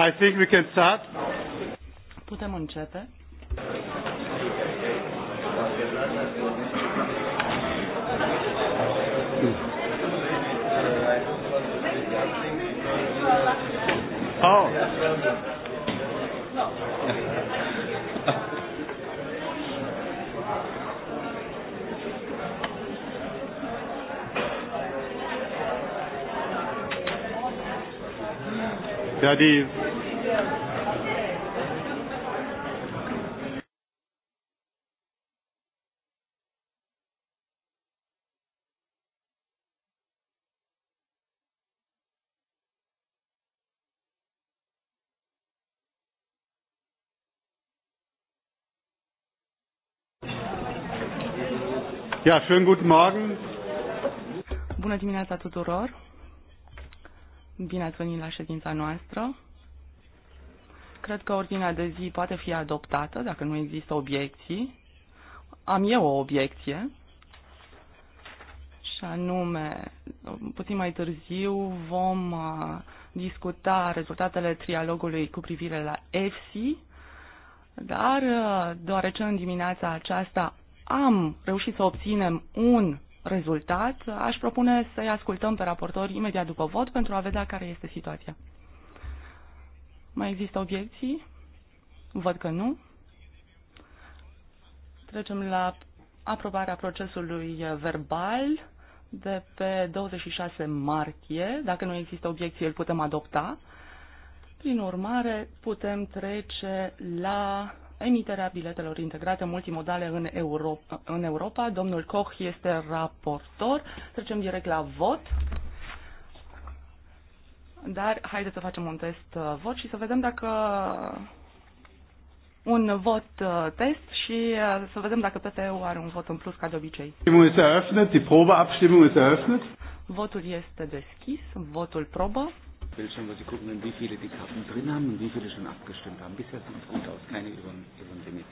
I think we can start. Putem începe. Oh. Ja, die Ja, schönen guten Morgen. Bună dimineața tuturor. Bine ați venit la ședința noastră. Cred că ordinea de zi poate fi adoptată dacă nu există obiecții. Am eu o obiecție. Și anume, puțin mai târziu vom uh, discuta rezultatele trialogului cu privire la EFSI, dar uh, deoarece în dimineața aceasta am reușit să obținem un rezultat, aș propune să-i ascultăm pe raportori imediat după vot pentru a vedea care este situația. Mai există obiecții? Văd că nu. Trecem la aprobarea procesului verbal de pe 26 martie. Dacă nu există obiecții, îl putem adopta. Prin urmare, putem trece la emiterea biletelor integrate multimodale în Europa. În Europa. Domnul Koch este raportor. Trecem direct la vot. Dar haideți să facem un test uh, vot și să vedem dacă un vot uh, test și uh, să vedem dacă PPE-ul are un vot în plus ca de obicei. Votul este deschis, votul probă. Bildschirm, wo Sie gucken können, wie viele die Karten drin haben und wie viele schon abgestimmt haben. Bisher sieht es gut aus, keine über den Limit.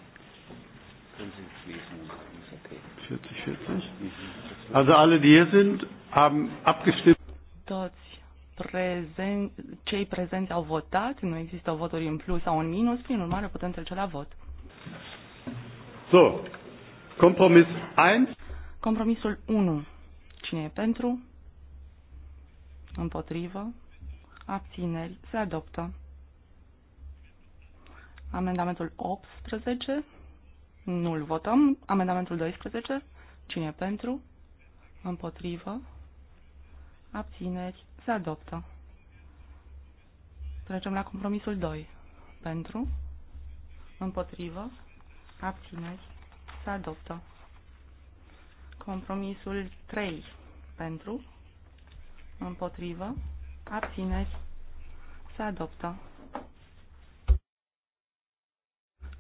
Können Sie es lesen und sagen, ist okay. 40, 40. Mhm. Also alle, die hier sind, haben abgestimmt. Toți prezen, cei prezenți au votat, nu există voturi în plus sau în minus, prin urmare putem trece la vot. So, compromis 1. Compromisul 1. Cine e pentru? Împotrivă? abțineri, se adoptă. Amendamentul 18, nu-l votăm. Amendamentul 12, cine pentru, împotrivă, abțineri, se adoptă. Trecem la compromisul 2. Pentru, împotrivă, abțineri, se adoptă. Compromisul 3. Pentru, împotrivă, abțineri, se adoptă.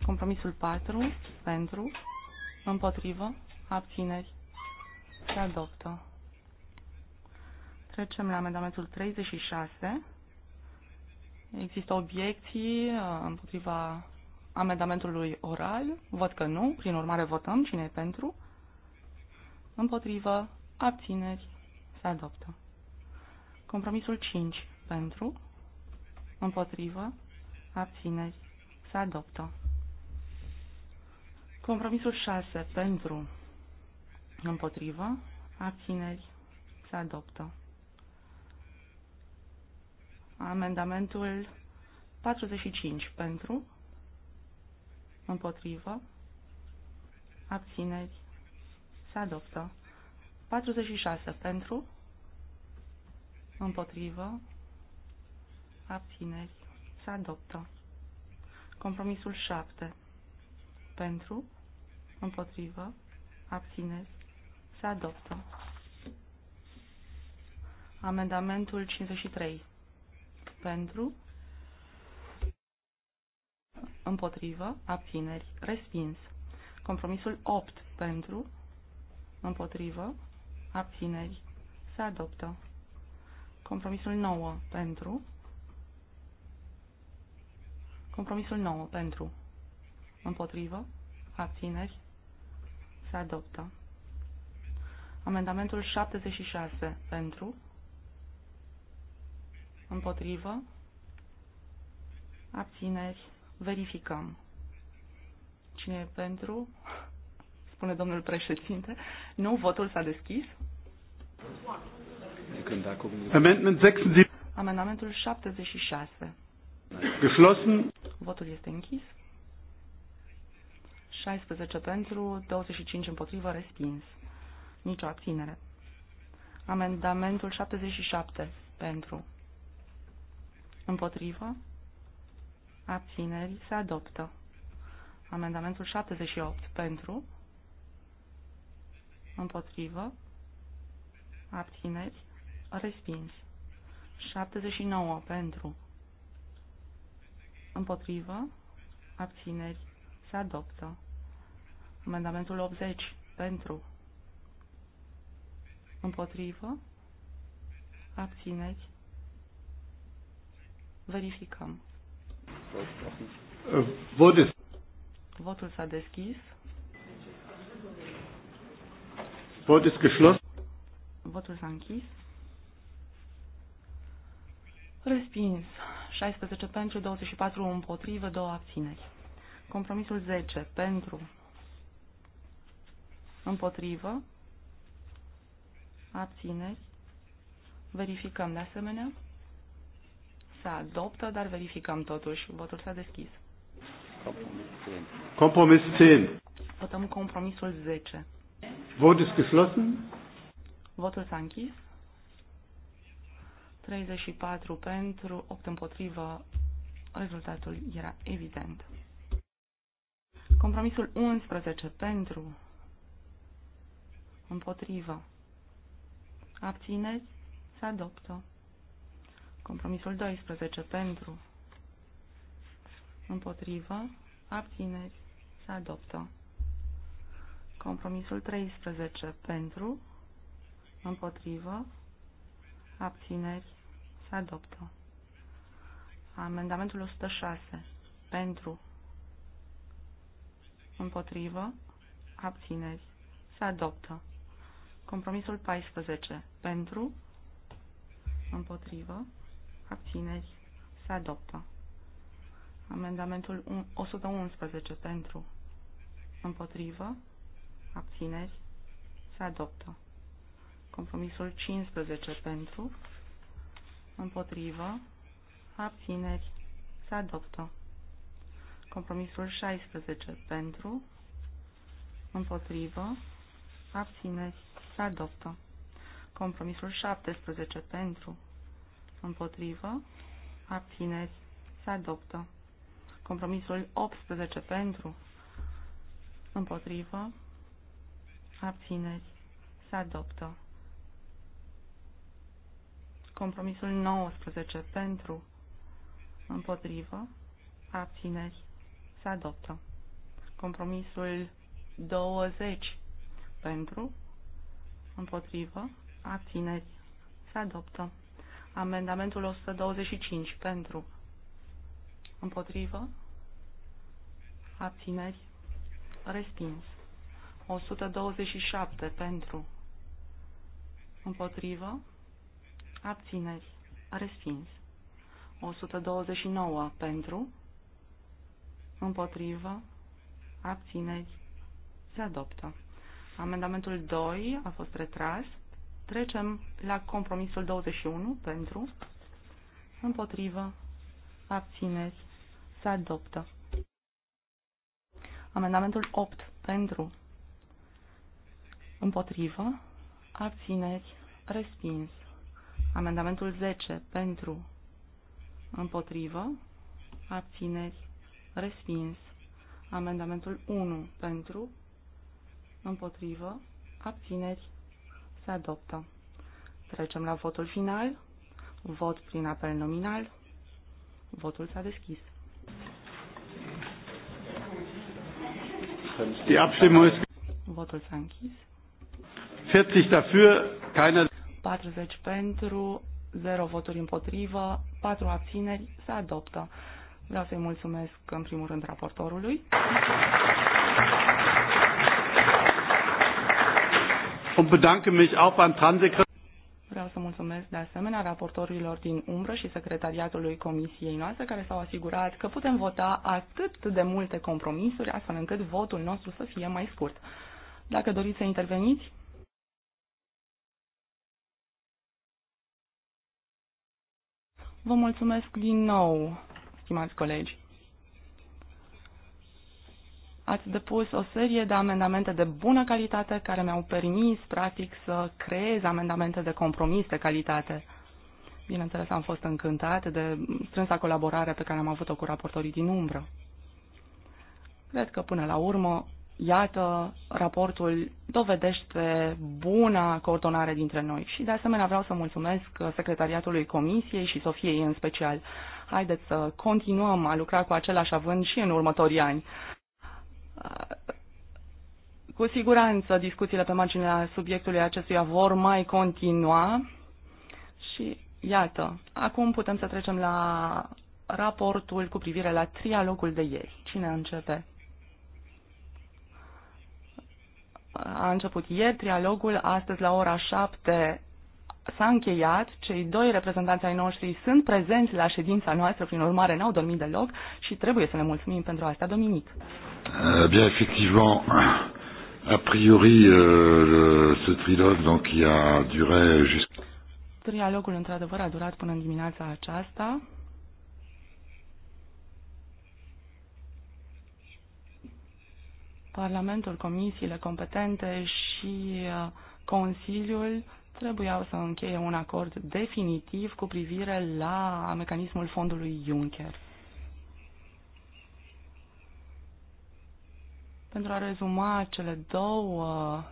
Compromisul 4, pentru, împotrivă, abțineri, se adoptă. Trecem la amendamentul 36. Există obiecții uh, împotriva amendamentului oral? Văd că nu. Prin urmare votăm cine e pentru. Împotrivă, abțineri, se adoptă. Compromisul 5 pentru, împotrivă, abțineri, se adoptă. Compromisul 6 pentru, împotrivă, abțineri, se adoptă. Amendamentul 45 pentru, împotrivă, abțineri, se adoptă. 46 pentru, Împotrivă. Abțineri. Se adoptă. Compromisul 7. Pentru. Împotrivă. Abțineri. Se adoptă. Amendamentul 53. Pentru. Împotrivă. Abțineri. Respins. Compromisul 8. Pentru. Împotrivă. Abțineri. Se adoptă. Compromisul 9 pentru. Compromisul 9 pentru. Împotrivă. Abțineri. Se adoptă. Amendamentul 76 pentru. Împotrivă. Abțineri. Verificăm. Cine e pentru? Spune domnul președinte. Nu, votul s-a deschis. Amendment 76. Amendamentul 76. Geschlossen. Votul este închis. 16 pentru, 25 împotrivă, respins. Nicio abținere. Amendamentul 77 pentru. Împotrivă. Abțineri se adoptă. Amendamentul 78 pentru. Împotrivă. Abțineri Respins. 79 pentru. Împotrivă. Abțineri. Se adoptă. Amendamentul 80 pentru. Împotrivă. Abțineri. Verificăm. Uh, Votul. Votul s-a deschis. Votul s-a închis. Respins. 16 pentru, 24 împotrivă, 2 abțineri. Compromisul 10 pentru, împotrivă, abțineri. Verificăm de asemenea. Se adoptă, dar verificăm totuși. Votul s-a deschis. Compromis 10. Votăm compromisul 10. Vot is geschlossen. Votul s-a închis. 34 pentru, 8 împotrivă, rezultatul era evident. Compromisul 11 pentru, împotrivă, abțineți, se adoptă. Compromisul 12 pentru, împotrivă, abțineți, se adoptă. Compromisul 13 pentru, împotrivă, abțineri, se adoptă. Amendamentul 106. Pentru. Împotrivă. Abțineri. Se adoptă. Compromisul 14. Pentru. Împotrivă. Abțineri. Se adoptă. Amendamentul 111. Pentru. Împotrivă. Abțineri. Se adoptă. Compromisul 15. Pentru împotrivă, abțineri, se adoptă. Compromisul 16 pentru, împotrivă, abțineri, se adoptă. Compromisul 17 pentru, împotrivă, abțineri, se adoptă. Compromisul 18 pentru, împotrivă, abțineri, se adoptă. Compromisul 19 pentru, împotrivă, abțineri, se adoptă. Compromisul 20 pentru, împotrivă, abțineri, se adoptă. Amendamentul 125 pentru, împotrivă, abțineri, respins. 127 pentru, împotrivă, abțineri, respins. 129 pentru, împotrivă, abțineri, se adoptă. Amendamentul 2 a fost retras. Trecem la compromisul 21 pentru, împotrivă, abțineri, se adoptă. Amendamentul 8 pentru, împotrivă, abțineri, respins. Amendamentul 10 pentru împotrivă, abțineri, respins. Amendamentul 1 pentru împotrivă, abțineri, se adoptă. Trecem la votul final. Vot prin apel nominal. Votul s-a deschis. Votul s-a închis. 40 dafür, keiner 40 pentru, 0 voturi împotrivă, 4 abțineri, se adoptă. Vreau să-i mulțumesc în primul rând raportorului. Und bedanke mich auch beim Vreau să mulțumesc de asemenea raportorilor din umbră și secretariatului comisiei noastre care s-au asigurat că putem vota atât de multe compromisuri astfel încât votul nostru să fie mai scurt. Dacă doriți să interveniți, Vă mulțumesc din nou, stimați colegi. Ați depus o serie de amendamente de bună calitate care mi-au permis, practic, să creez amendamente de compromis de calitate. Bineînțeles, am fost încântat de strânsa colaborare pe care am avut-o cu raportorii din umbră. Cred că, până la urmă, Iată, raportul dovedește buna coordonare dintre noi și de asemenea vreau să mulțumesc secretariatului Comisiei și Sofiei în special. Haideți să continuăm a lucra cu același având și în următorii ani. Cu siguranță discuțiile pe marginea subiectului acestuia vor mai continua și iată, acum putem să trecem la raportul cu privire la trialogul de ieri. Cine începe? a început ieri trialogul, astăzi la ora 7 s-a încheiat, cei doi reprezentanți ai noștri sunt prezenți la ședința noastră, prin urmare n-au dormit deloc și trebuie să ne mulțumim pentru asta, Dominic. Eh, Bine, efectiv, a priori, eh, ce trilog, donc, a durat jusqu'à... Trialogul, într-adevăr, a durat până în dimineața aceasta. Parlamentul, comisiile competente și uh, Consiliul trebuiau să încheie un acord definitiv cu privire la mecanismul fondului Juncker. Pentru a rezuma cele două uh,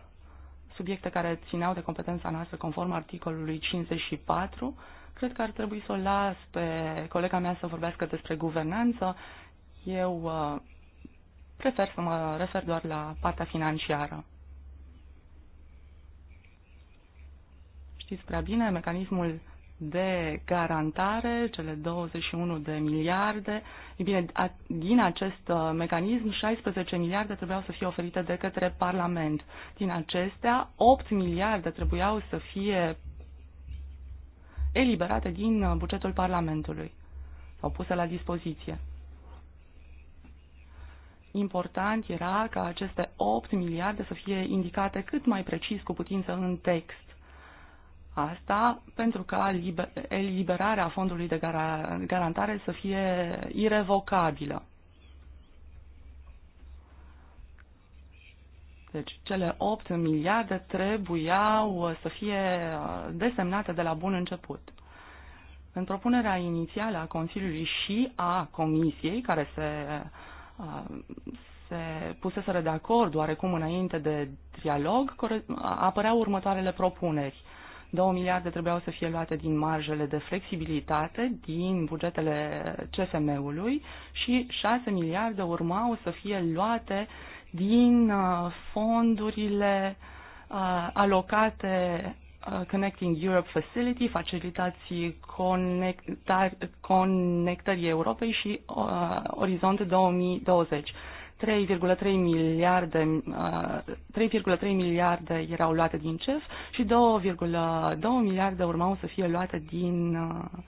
subiecte care țineau de competența noastră conform articolului 54, cred că ar trebui să o las pe colega mea să vorbească despre guvernanță. Eu uh, Prefer să mă refer doar la partea financiară. Știți prea bine, mecanismul de garantare, cele 21 de miliarde. E bine, din acest uh, mecanism, 16 miliarde trebuiau să fie oferite de către Parlament. Din acestea, 8 miliarde trebuiau să fie eliberate din uh, bugetul Parlamentului sau puse la dispoziție important era ca aceste 8 miliarde să fie indicate cât mai precis cu putință în text. Asta pentru ca eliberarea fondului de garantare să fie irevocabilă. Deci cele 8 miliarde trebuiau să fie desemnate de la bun început. În propunerea inițială a Consiliului și a Comisiei, care se uh, se puseseră de acord oarecum înainte de trialog, apăreau următoarele propuneri. 2 miliarde trebuiau să fie luate din marjele de flexibilitate din bugetele csm ului și 6 miliarde urmau să fie luate din fondurile alocate Uh, Connecting Europe Facility, facilitații conectării Europei și uh, Orizont 2020. 3,3 miliarde, uh, 3,3 miliarde erau luate din CEF și 2,2 miliarde urmau să fie luate din uh,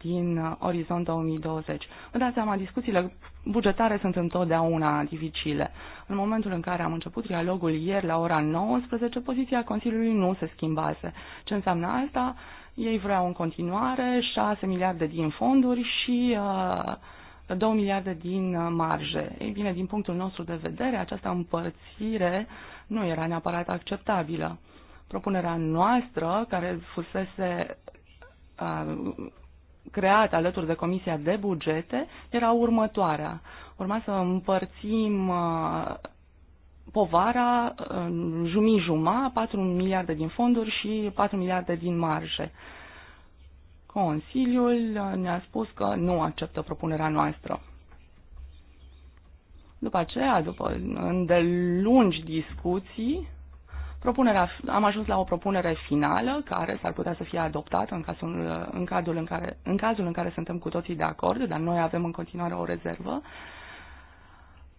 din uh, Orizont 2020. Vă dați seama, discuțiile bugetare sunt întotdeauna dificile. În momentul în care am început dialogul ieri la ora 19, poziția Consiliului nu se schimbase. Ce înseamnă asta? Ei vreau în continuare 6 miliarde din fonduri și uh, 2 miliarde din uh, marje. Ei bine, din punctul nostru de vedere, această împărțire nu era neapărat acceptabilă. Propunerea noastră, care fusese uh, creat alături de Comisia de Bugete era următoarea. Urma să împărțim uh, povara jumii-juma, 4 miliarde din fonduri și 4 miliarde din marje. Consiliul ne-a spus că nu acceptă propunerea noastră. După aceea, după îndelungi discuții, Propunerea, am ajuns la o propunere finală care s-ar putea să fie adoptată în cazul în, cadrul în, care, în cazul în care suntem cu toții de acord, dar noi avem în continuare o rezervă.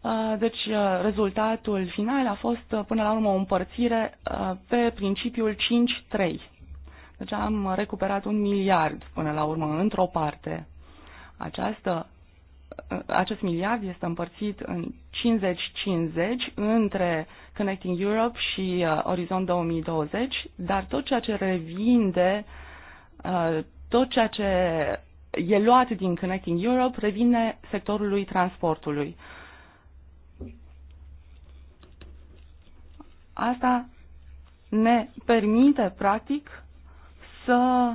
Uh, deci uh, rezultatul final a fost uh, până la urmă o împărțire pe principiul 5-3. Deci am recuperat un miliard până la urmă într-o parte. Această acest miliard este împărțit în 50-50 între Connecting Europe și uh, Orizont 2020, dar tot ceea ce revinde, uh, tot ceea ce e luat din Connecting Europe revine sectorului transportului. Asta ne permite, practic, să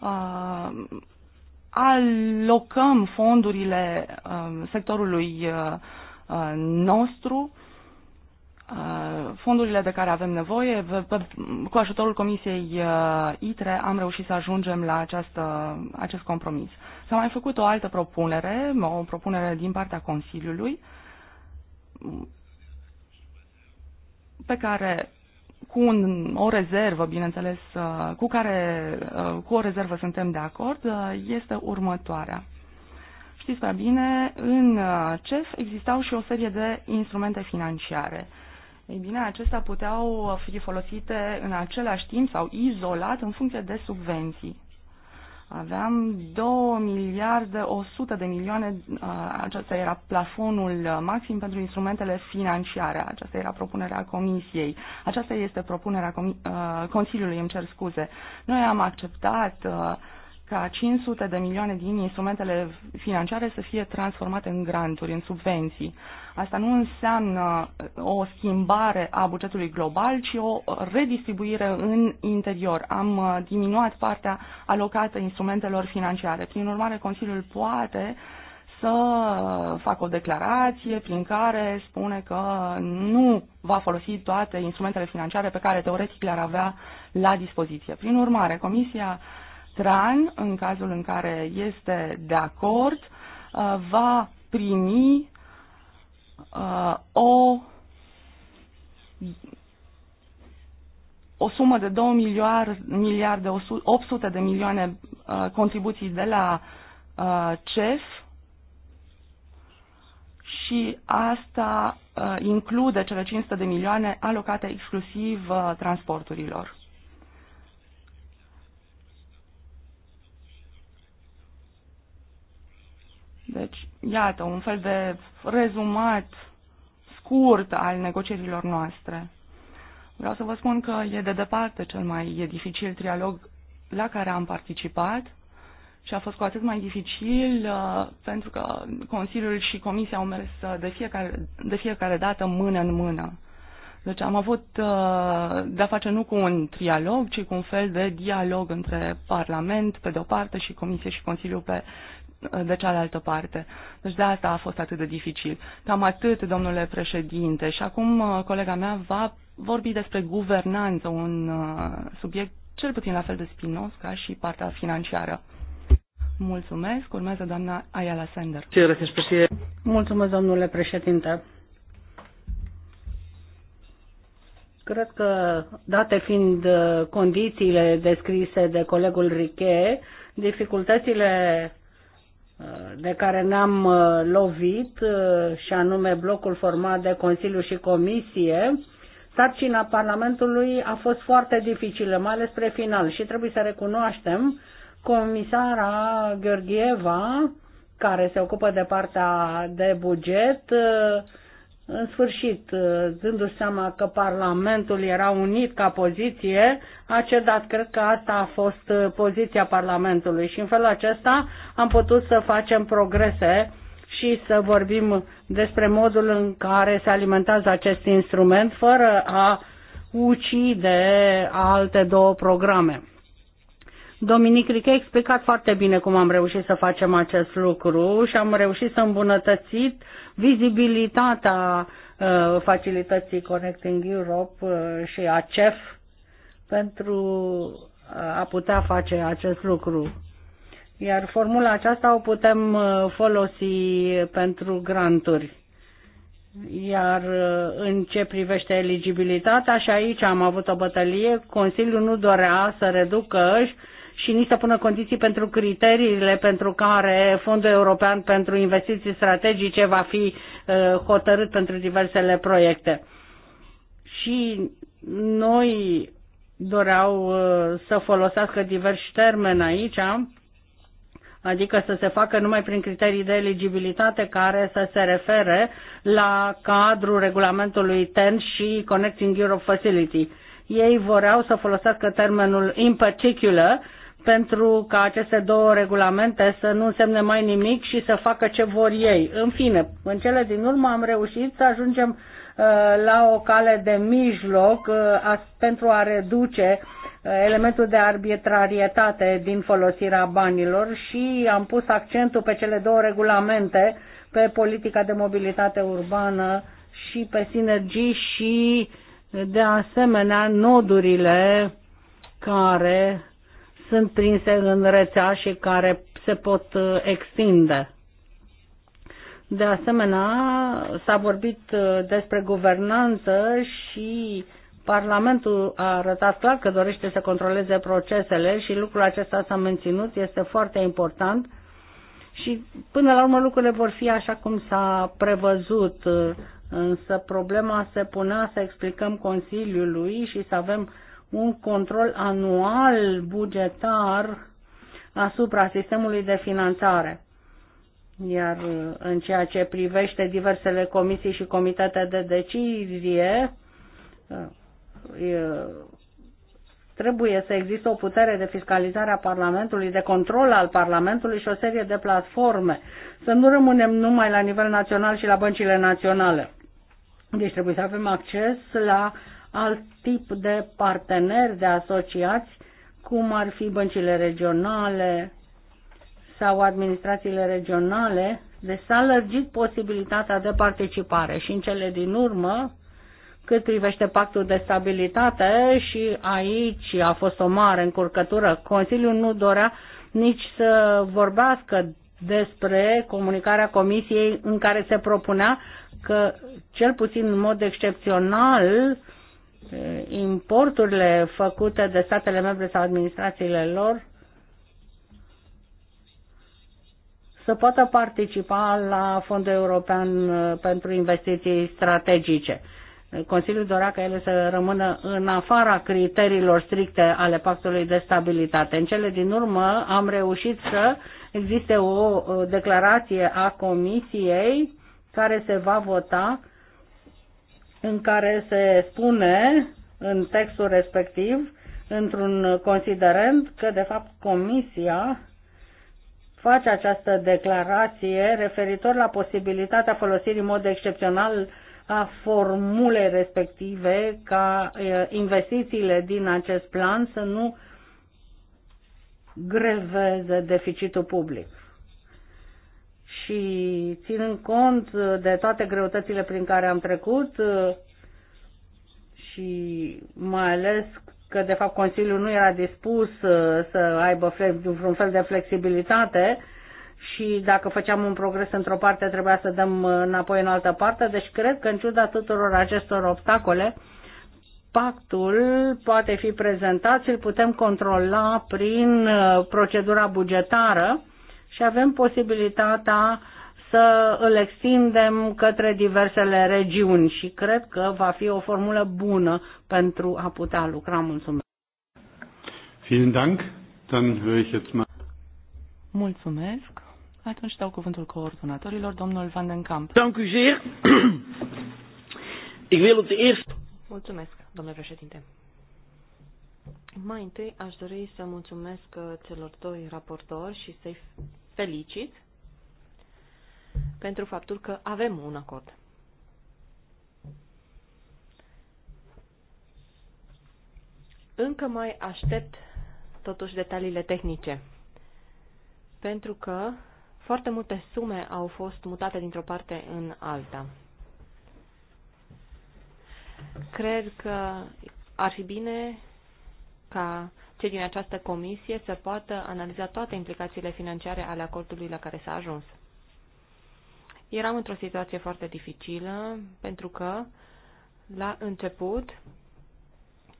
uh, alocăm fondurile um, sectorului uh, uh, nostru, uh, fondurile de care avem nevoie. Cu ajutorul Comisiei ITRE am reușit să ajungem la această, acest compromis. S-a mai făcut o altă propunere, o propunere din partea Consiliului, pe care cu un, o rezervă, bineînțeles, uh, cu care, uh, cu o rezervă suntem de acord, uh, este următoarea. Știți prea bine, în CEF existau și o serie de instrumente financiare. Ei bine, acestea puteau fi folosite în același timp sau izolat în funcție de subvenții. Aveam 2 miliarde 100 de milioane, acesta era plafonul maxim pentru instrumentele financiare, aceasta era propunerea Comisiei, aceasta este propunerea Consiliului, îmi cer scuze. Noi am acceptat uh, ca 500 de milioane din instrumentele financiare să fie transformate în granturi, în subvenții. Asta nu înseamnă uh, o schimbare a bugetului global, ci o redistribuire în interior. Am uh, diminuat partea alocată instrumentelor financiare. Prin urmare, Consiliul poate să facă o declarație prin care spune că nu va folosi toate instrumentele financiare pe care teoretic le-ar avea la dispoziție. Prin urmare, Comisia TRAN, în cazul în care este de acord, uh, va primi uh, o o sumă de 2 miliarde, 800 de milioane uh, contribuții de la CEF și asta include cele 500 de milioane alocate exclusiv transporturilor. Deci, iată, un fel de rezumat scurt al negocierilor noastre. Vreau să vă spun că e de departe cel mai e dificil trialog la care am participat și a fost cu atât mai dificil uh, pentru că Consiliul și Comisia au mers uh, de fiecare, de fiecare dată mână în mână. Deci am avut uh, de-a face nu cu un trialog, ci cu un fel de dialog între Parlament pe de o parte și Comisie și Consiliu pe de cealaltă parte. Deci de asta a fost atât de dificil. Cam atât, domnule președinte. Și acum uh, colega mea va vorbi despre guvernanță, un uh, subiect cel puțin la fel de spinos ca și partea financiară. Mulțumesc. Urmează doamna Ayala Sender. Mulțumesc, domnule președinte. Cred că, date fiind uh, condițiile descrise de colegul Riche, dificultățile Uh, de care ne-am uh, lovit, uh, și anume blocul format de Consiliu și Comisie, sarcina Parlamentului a fost foarte dificilă, mai ales spre final. Și trebuie să recunoaștem, comisara Gheorgheva, care se ocupă de partea de buget, în sfârșit, dându-și seama că Parlamentul era unit ca poziție, a cedat. Cred că asta a fost uh, poziția Parlamentului și în felul acesta am putut să facem progrese și să vorbim despre modul în care se alimentează acest instrument fără a ucide alte două programe. Dominic Riche a explicat foarte bine cum am reușit să facem acest lucru și am reușit să îmbunătățit vizibilitatea uh, facilității Connecting Europe uh, și a CEF pentru uh, a putea face acest lucru. Iar formula aceasta o putem uh, folosi pentru granturi. Iar uh, în ce privește eligibilitatea, și aici am avut o bătălie, Consiliul nu dorea să reducă și nici să pună condiții pentru criteriile pentru care Fondul European pentru Investiții Strategice va fi uh, hotărât pentru diversele proiecte. Și noi doreau uh, să folosească diversi termeni aici, adică să se facă numai prin criterii de eligibilitate care să se refere la cadrul regulamentului TEN și Connecting Europe Facility. Ei voreau să folosească termenul in particular pentru ca aceste două regulamente să nu însemne mai nimic și să facă ce vor ei. În fine, în cele din urmă am reușit să ajungem uh, la o cale de mijloc uh, pentru a reduce uh, elementul de arbitrarietate din folosirea banilor și am pus accentul pe cele două regulamente, pe politica de mobilitate urbană și pe sinergii și de asemenea nodurile care sunt prinse în rețea și care se pot uh, extinde. De asemenea, s-a vorbit uh, despre guvernanță și Parlamentul a arătat clar că dorește să controleze procesele și lucrul acesta s-a menținut, este foarte important și până la urmă lucrurile vor fi așa cum s-a prevăzut, uh, însă problema se punea să explicăm Consiliului și să avem un control anual bugetar asupra sistemului de finanțare. Iar uh, în ceea ce privește diversele comisii și comitete de decizie, uh, trebuie să existe o putere de fiscalizare a Parlamentului, de control al Parlamentului și o serie de platforme. Să nu rămânem numai la nivel național și la băncile naționale. Deci trebuie să avem acces la uh, alt tip de parteneri, de asociați, cum ar fi băncile regionale sau administrațiile regionale, deci s-a lărgit posibilitatea de participare și în cele din urmă, cât privește pactul de stabilitate și aici a fost o mare încurcătură. Consiliul nu dorea nici să vorbească despre comunicarea comisiei în care se propunea că, cel puțin în mod excepțional, importurile făcute de statele membre sau administrațiile lor să poată participa la Fondul European uh, pentru Investiții Strategice. Consiliul dorea ca ele să rămână în afara criteriilor stricte ale pactului de stabilitate. În cele din urmă am reușit să existe o declarație a Comisiei care se va vota în care se spune în textul respectiv, într-un considerent, că de fapt Comisia face această declarație referitor la posibilitatea folosirii în mod excepțional a formulei respective ca investițiile din acest plan să nu greveze deficitul public și ținând cont de toate greutățile prin care am trecut și mai ales că de fapt Consiliul nu era dispus uh, să aibă vreun fel de flexibilitate și dacă făceam un progres într-o parte trebuia să dăm înapoi în altă parte, deci cred că în ciuda tuturor acestor obstacole, pactul poate fi prezentat și îl putem controla prin uh, procedura bugetară și avem posibilitatea să îl extindem către diversele regiuni și cred că va fi o formulă bună pentru a putea lucra. Mulțumesc! Vielen Dank. Dann höre ich jetzt mal. Mulțumesc. Atunci dau cuvântul coordonatorilor, domnul Van den Kamp. Dank Mulțumesc, domnule președinte. Mai întâi aș dori să mulțumesc uh, celor doi raportori și să-i felicit pentru faptul că avem un acord. Încă mai aștept totuși detaliile tehnice, pentru că foarte multe sume au fost mutate dintr-o parte în alta. Cred că ar fi bine ca cei din această comisie să poată analiza toate implicațiile financiare ale acordului la care s-a ajuns. Eram într-o situație foarte dificilă pentru că la început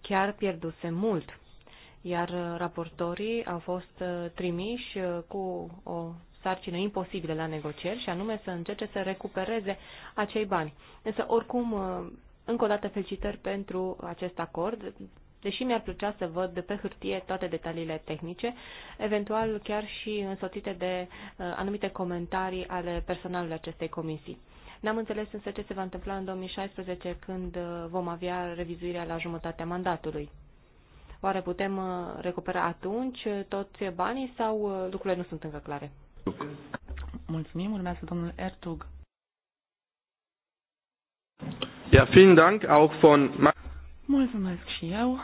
chiar pierduse mult, iar raportorii au fost uh, trimiși uh, cu o sarcină imposibilă la negocieri și anume să încerce să recupereze acei bani. Însă, oricum, uh, încă o dată felicitări pentru acest acord, deși mi-ar plăcea să văd de pe hârtie toate detaliile tehnice, eventual chiar și însoțite de uh, anumite comentarii ale personalului acestei comisii. N-am înțeles însă ce se va întâmpla în 2016 când uh, vom avea revizuirea la jumătatea mandatului. Oare putem uh, recupera atunci toți banii sau lucrurile nu sunt încă clare? Mulțumim, urmează domnul Ertug. Ja, vielen Dank auch von Mulțumesc și eu.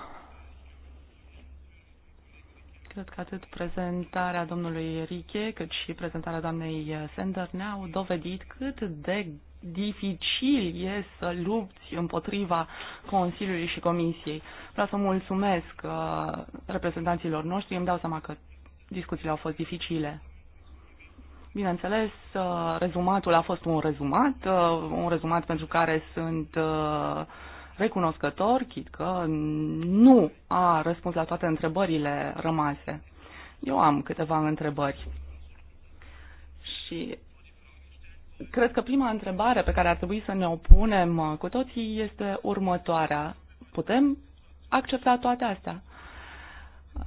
Cred că atât prezentarea domnului Riche, cât și prezentarea doamnei Sender ne-au dovedit cât de dificil e să lupți împotriva Consiliului și Comisiei. Vreau să mulțumesc uh, reprezentanților noștri, îmi dau seama că discuțiile au fost dificile. Bineînțeles, uh, rezumatul a fost un rezumat, uh, un rezumat pentru care sunt recunoscător, chit că nu a răspuns la toate întrebările rămase. Eu am câteva întrebări. Și cred că prima întrebare pe care ar trebui să ne o punem cu toții este următoarea. Putem accepta toate astea?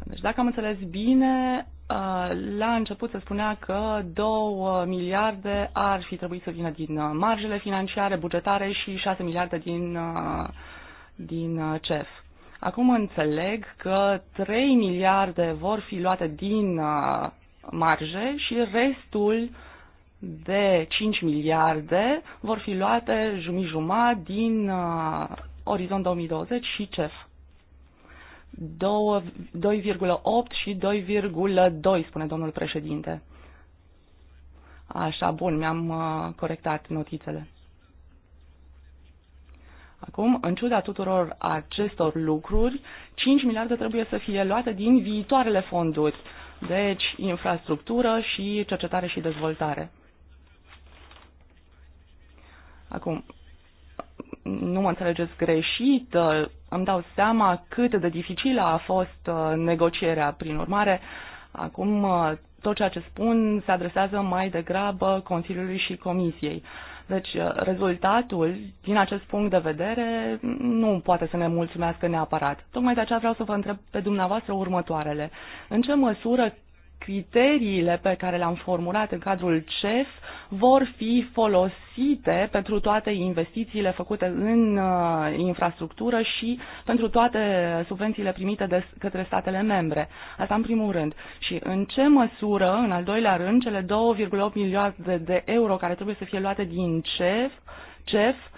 Deci dacă am înțeles bine, Uh, la început se spunea că 2 miliarde ar fi trebuit să vină din uh, marjele financiare, bugetare și 6 miliarde din, uh, din CEF. Acum înțeleg că 3 miliarde vor fi luate din marje și restul de 5 miliarde vor fi luate jumătate din Orizont 2020 și CEF. 2,8 și 2,2, spune domnul președinte. Așa, bun, mi-am uh, corectat notițele. Acum, în ciuda tuturor acestor lucruri, 5 miliarde trebuie să fie luate din viitoarele fonduri, deci infrastructură și cercetare și dezvoltare. Acum, nu mă înțelegeți greșit, uh, îmi dau seama cât de dificilă a fost uh, negocierea. Prin urmare, acum uh, tot ceea ce spun se adresează mai degrabă Consiliului și Comisiei. Deci uh, rezultatul, din acest punct de vedere, nu poate să ne mulțumească neapărat. Tocmai de aceea vreau să vă întreb pe dumneavoastră următoarele. În ce măsură criteriile pe care le-am formulat în cadrul CEF vor fi folosite pentru toate investițiile făcute în uh, infrastructură și pentru toate subvențiile primite de către statele membre. Asta în primul rând. Și în ce măsură, în al doilea rând, cele 2,8 miliarde de euro care trebuie să fie luate din CEF, CEF uh,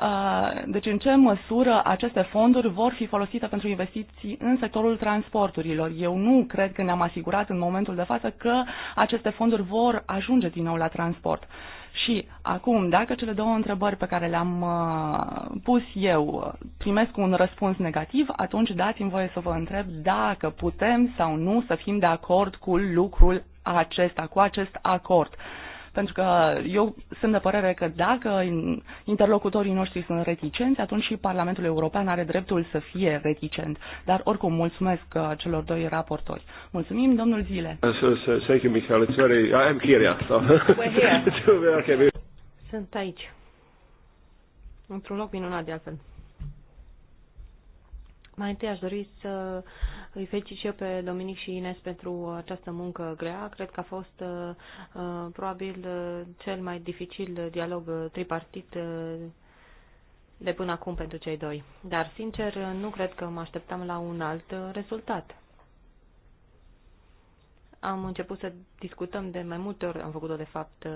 Uh, deci în ce măsură aceste fonduri vor fi folosite pentru investiții în sectorul transporturilor? Eu nu cred că ne-am asigurat în momentul de față că aceste fonduri vor ajunge din nou la transport. Și acum, dacă cele două întrebări pe care le-am uh, pus eu primesc un răspuns negativ, atunci dați-mi voie să vă întreb dacă putem sau nu să fim de acord cu lucrul acesta, cu acest acord. Pentru că eu sunt de părere că dacă interlocutorii noștri sunt reticenți, atunci și Parlamentul European are dreptul să fie reticent. Dar oricum mulțumesc uh, celor doi raportori. Mulțumim, domnul Zile. Uh, Michael. It's very... here, We're here. Sunt aici. Într-un loc minunat de altfel. Mai întâi aș dori să îi felicit și eu pe Dominic și Ines pentru această muncă grea. Cred că a fost uh, uh probabil uh, cel mai dificil dialog tripartit uh, de până acum pentru cei doi. Dar, sincer, nu cred că mă așteptam la un alt rezultat. Am început să discutăm de mai multe ori, am făcut-o de fapt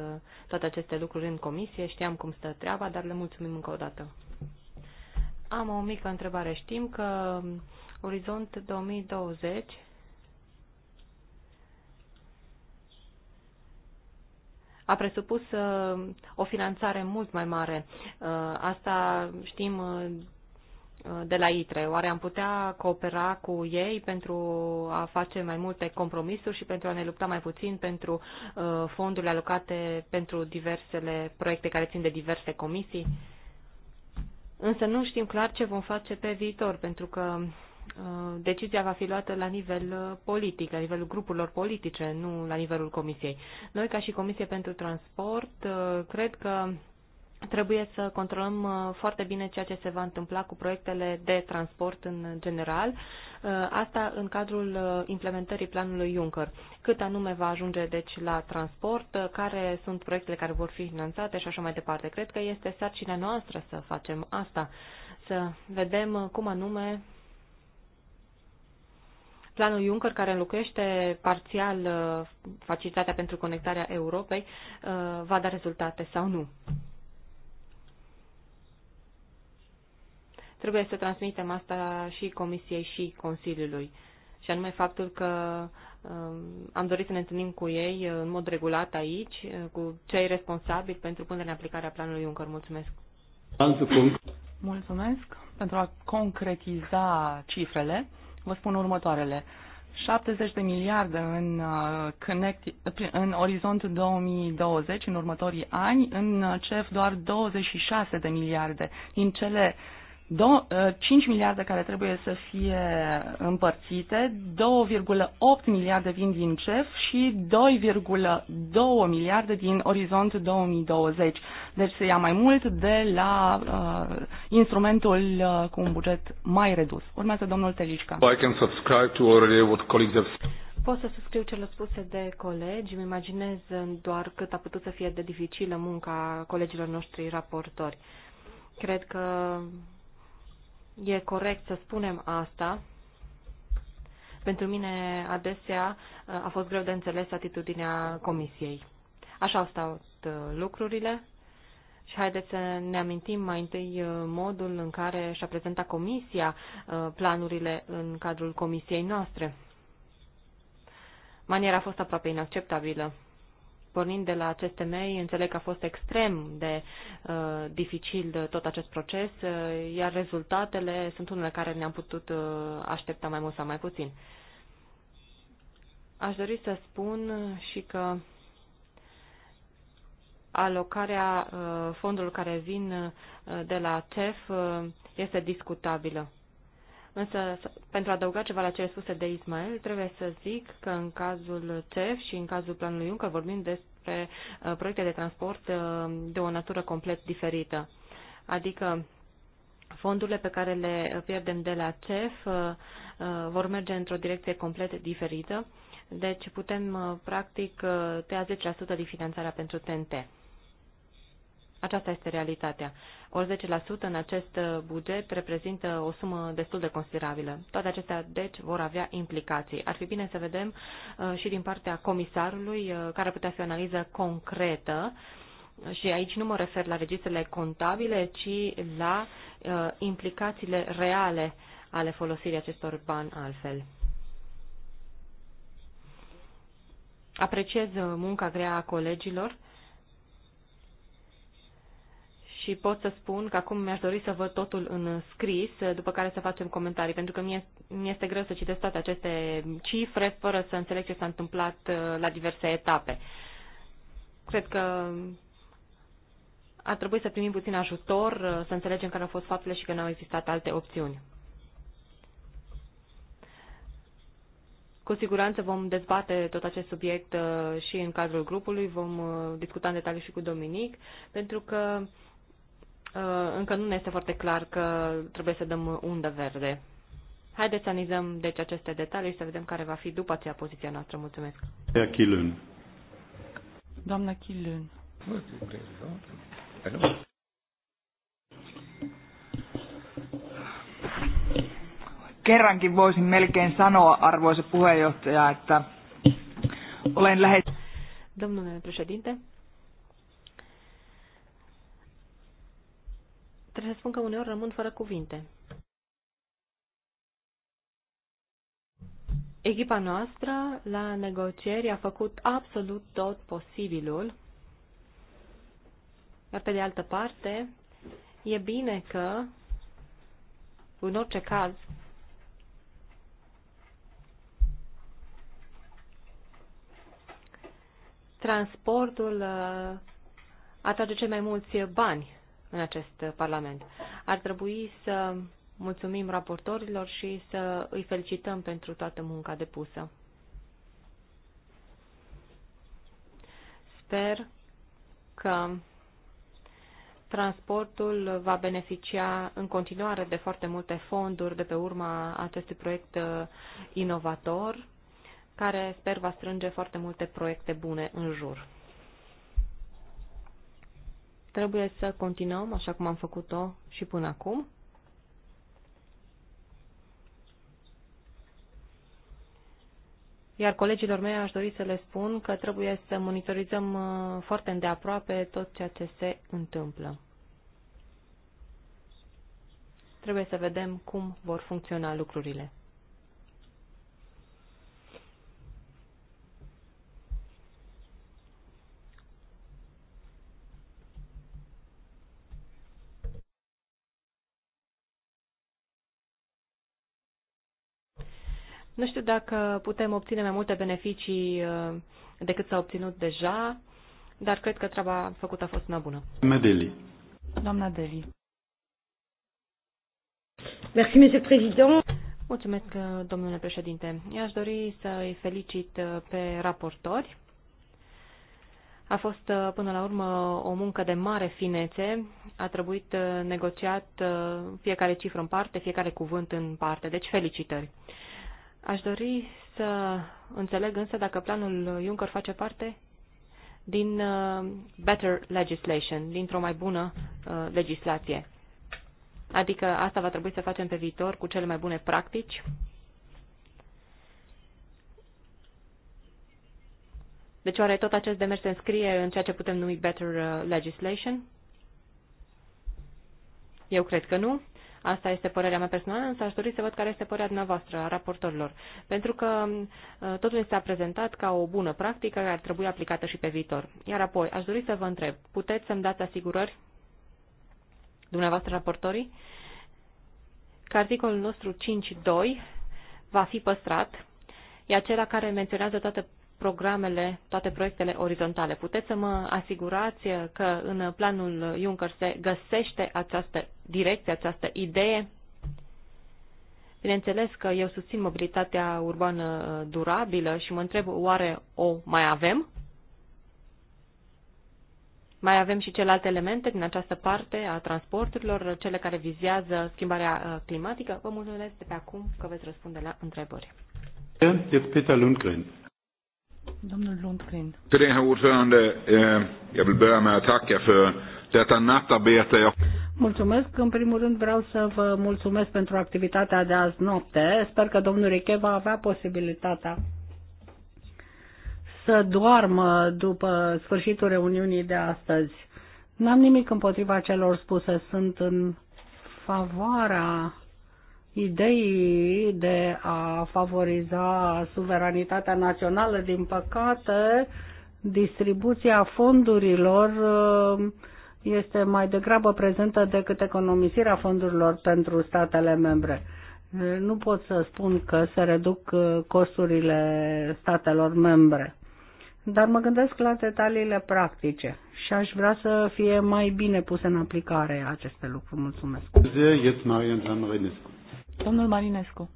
toate aceste lucruri în comisie, știam cum stă treaba, dar le mulțumim încă o dată. Am o mică întrebare. Știm că Orizont 2020 a presupus uh, o finanțare mult mai mare. Uh, asta știm uh, de la ITRE. Oare am putea coopera cu ei pentru a face mai multe compromisuri și pentru a ne lupta mai puțin pentru fondurile alocate pentru diversele proiecte care țin de diverse comisii? Însă nu știm clar ce vom face pe viitor, pentru că Uh, decizia va fi luată la nivel uh, politic, la nivelul grupurilor politice, nu la nivelul Comisiei. Noi, ca și Comisie pentru Transport, uh, cred că trebuie să controlăm foarte bine ceea ce se va întâmpla cu proiectele de transport în general, asta în cadrul implementării planului Juncker. Cât anume va ajunge deci la transport, care sunt proiectele care vor fi finanțate și așa mai departe. Cred că este sarcina noastră să facem asta, să vedem cum anume planul Juncker, care înlocuiește parțial uh, facilitatea pentru conectarea Europei, uh, va da rezultate sau nu. Trebuie să transmitem asta și Comisiei și Consiliului. Și anume faptul că um, am dorit să ne întâlnim cu ei uh, în mod regulat aici, cu cei responsabili pentru punerea în aplicare a planului Juncker. Mulțumesc! Mulțumesc pentru a concretiza cifrele vă spun următoarele. 70 de miliarde în, uh, connect, în orizont 2020, în următorii ani, în uh, CEF doar 26 de miliarde. Din cele 5 ă, miliarde care trebuie să fie împărțite, 2,8 miliarde vin din CEF și 2,2 miliarde din Orizont 2020. Deci se ia mai mult de la uh, instrumentul uh, cu un buget mai redus. Urmează domnul Telișca. I can subscribe to already what colleagues have Pot să subscriu cele spuse de colegi, îmi imaginez doar cât a putut să fie de dificilă munca colegilor noștri raportori. Cred că E corect să spunem asta. Pentru mine adesea a fost greu de înțeles atitudinea comisiei. Așa au stat uh, lucrurile și haideți să ne amintim mai întâi uh, modul în care și-a prezentat comisia uh, planurile în cadrul comisiei noastre. Maniera a fost aproape inacceptabilă pornind de la aceste mei, înțeleg că a fost extrem de uh, dificil tot acest proces, uh, iar rezultatele sunt unele care ne-am putut uh, aștepta mai mult sau mai puțin. Aș dori să spun și că alocarea uh, fondurilor care vin uh, de la CEF uh, este discutabilă. Însă, pentru a adăuga ceva la cele spuse de Ismael, trebuie să zic că în cazul CEF și în cazul planului Juncker vorbim despre uh, proiecte de transport uh, de o natură complet diferită. Adică fondurile pe care le pierdem de la CEF uh, vor merge într-o direcție complet diferită, deci putem practic tăia 10% din finanțarea pentru TNT. Aceasta este realitatea. Ori 10% în acest uh, buget reprezintă o sumă destul de considerabilă. Toate acestea, deci, vor avea implicații. Ar fi bine să vedem uh, și din partea comisarului uh, care putea fi o analiză concretă și aici nu mă refer la registrele contabile, ci la implicațiile reale ale folosirii acestor bani altfel. Apreciez munca grea a colegilor și pot să spun că acum mi-aș dori să văd totul în scris, după care să facem comentarii, pentru că mi este greu să citesc toate aceste cifre fără să înțeleg ce s-a întâmplat uh, la diverse etape. Cred că ar trebui să primim puțin ajutor, uh, să înțelegem care au fost faptele și că nu au existat alte opțiuni. Cu siguranță vom dezbate tot acest subiect uh, și în cadrul grupului, vom discuta în detaliu și cu Dominic, pentru că Uh, încă nu ne este foarte clar că trebuie să dăm undă verde. Haideți să analizăm deci aceste detalii și să vedem care va fi după aceea poziția noastră. Mulțumesc. Chilun. Doamna Chilun. Kerrankin voisin melkein sanoa, arvoisa puheenjohtaja, että olen lähes... Domnule președinte, trebuie să spun că uneori rămân fără cuvinte. Echipa noastră la negocieri a făcut absolut tot posibilul, dar pe de altă parte e bine că, în orice caz, transportul uh, atrage cei mai mulți bani în acest Parlament. Ar trebui să mulțumim raportorilor și să îi felicităm pentru toată munca depusă. Sper că transportul va beneficia în continuare de foarte multe fonduri de pe urma acestui proiect uh, inovator, care sper va strânge foarte multe proiecte bune în jur. Trebuie să continuăm așa cum am făcut-o și până acum. Iar colegilor mei aș dori să le spun că trebuie să monitorizăm uh, foarte îndeaproape tot ceea ce se întâmplă. Trebuie să vedem cum vor funcționa lucrurile. Nu știu dacă putem obține mai multe beneficii uh, decât s au obținut deja, dar cred că treaba făcută a fost una bună. Medeli. Doamna Deli. Merci, Monsieur Président. Mulțumesc, uh, domnule președinte. Eu aș dori să-i felicit uh, pe raportori. A fost până la urmă o muncă de mare finețe. A trebuit negociat fiecare cifră în parte, fiecare cuvânt în parte. Deci felicitări. Aș dori să înțeleg însă dacă planul Juncker face parte din uh, better legislation, dintr-o mai bună uh, legislație. Adică asta va trebui să facem pe viitor cu cele mai bune practici. Deci oare tot acest demers se înscrie în ceea ce putem numi better uh, legislation? Eu cred că nu. Asta este părerea mea personală, însă aș dori să văd care este părerea dumneavoastră a raportorilor. Pentru că uh, totul este prezentat ca o bună practică care ar trebui aplicată și pe viitor. Iar apoi, aș dori să vă întreb, puteți să-mi dați asigurări, dumneavoastră raportorii, că articolul nostru 5.2 va fi păstrat, e acela care menționează toate programele, toate proiectele orizontale. Puteți să mă asigurați că în planul Juncker se găsește această direcție, această idee? Bineînțeles că eu susțin mobilitatea urbană durabilă și mă întreb oare o mai avem? Mai avem și celelalte elemente din această parte a transporturilor, cele care vizează schimbarea uh, climatică. Vă mulțumesc de pe acum că veți răspunde la întrebări. Jetzt Peter Lundgren. Domnul Lundgren. Till det, herr ordförande. Eh, jag vill börja med att tacka för detta nattarbete. Mulțumesc. În primul rând vreau să vă mulțumesc pentru activitatea de azi noapte. Sper că domnul Riche va avea posibilitatea să doarmă după sfârșitul reuniunii de astăzi. N-am nimic împotriva celor spuse. Sunt în favoarea ideii de a favoriza suveranitatea națională, din păcate, distribuția fondurilor uh, este mai degrabă prezentă decât economisirea fondurilor pentru statele membre. Uh, nu pot să spun că se reduc uh, costurile statelor membre, dar mă gândesc la detaliile practice și aș vrea să fie mai bine puse în aplicare aceste lucruri. Mulțumesc. Domnul Marinescu.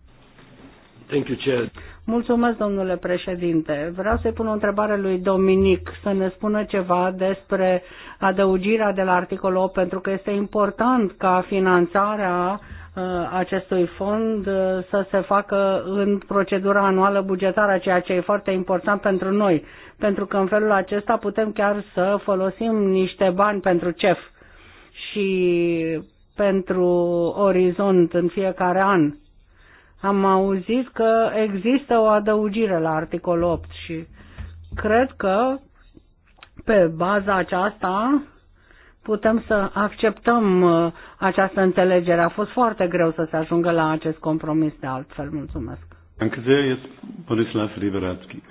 Thank you, Chair. Mulțumesc, domnule președinte. Vreau să-i pun o întrebare lui Dominic să ne spună ceva despre adăugirea de la articolul 8, pentru că este important ca finanțarea uh, acestui fond uh, să se facă în procedura anuală bugetară, ceea ce e foarte important pentru noi, pentru că în felul acesta putem chiar să folosim niște bani pentru CEF și pentru Orizont în fiecare an. Am auzit că există o adăugire la articolul 8 și cred că pe baza aceasta putem să acceptăm uh, această înțelegere. A fost foarte greu să se ajungă la acest compromis de altfel. Mulțumesc. Borislav Liberatski.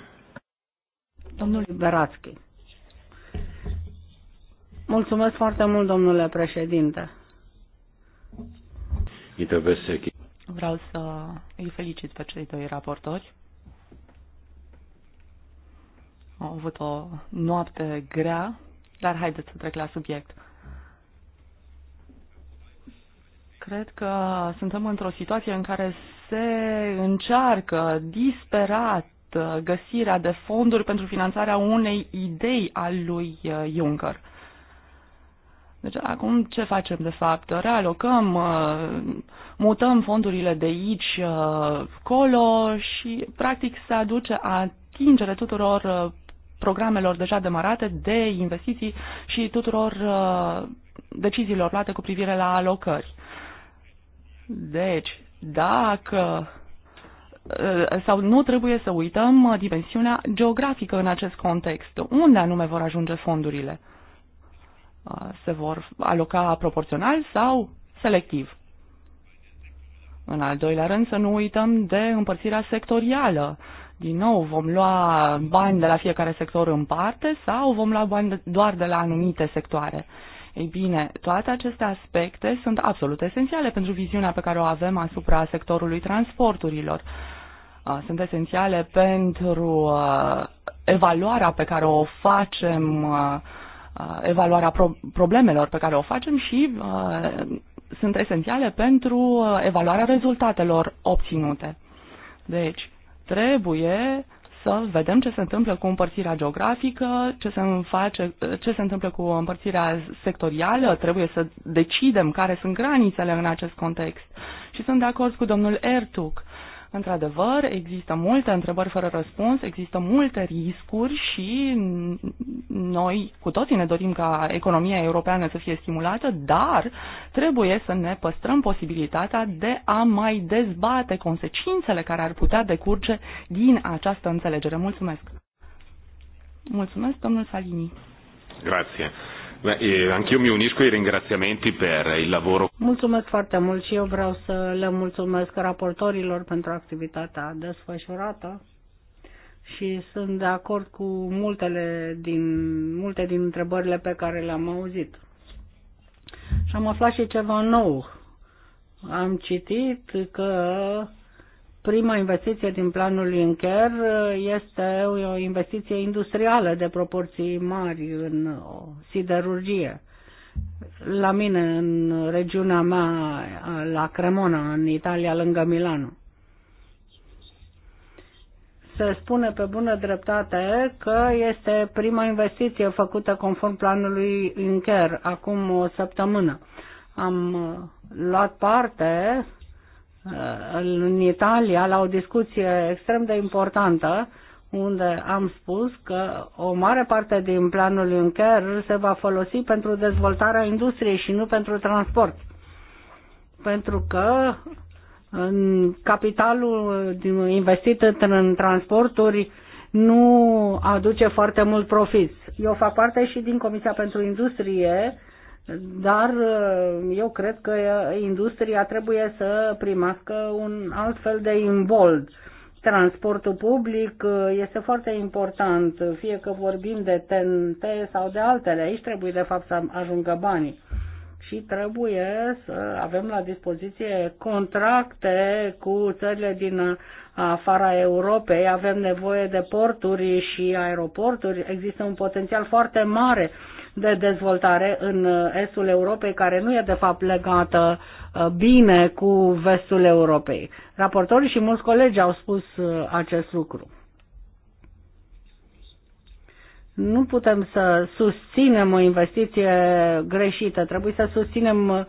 Domnul Liberatski. Mulțumesc foarte mult, domnule președinte. Vreau să îi felicit pe cei doi raportori. Au avut o noapte grea, dar haideți să trec la subiect. Cred că suntem într-o situație în care se încearcă disperat uh, găsirea de fonduri pentru finanțarea unei idei a lui uh, Juncker. Deci acum ce facem de fapt? Realocăm, uh, mutăm fondurile de aici uh, colo și practic se aduce atingere tuturor uh, programelor deja demarate de investiții și tuturor deciziilor luate cu privire la alocări. Deci, dacă sau nu trebuie să uităm dimensiunea geografică în acest context. Unde anume vor ajunge fondurile? se vor aloca proporțional sau selectiv. În al doilea rând, să nu uităm de împărțirea sectorială. Din nou, vom lua bani de la fiecare sector în parte sau vom lua bani doar de la anumite sectoare? Ei bine, toate aceste aspecte sunt absolut esențiale pentru viziunea pe care o avem asupra sectorului transporturilor. Sunt esențiale pentru evaluarea pe care o facem evaluarea pro- problemelor pe care o facem și sunt esențiale pentru evaluarea rezultatelor obținute. Deci, trebuie să vedem ce se întâmplă cu împărțirea geografică, ce se, face, ce se întâmplă cu împărțirea sectorială, trebuie să decidem care sunt granițele în acest context. Și sunt de acord cu domnul Ertuc. Într-adevăr, există multe întrebări fără răspuns, există multe riscuri și noi cu toții ne dorim ca economia europeană să fie stimulată, dar trebuie să ne păstrăm posibilitatea de a mai dezbate consecințele care ar putea decurge din această înțelegere. Mulțumesc! Mulțumesc, domnul Salini! Grazie! Beh, eh, anch'io mi unisco ai ringraziamenti per il lavoro. Mulțumesc foarte mult și eu vreau să le mulțumesc raportorilor pentru activitatea desfășurată și sunt de acord cu multele din, multe din întrebările pe care le-am auzit. Și am aflat și ceva nou. Am citit că prima investiție din planul Inker este o investiție industrială de proporții mari în siderurgie. La mine, în regiunea mea, la Cremona, în Italia, lângă Milano. Se spune pe bună dreptate că este prima investiție făcută conform planului Inker acum o săptămână. Am luat parte în Italia la o discuție extrem de importantă unde am spus că o mare parte din planul Juncker se va folosi pentru dezvoltarea industriei și nu pentru transport. Pentru că în capitalul investit în transporturi nu aduce foarte mult profit. Eu fac parte și din Comisia pentru Industrie dar uh, eu cred că uh, industria trebuie să primească un alt fel de imbold. Transportul public uh, este foarte important, fie că vorbim de TNT sau de altele. Aici trebuie, de fapt, să ajungă banii. Și trebuie să avem la dispoziție contracte cu țările din afara Europei. Avem nevoie de porturi și aeroporturi. Există un potențial foarte mare de dezvoltare în uh, estul Europei, care nu e de fapt legată uh, bine cu vestul Europei. Raportorii și mulți colegi au spus uh, acest lucru. Nu putem să susținem o investiție greșită, trebuie să susținem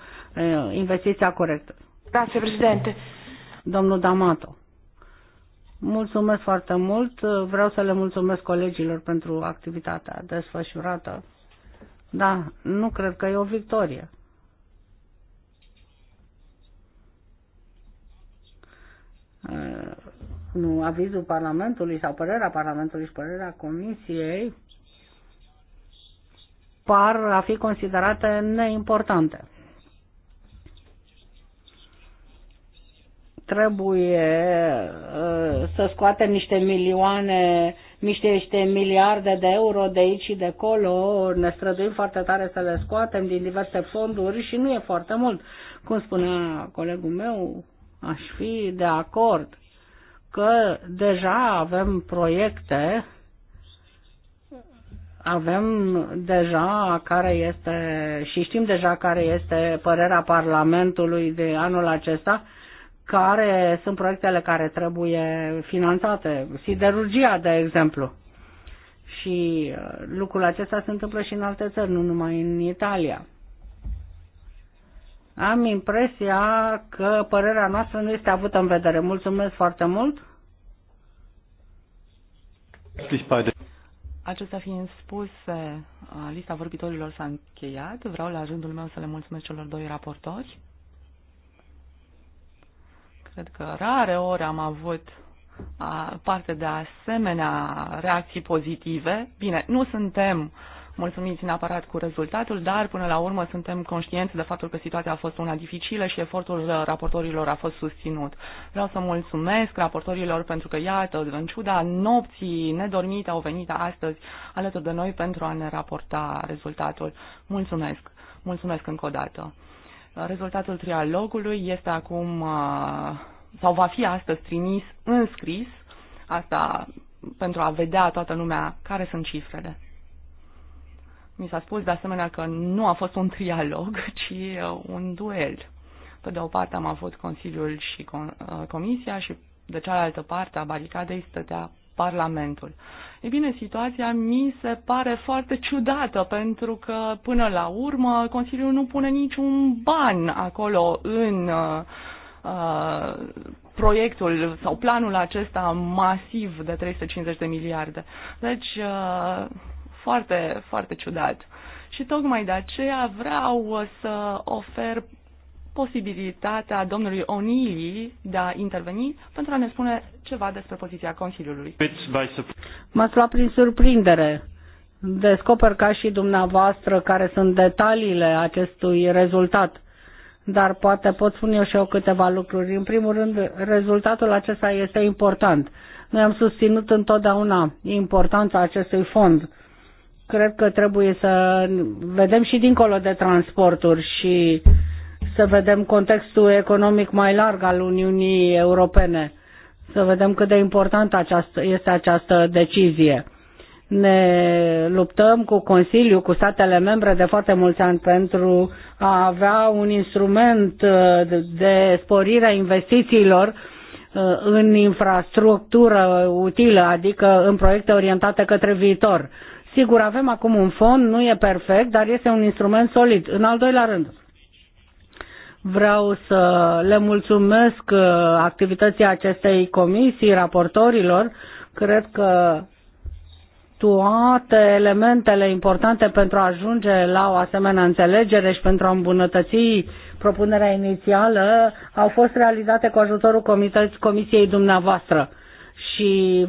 investiția corectă. Grazie, președinte. Domnul D'Amato. Mulțumesc foarte mult. Vreau să le mulțumesc colegilor pentru activitatea desfășurată. Da, nu cred că e o victorie. Uh, nu, avizul Parlamentului sau părerea Parlamentului și părerea Comisiei par a fi considerate neimportante. Trebuie uh, să scoate niște milioane uh, miștește miliarde de euro de aici și de acolo, ne străduim foarte tare să le scoatem din diverse fonduri și nu e foarte mult. Cum spunea colegul meu, aș fi de acord că deja avem proiecte avem deja care este și știm deja care este părerea Parlamentului de anul acesta care sunt proiectele care trebuie finanțate. Siderurgia, de exemplu. Și uh, lucrul acesta se întâmplă și în alte țări, nu numai în Italia. Am impresia că părerea noastră nu este avută în vedere. Mulțumesc foarte mult! Acestea fiind spus, lista vorbitorilor s-a încheiat. Vreau la rândul meu să le mulțumesc celor doi raportori. Cred că rare ori am avut parte de asemenea reacții pozitive. Bine, nu suntem mulțumiți neapărat cu rezultatul, dar până la urmă suntem conștienți de faptul că situația a fost una dificilă și efortul uh, raportorilor a fost susținut. Vreau să mulțumesc raportorilor pentru că, iată, în ciuda nopții nedormite au venit astăzi alături de noi pentru a ne raporta rezultatul. Mulțumesc! Mulțumesc încă o dată! Rezultatul trialogului este acum sau va fi astăzi trimis în scris, asta pentru a vedea toată lumea care sunt cifrele. Mi s-a spus de asemenea că nu a fost un trialog, ci un duel. Pe de o parte am avut Consiliul și Comisia și de cealaltă parte a baricadei stătea Parlamentul. E bine, situația mi se pare foarte ciudată pentru că, până la urmă, Consiliul nu pune niciun ban acolo în uh, proiectul sau planul acesta masiv de 350 de miliarde. Deci, uh, foarte, foarte ciudat. Și tocmai de aceea vreau să ofer posibilitatea domnului Onili de a interveni pentru a ne spune ceva despre poziția Consiliului. M-ați luat prin surprindere. Descoper ca și dumneavoastră care sunt detaliile acestui rezultat. Dar poate pot spune eu și eu câteva lucruri. În primul rând, rezultatul acesta este important. Noi am susținut întotdeauna importanța acestui fond. Cred că trebuie să vedem și dincolo de transporturi și uh, să vedem contextul economic mai larg al Uniunii Europene, să vedem cât de importantă este această decizie. Ne luptăm cu Consiliul, cu statele membre de foarte mulți ani pentru a avea un instrument uh, de sporire a investițiilor uh, în infrastructură utilă, adică în proiecte orientate către viitor. Sigur, avem acum un fond, nu e perfect, dar este un instrument solid. În al doilea rând, Vreau să le mulțumesc uh, activității acestei comisii, raportorilor. Cred că toate elementele importante pentru a ajunge la o asemenea înțelegere și pentru a îmbunătăți propunerea inițială au fost realizate cu ajutorul comisiei dumneavoastră. Și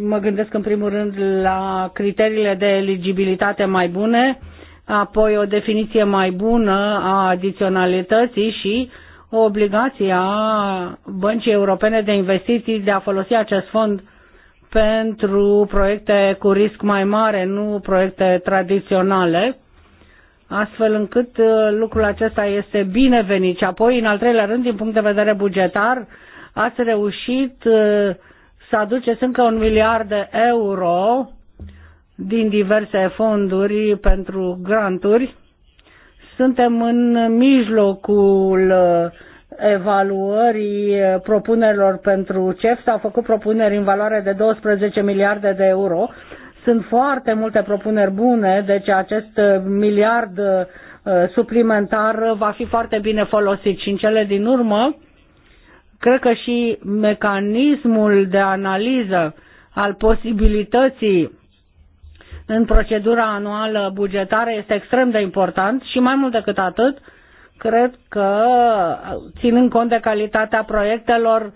mă gândesc în primul rând la criteriile de eligibilitate mai bune, apoi o definiție mai bună a adiționalității și o obligație a Băncii Europene de Investiții de a folosi acest fond pentru proiecte cu risc mai mare, nu proiecte tradiționale, astfel încât uh, lucrul acesta este binevenit. Și apoi, în al treilea rând, din punct de vedere bugetar, ați reușit uh, să aduceți încă un miliard de euro din diverse fonduri pentru granturi. Suntem în mijlocul uh, evaluării uh, propunerilor pentru CEF. S-au făcut propuneri în valoare de 12 miliarde de euro. Sunt foarte multe propuneri bune, deci acest uh, miliard suplimentar va fi foarte bine folosit și în cele din urmă cred că și mecanismul de analiză al posibilității în procedura anuală bugetară este extrem de important și mai mult decât atât, cred că, ținând cont de calitatea proiectelor,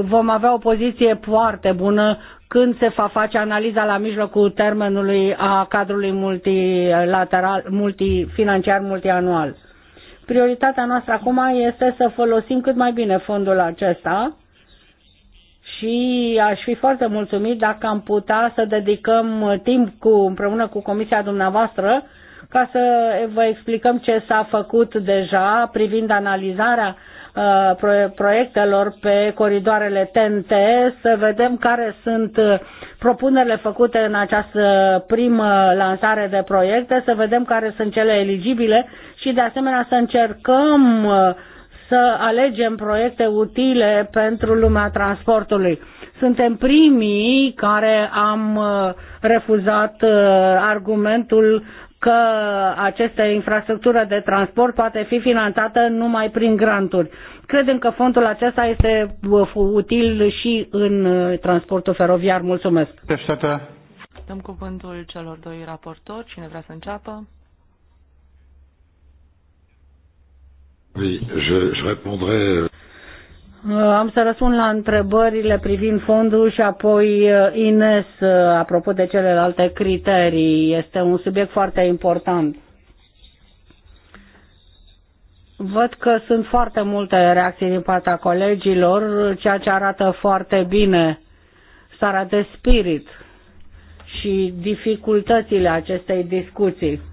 vom avea o poziție foarte bună când se va face analiza la mijlocul termenului a cadrului multilateral, multifinanciar multianual. Prioritatea noastră acum este să folosim cât mai bine fondul acesta și aș fi foarte mulțumit dacă am putea să dedicăm timp cu, împreună cu comisia dumneavoastră ca să vă explicăm ce s-a făcut deja privind analizarea uh, proiectelor pe coridoarele TNT, să vedem care sunt uh, propunerile făcute în această primă lansare de proiecte, să vedem care sunt cele eligibile și de asemenea să încercăm uh, să alegem proiecte utile pentru lumea transportului. Suntem primii care am uh, refuzat uh, argumentul că această infrastructură de transport poate fi finanțată numai prin granturi. Credem că fondul acesta este uh, util și în transportul feroviar. Mulțumesc. Dăm cuvântul celor doi raportori. Cine vrea să înceapă? Oui, je, je répondrai... Euh, Am să răspund la întrebările privind fondul și apoi uh, Ines, uh, apropo de celelalte criterii, este un subiect foarte important. Văd că sunt foarte multe reacții din partea colegilor, ceea ce arată foarte bine starea de spirit și dificultățile acestei discuții.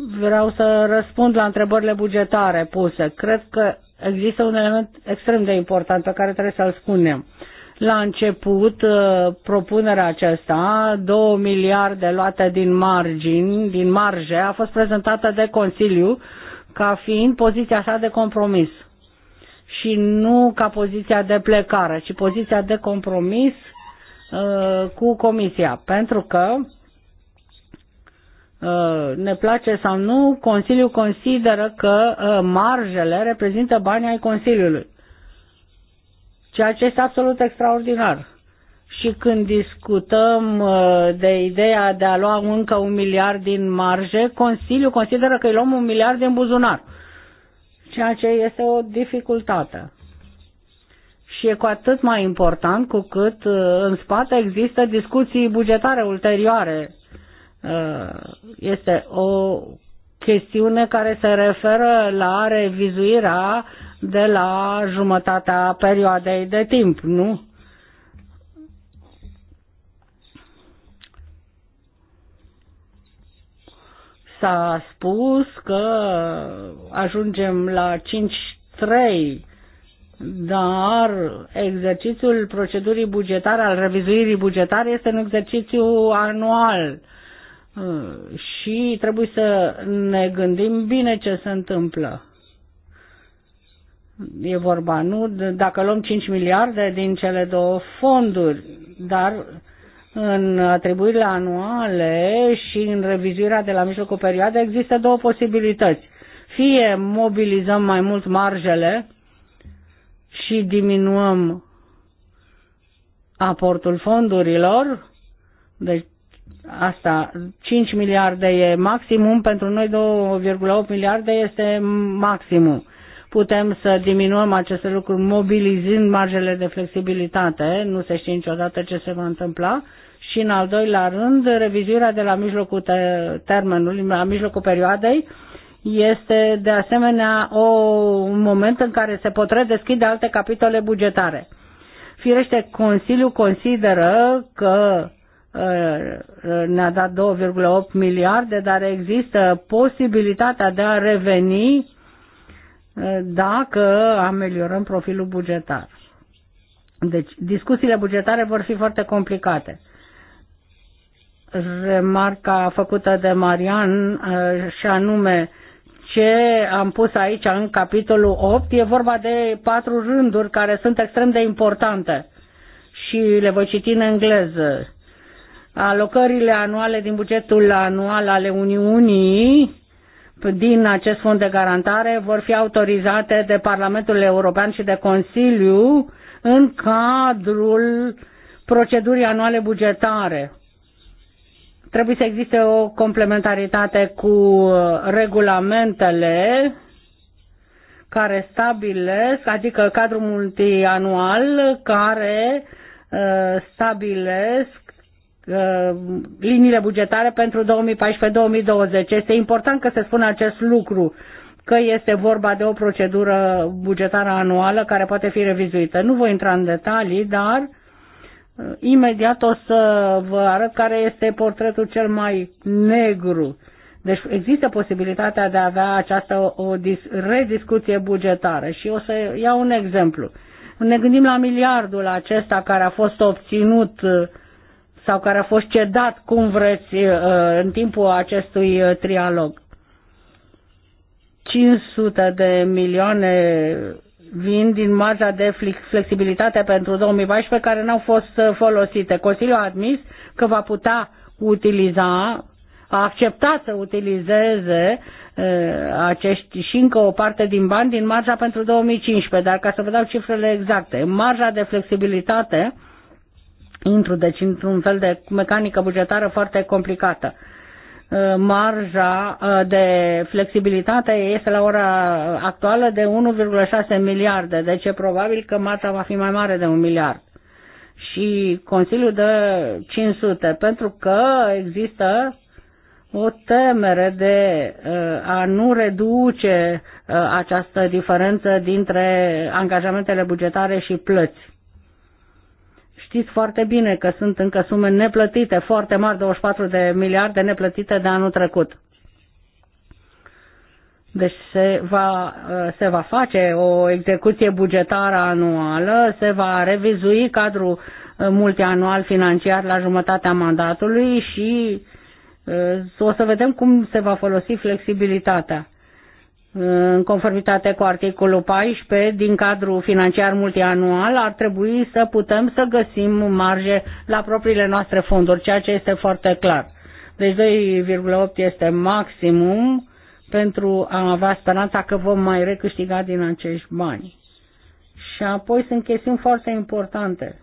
Vreau să răspund la întrebările bugetare puse. Cred că există un element extrem de important pe care trebuie să-l spunem. La început, uh, propunerea aceasta, 2 miliarde luate din margini, din marge, a fost prezentată de Consiliu ca fiind poziția sa de compromis și nu ca poziția de plecare, ci poziția de compromis uh, cu Comisia, pentru că Uh, ne place sau nu, Consiliul consideră că uh, marjele reprezintă banii ai Consiliului. Ceea ce este absolut extraordinar. Și când discutăm uh, de ideea de a lua încă un miliard din marje, Consiliul consideră că îi luăm un miliard din buzunar. Ceea ce este o dificultate. Și e cu atât mai important cu cât în spate există discuții bugetare ulterioare Uh, este o chestiune care se referă la revizuirea de la jumătatea perioadei de timp, nu? S-a spus că ajungem la 5-3, dar exercițiul procedurii bugetare, al revizuirii bugetare, este un exercițiu anual. Uh, Eh, și trebuie să ne gândim bine ce se întâmplă. E vorba, nu? Dacă luăm 5 miliarde din cele două fonduri, dar în atribuirile anuale și în revizuirea de la mijlocul perioadei există două posibilități. Fie mobilizăm mai mult marjele și diminuăm aportul fondurilor, deci Asta, 5 miliarde e maximum, pentru noi 2,8 miliarde este maximum. Putem să diminuăm aceste lucruri mobilizând marjele de flexibilitate, nu se știe niciodată ce se va întâmpla, și în al doilea rând, revizuirea de la mijlocul termenului, la mijlocul perioadei, este de asemenea o, un moment în care se pot redeschide alte capitole bugetare. Firește, Consiliul consideră că Uh, uh, ne-a dat 2,8 miliarde, dar există posibilitatea de a reveni uh, dacă ameliorăm profilul bugetar. Deci, discuțiile bugetare vor fi foarte complicate. Remarca făcută de Marian și anume ce am pus aici în capitolul 8, e vorba de patru rânduri care sunt extrem de importante și le voi citi în engleză alocările anuale din bugetul anual ale Uniunii din acest fond de garantare vor fi autorizate de Parlamentul European și de Consiliu în cadrul procedurii anuale bugetare. Trebuie să existe o complementaritate cu uh, regulamentele care stabilesc, adică cadrul multianual care uh, stabilesc Uh, liniile bugetare pentru 2014-2020. Este important că se spune acest lucru, că este vorba de o procedură bugetară anuală care poate fi revizuită. Nu voi intra în detalii, dar uh, imediat o să vă arăt care este portretul cel mai negru. Deci există posibilitatea de a avea această o rediscuție bugetară și o să iau un exemplu. Ne gândim la miliardul acesta care a fost obținut uh, sau care a fost cedat, cum vreți, uh, în timpul acestui uh, trialog. 500 de milioane vin din marja de flexibilitate pentru 2014 care n-au fost uh, folosite. Consiliul a admis că va putea utiliza, a acceptat să utilizeze acești și încă o parte din bani din marja pentru 2015, dar ca să vă dau cifrele exacte, marja de flexibilitate intru, deci într-un fel de mecanică bugetară foarte complicată. Uh, marja uh, de flexibilitate este la ora actuală de 1,6 miliarde, deci e probabil că mata va fi mai mare de un miliard. Și Consiliul de 500, pentru că există o temere de uh, a nu reduce această diferență dintre angajamentele bugetare și plăți. Știți foarte bine că sunt încă sume neplătite, foarte mari, 24 de miliarde neplătite de anul trecut. Deci se va, uh, se va face o execuție bugetară anuală, se va revizui cadrul uh, multianual financiar la jumătatea mandatului și uh, o să vedem cum se va folosi flexibilitatea în conformitate cu articolul 14 din cadrul financiar multianual, ar trebui să putem să găsim marge la propriile noastre fonduri, ceea ce este foarte clar. Deci 2,8 este maximum pentru a avea speranța că vom mai recâștiga din acești bani. Și apoi sunt chestiuni foarte importante.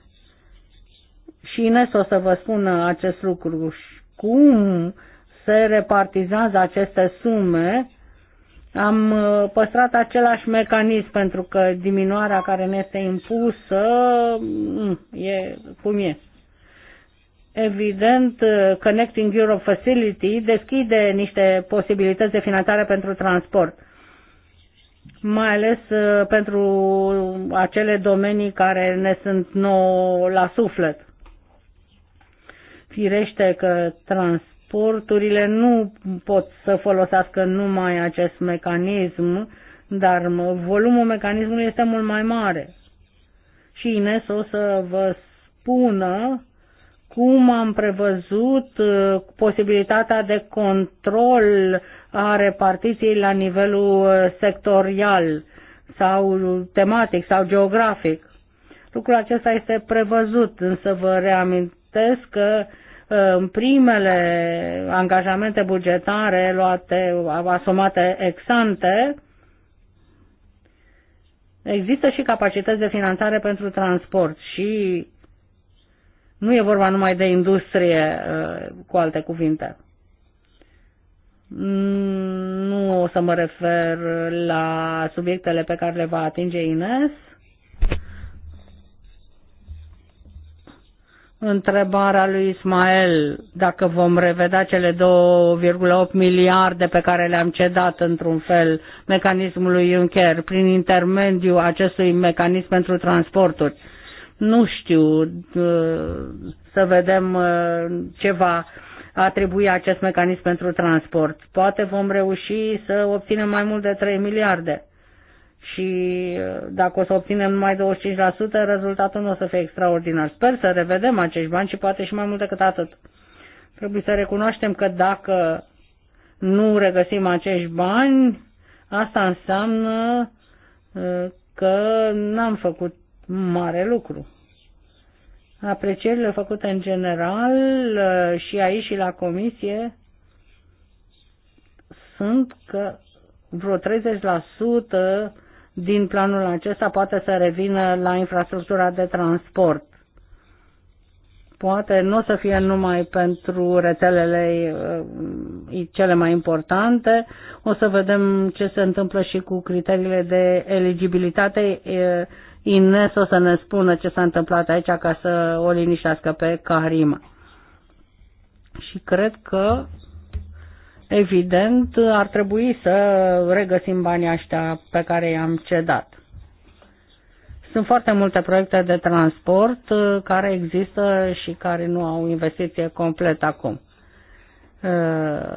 Și Ines o să vă spună acest lucru. Cum se repartizează aceste sume am uh, păstrat același mecanism pentru că diminuarea care ne este impusă mm, e cum e. Evident, uh, Connecting Europe Facility deschide niște posibilități de finanțare pentru transport, mai ales uh, pentru acele domenii care ne sunt nou la suflet. Firește că transport porturile nu pot să folosească numai acest mecanism, dar volumul mecanismului este mult mai mare. Și Ines o să vă spună cum am prevăzut uh, posibilitatea de control a repartiției la nivelul uh, sectorial sau tematic sau geografic. Lucrul acesta este prevăzut, însă vă reamintesc că uh, în primele angajamente bugetare luate, asumate ex-ante, există și capacități de finanțare pentru transport și nu e vorba numai de industrie, uh, cu alte cuvinte. Nu o să mă refer la subiectele pe care le va atinge Ines, întrebarea lui Ismael dacă vom revedea cele 2,8 miliarde pe care le-am cedat într-un fel mecanismului Juncker prin intermediul acestui mecanism pentru transporturi. Nu știu uh, să vedem uh, ce va atribui acest mecanism pentru transport. Poate vom reuși să obținem mai mult de 3 miliarde și uh, dacă o să obținem numai 25%, rezultatul nu o să fie extraordinar. Sper să revedem acești bani și poate și mai mult decât atât. Trebuie să recunoaștem că dacă nu regăsim acești bani, asta înseamnă uh, că n-am făcut mare lucru. Aprecierile făcute în general uh, și aici și la comisie sunt că vreo 30% din planul acesta poate să revină la infrastructura de transport. Poate nu o să fie numai pentru rețelele uh, cele mai importante, o să vedem ce se întâmplă și cu criteriile de eligibilitate. Ines o să ne spună ce s-a întâmplat aici ca să o liniștească pe Karima. Și cred că evident, ar trebui să regăsim banii ăștia pe care i-am cedat. Sunt foarte multe proiecte de transport uh, care există și care nu au investiție complet acum. Uh,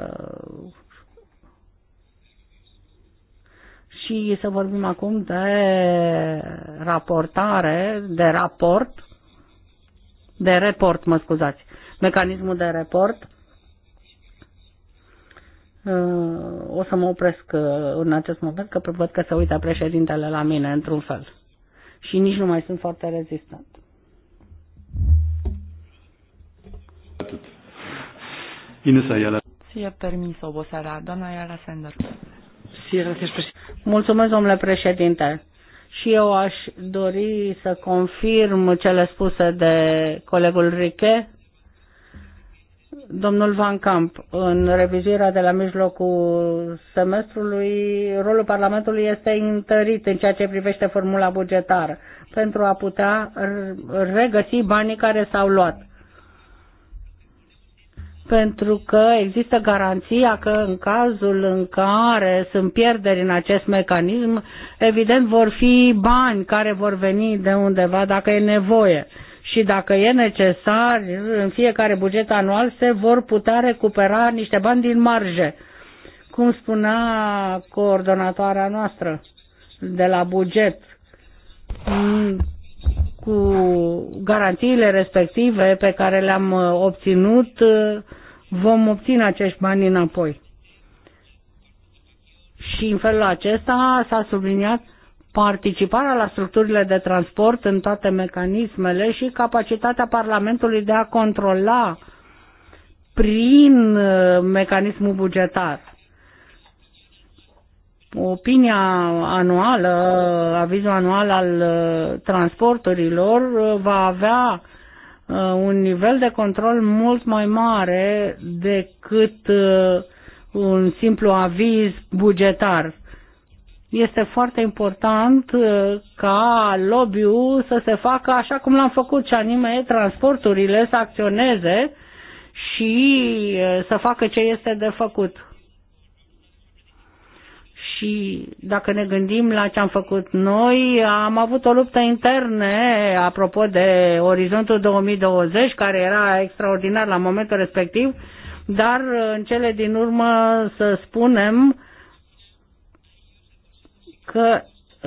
și să vorbim acum de raportare, de raport, de report, mă scuzați, mecanismul de report Uh, o să mă opresc uh, în acest moment, că văd că se uită președintele la mine într-un fel. Și nici nu mai sunt foarte rezistent. Atât. Ines Ayala. Ție permis oboseala. Doamna Iala Sender. Mulțumesc, domnule președinte. Și eu aș dori să confirm cele spuse de colegul Riche domnul Van Camp, în revizuirea de la mijlocul semestrului, rolul Parlamentului este întărit în ceea ce privește formula bugetară pentru a putea regăsi banii care s-au luat. Pentru că există garanția că în cazul în care sunt pierderi în acest mecanism, evident vor fi bani care vor veni de undeva dacă e nevoie și dacă e necesar, în fiecare buget anual se vor putea recupera niște bani din marge, cum spunea coordonatoarea noastră de la buget, mm, cu garantiile respective pe care le-am uh, obținut, uh, vom obține acești bani înapoi. Și în felul acesta s-a subliniat participarea la structurile de transport în toate mecanismele și capacitatea Parlamentului de a controla prin uh, mecanismul bugetar. Opinia anuală, avizul anual al uh, transporturilor uh, va avea un nivel de control mult mai mare decât un simplu aviz bugetar este foarte important uh, ca lobby-ul să se facă așa cum l-am făcut și anume transporturile să acționeze și uh, să facă ce este de făcut. Și dacă ne gândim la ce am făcut noi, am avut o luptă internă apropo de orizontul 2020, care era extraordinar la momentul respectiv, dar uh, în cele din urmă să spunem că,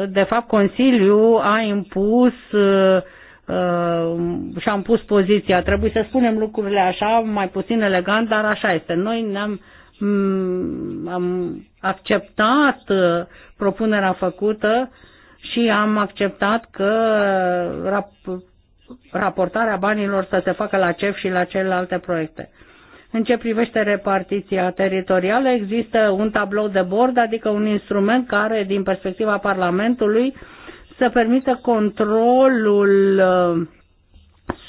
de fapt, Consiliul a impus uh, uh, și-a impus poziția. Trebuie să spunem lucrurile așa, mai puțin elegant, dar așa este. Noi ne-am mm, am acceptat uh, propunerea făcută și am acceptat că rap, raportarea banilor să se facă la CEF și la celelalte proiecte. În ce privește repartiția teritorială, există un tablou de bord, adică un instrument care, din perspectiva Parlamentului, să permită controlul uh,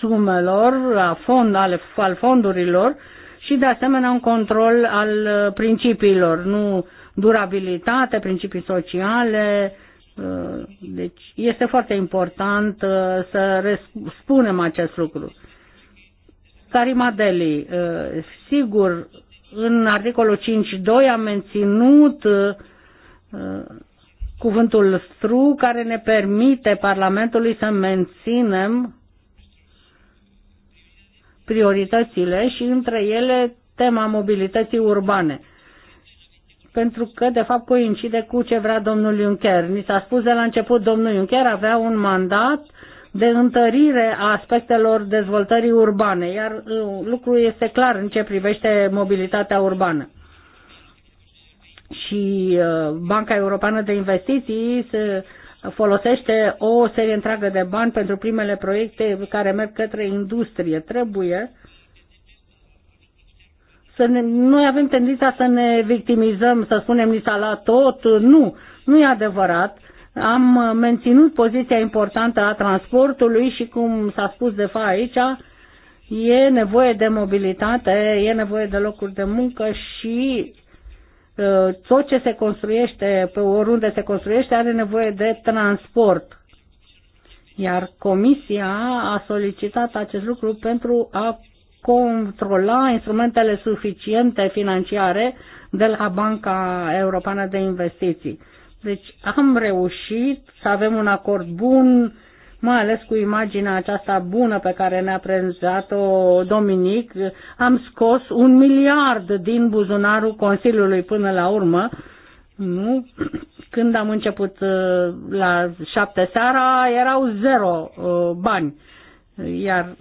sumelor, a fond, ale, al fondurilor și, de asemenea, un control al uh, principiilor, nu durabilitate, principii sociale. Uh, deci este foarte important să spunem acest lucru. Karima Deli, ă, sigur, în articolul 5.2 am menținut ă, cuvântul stru care ne permite Parlamentului să menținem prioritățile și între ele tema mobilității urbane. Pentru că, de fapt, coincide cu ce vrea domnul Juncker. Ni s-a spus de la început, domnul Juncker avea un mandat uh, de întărire a aspectelor dezvoltării urbane, iar uh, lucrul este clar în ce privește mobilitatea urbană. Și uh, Banca Europeană de Investiții se folosește o serie întreagă de bani pentru primele proiecte care merg către industrie. Trebuie să ne, noi avem tendința să ne victimizăm, să spunem ni s-a luat tot. Nu, nu e adevărat. Am menținut poziția importantă a transportului și, cum s-a spus de fapt aici, e nevoie de mobilitate, e nevoie de locuri de muncă și uh, tot ce se construiește, pe oriunde se construiește, are nevoie de transport. Iar Comisia a solicitat acest lucru pentru a controla instrumentele suficiente financiare de la Banca Europeană de Investiții. Deci am reușit să avem un acord bun, mai ales cu imaginea aceasta bună pe care ne-a prezentat-o Dominic. Am scos un miliard din buzunarul Consiliului până la urmă. Nu? Când am început uh, la șapte seara, erau zero uh, bani. Iar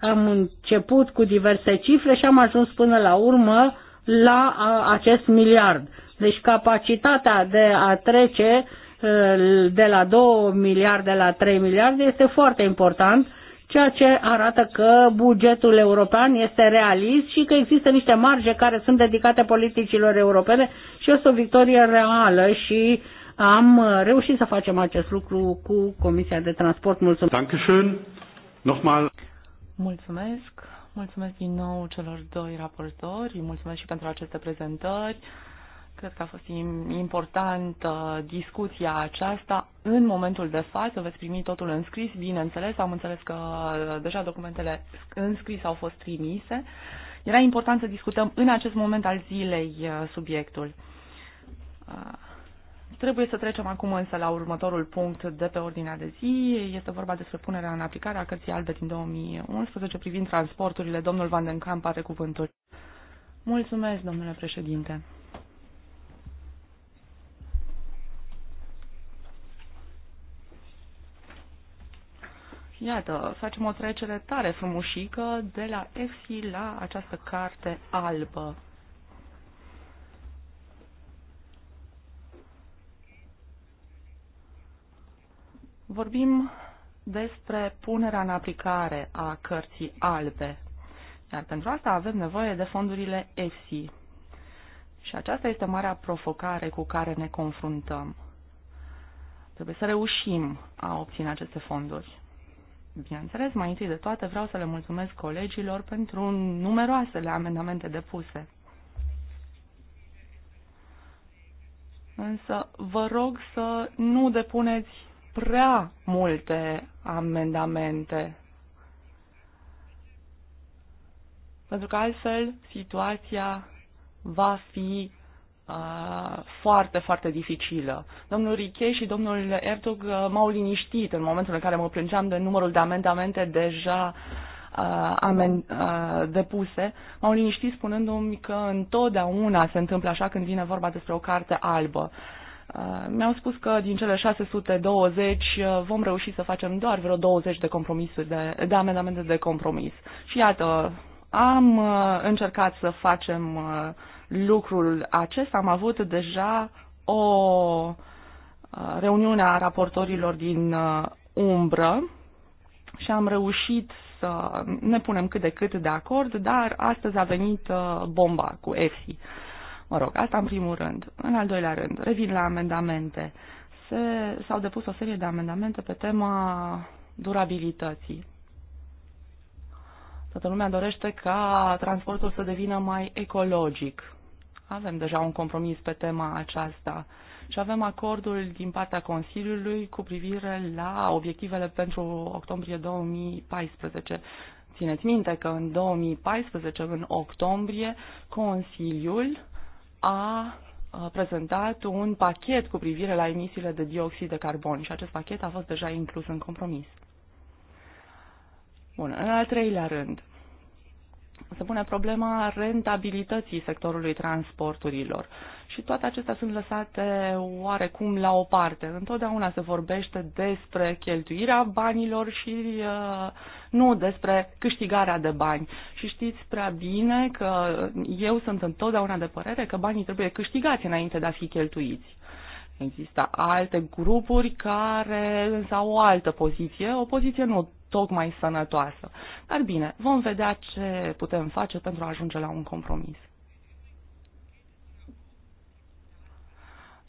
am început cu diverse cifre și am ajuns până la urmă la uh, acest miliard. Deci capacitatea de a trece eh, de la 2 miliarde la 3 miliarde este foarte important, ceea ce arată că bugetul european este realist și că există niște marge care sunt dedicate politicilor europene și este o victorie reală și am reușit să facem acest lucru cu Comisia de Transport. Mulțumesc! Mulțumesc! Mulțumesc din nou celor doi raportori, mulțumesc și pentru aceste prezentări. Cred că a fost importantă discuția aceasta. În momentul de față veți primi totul înscris, bineînțeles. Am înțeles că uh, deja documentele înscris au fost trimise. Era important să discutăm în acest moment al zilei uh, subiectul. Uh, trebuie să trecem acum însă la următorul punct de pe ordinea de zi. Este vorba despre punerea în aplicare a cărții albe din 2011 privind transporturile. Domnul Van den Camp are cuvântul. Mulțumesc, domnule președinte. Iată, facem o trecere tare frumușică de la Exi la această carte albă. Vorbim despre punerea în aplicare a cărții albe. Iar pentru asta avem nevoie de fondurile EFSI. Și aceasta este marea provocare cu care ne confruntăm. Trebuie să reușim a obține aceste fonduri. Bineînțeles, mai întâi de toate vreau să le mulțumesc colegilor pentru numeroasele amendamente depuse. Însă vă rog să nu depuneți prea multe amendamente. Pentru că altfel situația va fi foarte, foarte dificilă. Domnul Riche și domnul Ertug uh, m-au liniștit în momentul în care mă plângeam de numărul de amendamente deja uh, amen, uh, depuse, m-au liniștit spunându-mi că întotdeauna se întâmplă așa când vine vorba despre o carte albă. Uh, Mi-au spus că din cele 620 uh, vom reuși să facem doar vreo 20 de compromisuri, de, de amendamente de compromis. Și iată, am uh, încercat să facem uh, lucrul acesta. Am avut deja o uh, reuniune a raportorilor din uh, umbră și am reușit să ne punem cât de cât de acord, dar astăzi a venit uh, bomba cu EFSI. Mă rog, asta în primul rând. În al doilea rând, revin la amendamente. s-au depus o serie de amendamente pe tema durabilității. Toată lumea dorește ca transportul să devină mai ecologic. Avem deja un compromis pe tema aceasta și avem acordul din partea Consiliului cu privire la obiectivele pentru octombrie 2014. Țineți minte că în 2014, în octombrie, Consiliul a prezentat un pachet cu privire la emisiile de dioxid de carbon și acest pachet a fost deja inclus în compromis. Bun, în al treilea rând, se pune problema rentabilității sectorului transporturilor. Și toate acestea sunt lăsate oarecum la o parte. Întotdeauna se vorbește despre cheltuirea banilor și uh, nu despre câștigarea de bani. Și știți prea bine că eu sunt întotdeauna de părere că banii trebuie câștigați înainte de a fi cheltuiți. Există alte grupuri care însă au o altă poziție, o poziție nu tocmai sănătoasă. Dar bine, vom vedea ce putem face pentru a ajunge la un compromis.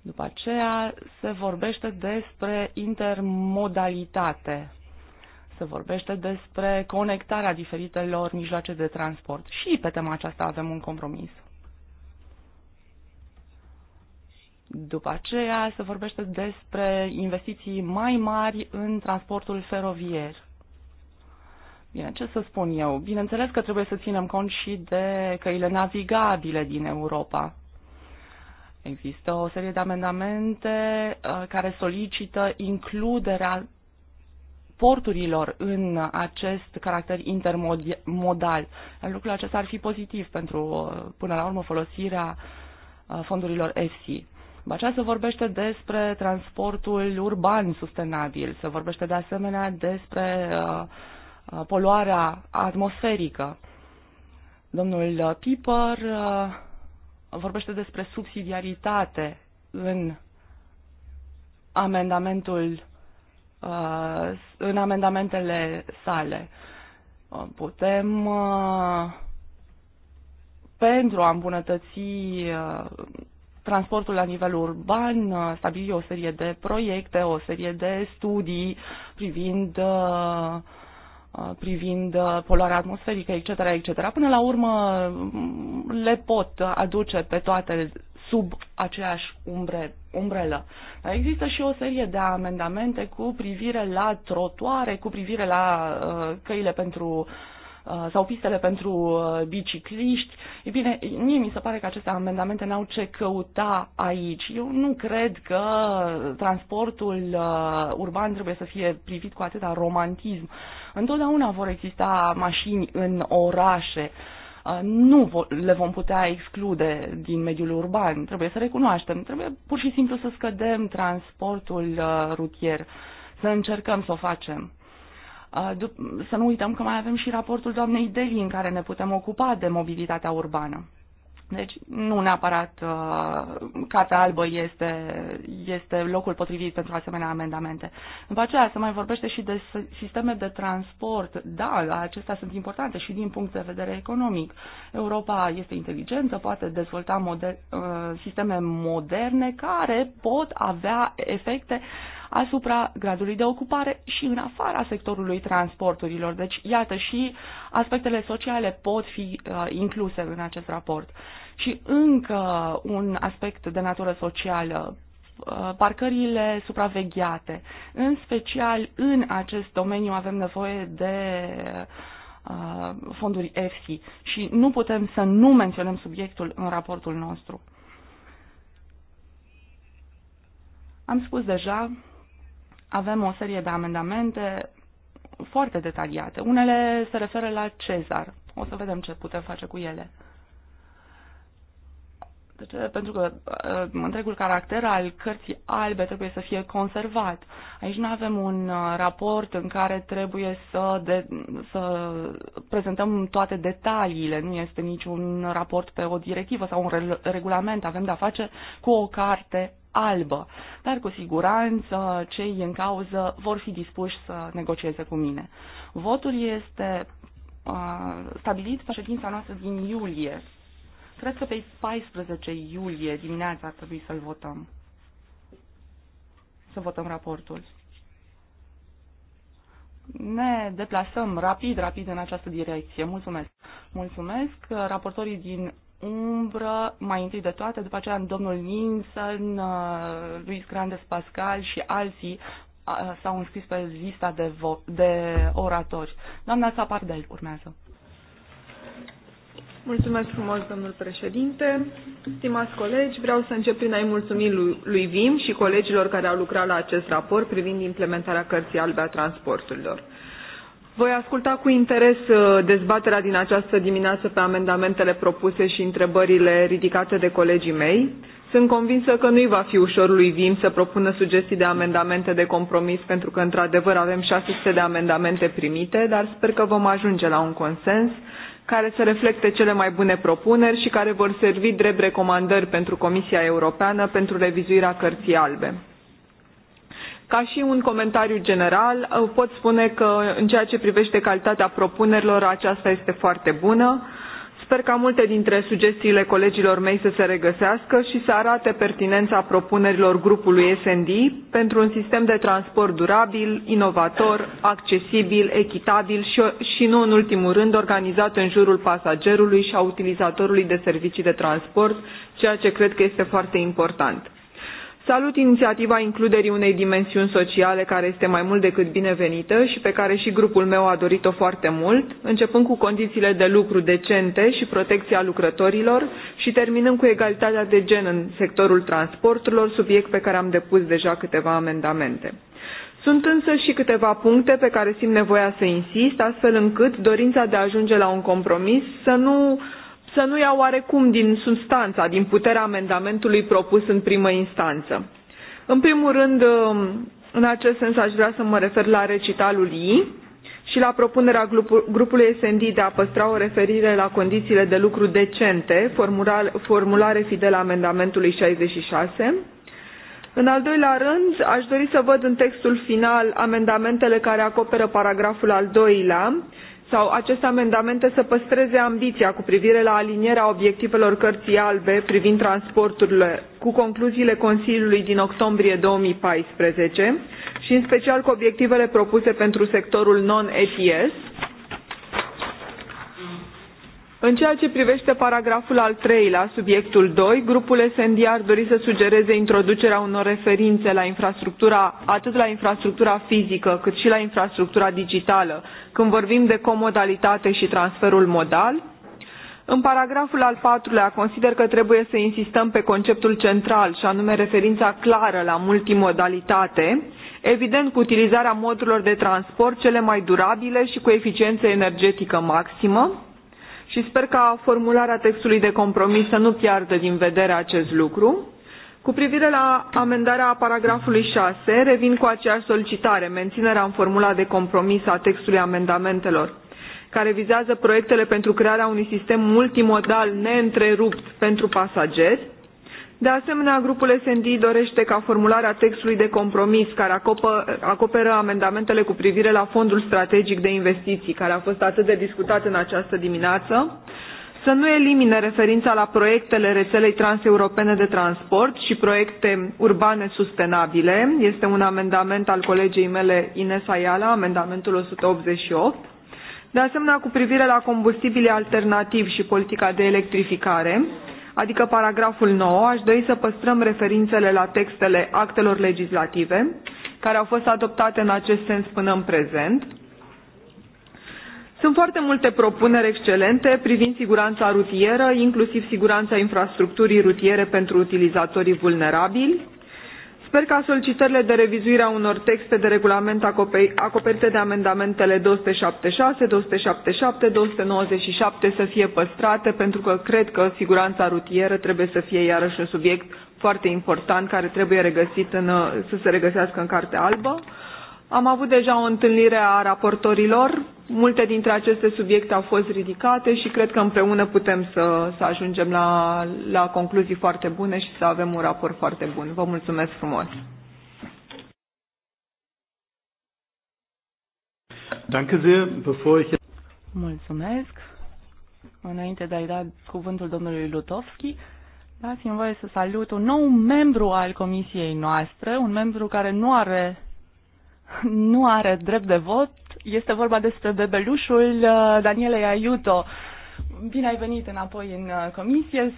După aceea se vorbește despre intermodalitate. Se vorbește despre conectarea diferitelor mijloace de transport. Și pe tema aceasta avem un compromis. După aceea se vorbește despre investiții mai mari în transportul feroviar. Bine, ce să spun eu? Bineînțeles că trebuie să ținem cont și de căile navigabile din Europa. Există o serie de amendamente uh, care solicită includerea porturilor în acest caracter intermodal. Lucrul acesta ar fi pozitiv pentru, uh, până la urmă, folosirea uh, fondurilor EFSI. Bacea se vorbește despre transportul urban sustenabil, se vorbește de asemenea despre uh, uh, poluarea atmosferică. Domnul uh, Piper vorbește despre subsidiaritate în amendamentul în amendamentele sale. Putem pentru a îmbunătăți transportul la nivel urban, stabili o serie de proiecte, o serie de studii privind privind poluarea atmosferică, etc., etc. Până la urmă le pot aduce pe toate sub aceeași umbre, umbrelă. Dar există și o serie de amendamente cu privire la trotuare, cu privire la uh, căile pentru uh, Uh, sau pistele pentru uh, bicicliști. E bine, mie mi se pare că aceste amendamente n-au ce căuta aici. Eu nu cred că transportul uh, urban trebuie să fie privit cu atâta romantism. Întotdeauna vor exista mașini în orașe nu le vom putea exclude din mediul urban. Trebuie să recunoaștem, trebuie pur și simplu să scădem transportul rutier, să încercăm să o facem. Uh, să nu uităm că mai avem și raportul doamnei Deli în care ne putem ocupa de mobilitatea urbană. Deci nu neapărat uh, Cartea Albă este, este locul potrivit pentru asemenea amendamente. După aceea se mai vorbește și de sisteme de transport. Da, acestea sunt importante și din punct de vedere economic. Europa este inteligentă, poate dezvolta moder, uh, sisteme moderne care pot avea efecte asupra gradului de ocupare și în afara sectorului transporturilor. Deci, iată, și aspectele sociale pot fi uh, incluse în acest raport. Și încă un aspect de natură socială uh, parcările supravegheate. În special în acest domeniu avem nevoie de uh, fonduri EFSI și nu putem să nu menționăm subiectul în raportul nostru. Am spus deja avem o serie de amendamente foarte detaliate. Unele se referă la Cezar. O să vedem ce putem face cu ele. De deci, ce? Pentru că uh, întregul caracter al cărții albe trebuie să fie conservat. Aici nu avem un uh, raport în care trebuie să, de, să prezentăm toate detaliile. Nu este niciun raport pe o directivă sau un re regulament. Avem de-a face cu o carte albă, dar cu siguranță cei în cauză vor fi dispuși să negocieze cu mine. Votul este stabilit pe ședința noastră din iulie. Cred că pe 14 iulie dimineața ar trebui să-l votăm. Să votăm raportul. Ne deplasăm rapid, rapid în această direcție. Mulțumesc. Mulțumesc. Raportorii din umbră, mai întâi de toate, după aceea domnul Ninsen, uh, Luis Grandes Pascal și alții uh, s-au înscris pe lista de, vo- de oratori. Doamna Sapardel urmează. Mulțumesc frumos, domnul președinte. Stimați colegi, vreau să încep prin a-i mulțumi lui, lui Vim și colegilor care au lucrat la acest raport privind implementarea cărții albe a transporturilor. Voi asculta cu interes uh, dezbaterea din această dimineață pe amendamentele propuse și întrebările ridicate de colegii mei. Sunt convinsă că nu-i va fi ușor lui Vim să propună sugestii de amendamente de compromis, pentru că, într-adevăr, avem 600 de amendamente primite, dar sper că vom ajunge la un consens care să reflecte cele mai bune propuneri și care vor servi drept recomandări pentru Comisia Europeană pentru revizuirea cărții albe. Ca și un comentariu general, uh, pot spune că în ceea ce privește calitatea propunerilor, aceasta este foarte bună. Sper ca multe dintre sugestiile colegilor mei să se regăsească și să arate pertinența propunerilor grupului SND pentru un sistem de transport durabil, inovator, accesibil, echitabil și, și nu în ultimul rând organizat în jurul pasagerului și a utilizatorului de servicii de transport, ceea ce cred că este foarte important. Salut inițiativa includerii unei dimensiuni sociale care este mai mult decât binevenită și pe care și grupul meu a dorit-o foarte mult, începând cu condițiile de lucru decente și protecția lucrătorilor și terminând cu egalitatea de gen în sectorul transporturilor, subiect pe care am depus deja câteva amendamente. Sunt însă și câteva puncte pe care simt nevoia să insist, astfel încât dorința de a ajunge la un compromis să nu să nu ia oarecum din substanța, din puterea amendamentului propus în primă instanță. În primul rând, um, în acest sens aș vrea să mă refer la recitalul I și la propunerea grupului SND de a păstra o referire la condițiile de lucru decente, formulare fidelă amendamentului 66. În al doilea rând, aș dori să văd în textul final amendamentele care acoperă paragraful al doilea, sau aceste amendamente să păstreze ambiția cu privire la alinierea obiectivelor cărții albe privind transporturile cu concluziile Consiliului din octombrie 2014 și în special cu obiectivele propuse pentru sectorul non-ETS, în ceea ce privește paragraful al treilea, subiectul 2, grupul SND ar dori să sugereze introducerea unor referințe la infrastructura, atât la infrastructura fizică cât și la infrastructura digitală, când vorbim de comodalitate și transferul modal. În paragraful al patrulea consider că trebuie să insistăm pe conceptul central și anume referința clară la multimodalitate, evident cu utilizarea modurilor de transport cele mai durabile și cu eficiență energetică maximă și sper ca formularea textului de compromis să nu piardă din vedere acest lucru. Cu privire la amendarea paragrafului 6, revin cu aceeași solicitare, menținerea în formula de compromis a textului amendamentelor care vizează proiectele pentru crearea unui sistem multimodal neîntrerupt pentru pasageri, de asemenea, grupul SND dorește ca formularea textului de compromis care acoperă amendamentele cu privire la fondul strategic de investiții, care a fost atât de discutat în această dimineață, să nu elimine referința la proiectele rețelei transeuropene de transport și proiecte urbane sustenabile. Este un amendament al colegei mele Ines Ayala, amendamentul 188. De asemenea, cu privire la combustibile alternativi și politica de electrificare, adică paragraful 9, aș dori să păstrăm referințele la textele actelor legislative care au fost adoptate în acest sens până în prezent. Sunt foarte multe propuneri excelente privind siguranța rutieră, inclusiv siguranța infrastructurii rutiere pentru utilizatorii vulnerabili, Sper ca solicitările de revizuire a unor texte de regulament acoperite de amendamentele 276, 277, 297 să fie păstrate, pentru că cred că siguranța rutieră trebuie să fie iarăși un subiect foarte important care trebuie regăsit în, să se regăsească în Cartea Albă. Am avut deja o întâlnire a raportorilor, multe dintre aceste subiecte au fost ridicate și cred că împreună putem să, să ajungem la, la concluzii foarte bune și să avem un raport foarte bun. Vă mulțumesc frumos! Mulțumesc. Înainte de a-i da cuvântul domnului Lutovski, dați-mi voie să salut un nou membru al comisiei noastre, un membru care nu are nu are drept de vot. Este vorba despre bebelușul uh, Daniele Aiuto. Bine ai venit înapoi în uh, comisie.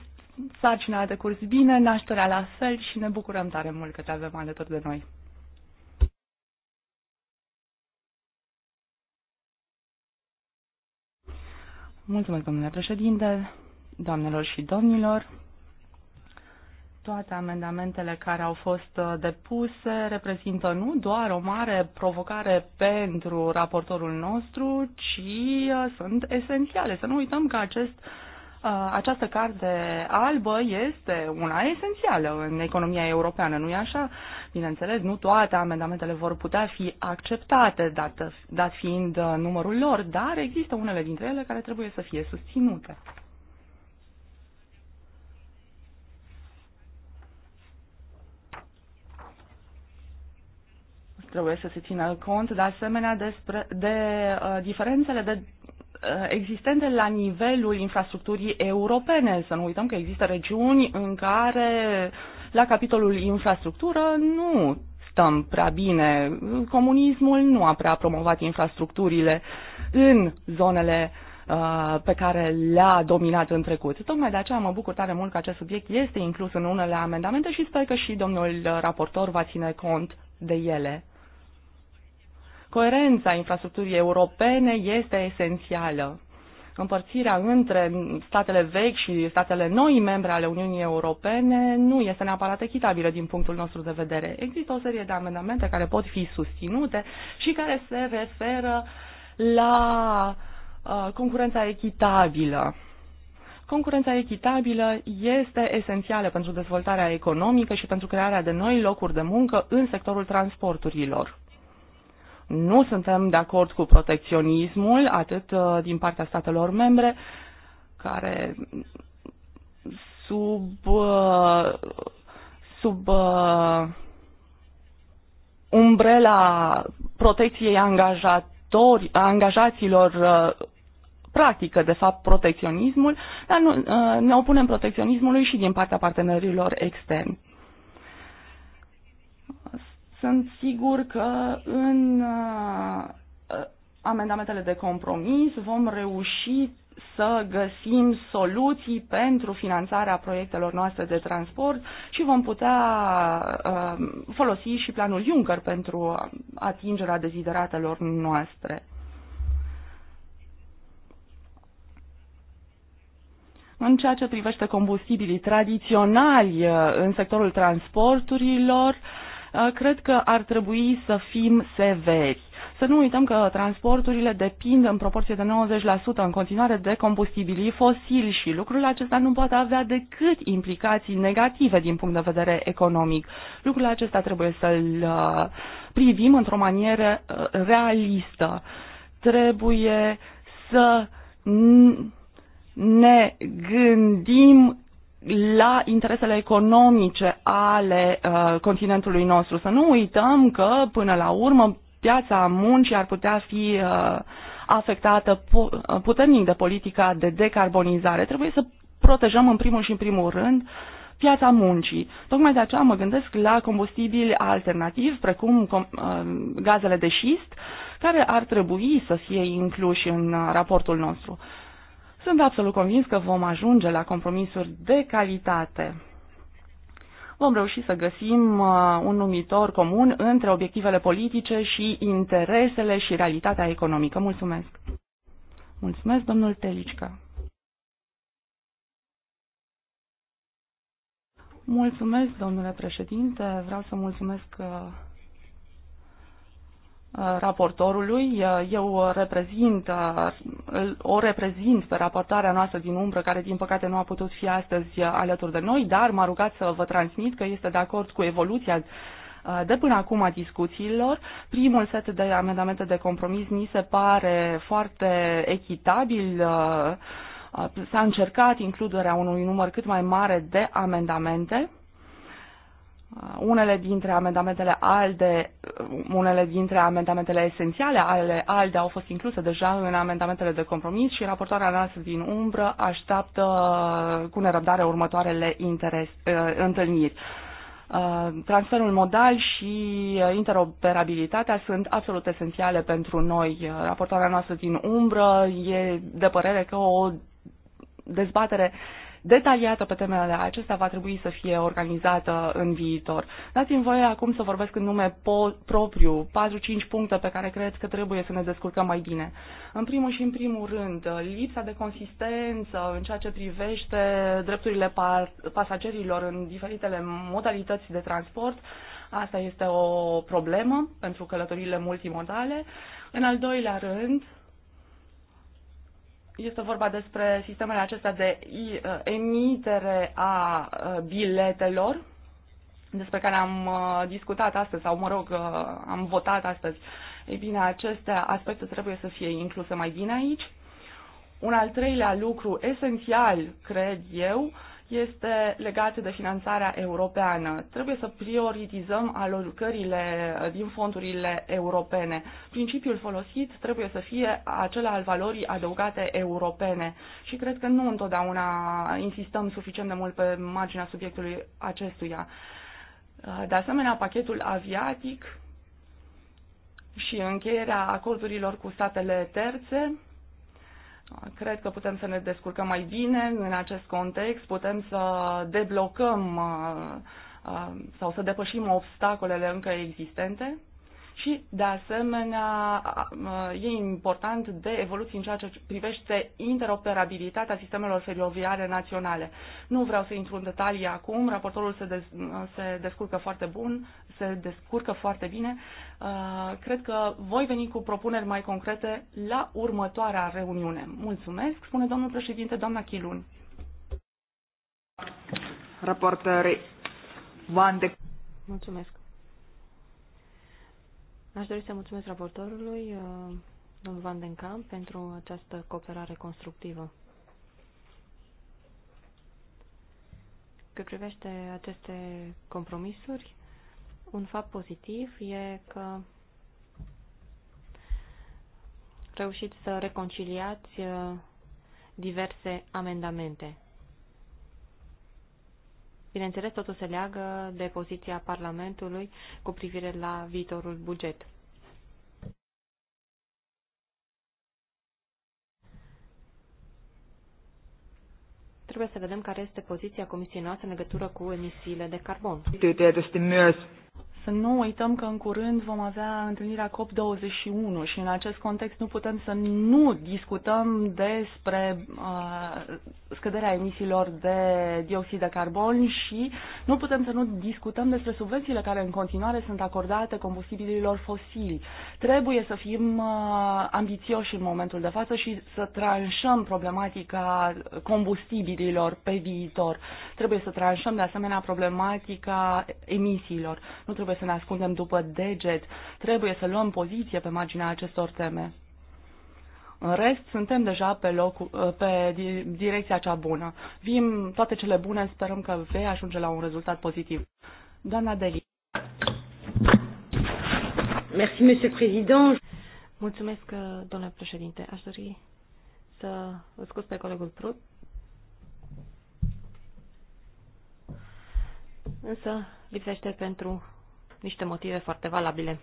Sarcina a decurs bine, nașterea la fel și ne bucurăm tare mult că te avem alături de noi. Mulțumesc, domnule președinte, doamnelor și domnilor toate amendamentele care au fost uh, depuse reprezintă nu doar o mare provocare pentru raportorul nostru, ci uh, sunt esențiale. Să nu uităm că acest, uh, această carte albă este una esențială în economia europeană, nu-i așa? Bineînțeles, nu toate amendamentele vor putea fi acceptate, dat, dat fiind numărul lor, dar există unele dintre ele care trebuie să fie susținute. Trebuie să se țină cont, de asemenea, despre, de uh, diferențele de uh, existente la nivelul infrastructurii europene. Să nu uităm că există regiuni în care la capitolul infrastructură nu stăm prea bine. Comunismul nu a prea promovat infrastructurile în zonele uh, pe care le-a dominat în trecut. Tocmai de aceea mă bucur tare mult că acest subiect este inclus în unele amendamente și sper că și domnul raportor va ține cont de ele. Coerența infrastructurii europene este esențială. Împărțirea între statele vechi și statele noi membre ale Uniunii Europene nu este neapărat echitabilă din punctul nostru de vedere. Există o serie de amendamente care pot fi susținute și care se referă la uh, concurența echitabilă. Concurența echitabilă este esențială pentru dezvoltarea economică și pentru crearea de noi locuri de muncă în sectorul transporturilor. Nu suntem de acord cu protecționismul, atât uh, din partea statelor membre, care sub, uh, sub uh, umbrela protecției angajaților angajaților practică, de fapt, protecționismul, dar nu, ne opunem protecționismului și din partea partenerilor externi. Sunt sigur că în uh, amendamentele de compromis vom reuși să găsim soluții pentru finanțarea proiectelor noastre de transport și vom putea uh, folosi și planul Juncker pentru atingerea dezideratelor noastre. În ceea ce privește combustibilii tradiționali uh, în sectorul transporturilor, uh, Uh, cred că ar trebui să fim severi. Să nu uităm că transporturile depind în proporție de 90% în continuare de combustibilii fosili și lucrul acesta nu poate avea decât implicații negative din punct de vedere economic. Lucrul acesta trebuie să-l uh, privim într-o manieră uh, realistă. Trebuie să ne gândim la interesele economice ale uh, continentului nostru. Să nu uităm că, până la urmă, piața muncii ar putea fi uh, afectată pu- uh, puternic de politica de decarbonizare. Trebuie să protejăm în primul și în primul rând piața muncii. Tocmai de aceea mă gândesc la combustibili alternativi, precum uh, gazele de șist, care ar trebui să fie incluși în uh, raportul nostru. Sunt absolut convins că vom ajunge la compromisuri de calitate. Vom reuși să găsim uh, un numitor comun între obiectivele politice și interesele și realitatea economică. Mulțumesc! Mulțumesc, domnul Telicica! Mulțumesc, domnule președinte. Vreau să mulțumesc uh, raportorului. Eu reprezint, o reprezint pe raportarea noastră din umbră, care din păcate nu a putut fi astăzi alături de noi, dar m-a rugat să vă transmit că este de acord cu evoluția de până acum a discuțiilor. Primul set de amendamente de compromis mi se pare foarte echitabil. S-a încercat includerea unui număr cât mai mare de amendamente Uh, unele dintre amendamentele ALDE, uh, unele dintre amendamentele esențiale ale ALDE au fost incluse deja în amendamentele de compromis și raportoarea noastră din umbră așteaptă uh, cu nerăbdare următoarele interes, întâlniri. Transferul modal și interoperabilitatea sunt absolut esențiale pentru noi. Raportoarea noastră din umbră e de părere că o dezbatere uh, detaliată pe temele acestea va trebui să fie organizată în viitor. Dați-mi voie acum să vorbesc în nume propriu, 4-5 puncte pe care cred că trebuie să ne descurcăm mai bine. În primul și în primul rând, lipsa de consistență în ceea ce privește drepturile pasagerilor în diferitele modalități de transport, Asta este o problemă pentru călătorile multimodale. În al doilea rând, este vorba despre sistemele acestea de uh, emitere a uh, biletelor, despre care am uh, discutat astăzi, sau mă rog, am votat astăzi. Ei bine, aceste aspecte trebuie să fie incluse mai bine aici. Un al treilea lucru esențial, cred eu, este legat de finanțarea europeană. Trebuie să prioritizăm alocările din fondurile europene. Principiul folosit trebuie să fie acela al valorii adăugate europene și cred că nu întotdeauna insistăm suficient de mult pe marginea subiectului acestuia. De asemenea, pachetul aviatic și încheierea acordurilor cu statele terțe Cred că putem să ne descurcăm mai bine în acest context, putem să deblocăm uh, uh, sau să depășim obstacolele încă existente și, de asemenea, e important de evoluții în ceea ce privește interoperabilitatea sistemelor feroviare naționale. Nu vreau să intru în detalii acum, raportorul se, dez, se descurcă foarte bun, se descurcă foarte bine. Cred că voi veni cu propuneri mai concrete la următoarea reuniune. Mulțumesc, spune domnul președinte, doamna Chilun. Raportări. Mulțumesc. Aș dori să mulțumesc raportorului, uh, domnul Van den Kamp, pentru această cooperare constructivă. Cât privește aceste compromisuri, un fapt pozitiv e că reușiți să reconciliați uh, diverse amendamente. Bineînțeles, totul se leagă de poziția Parlamentului cu privire la viitorul buget. Trebuie să vedem care este poziția Comisiei noastre în legătură cu emisiile de carbon. Să nu uităm că în curând vom avea întâlnirea COP21 și în acest context nu putem să nu discutăm despre uh, scăderea emisiilor de dioxid de carbon și nu putem să nu discutăm despre subvențiile care în continuare sunt acordate combustibililor fosili. Trebuie să fim uh, ambițioși în momentul de față și să tranșăm problematica combustibililor pe viitor. Trebuie să tranșăm de asemenea problematica emisiilor. Nu trebuie să ne ascundem după deget. Trebuie să luăm poziție pe marginea acestor teme. În rest, suntem deja pe, loc, pe direcția cea bună. Vim toate cele bune, sperăm că vei ajunge la un rezultat pozitiv. Doamna Deli. Merci, Monsieur Président. Mulțumesc, domnule președinte. Aș dori să vă scuz pe colegul Prut. Însă lipsește pentru niște motive foarte valabile.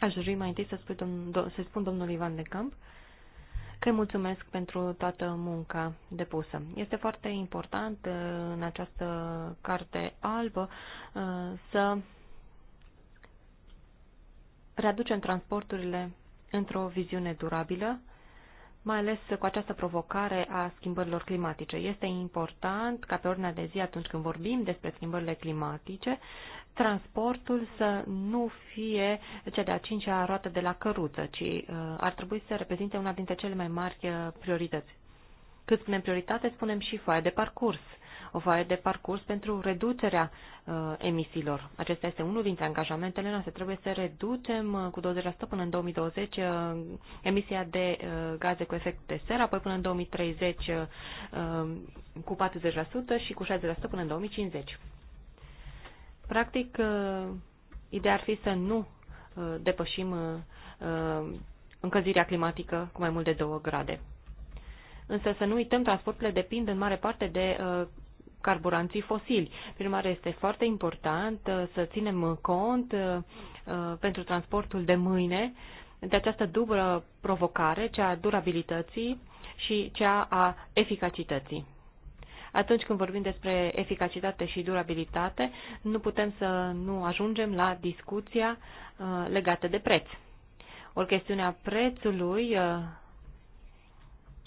Aș dori mai întâi să, spun, domn, să spun domnului Ivan de Camp că îi mulțumesc pentru toată munca depusă. Este foarte important uh, în această carte albă uh, să readucem transporturile într-o viziune durabilă, mai ales cu această provocare a schimbărilor climatice. Este important ca pe ordinea de zi atunci când vorbim despre schimbările climatice transportul să nu fie cea de-a cincea roată de la căruță, ci uh, ar trebui să reprezinte una dintre cele mai mari uh, priorități. Cât spunem prioritate, spunem și foaia de parcurs. O foaie de parcurs pentru reducerea uh, emisiilor. Acesta este unul dintre angajamentele noastre. Trebuie să reducem uh, cu 20% până în 2020 uh, emisia de uh, gaze cu efect de seră, apoi până în 2030 uh, uh, cu 40% și cu 60% până în 2050. Practic, uh, ideea ar fi să nu uh, depășim uh, încălzirea climatică cu mai mult de 2 grade. Însă să nu uităm, transporturile depind în mare parte de carburanții fosili. Prin urmare, este foarte important să ținem cont pentru transportul de mâine de această dublă provocare, cea a durabilității și cea a eficacității. Atunci când vorbim despre eficacitate și durabilitate, nu putem să nu ajungem la discuția uh, legată de preț. Ori chestiunea prețului uh,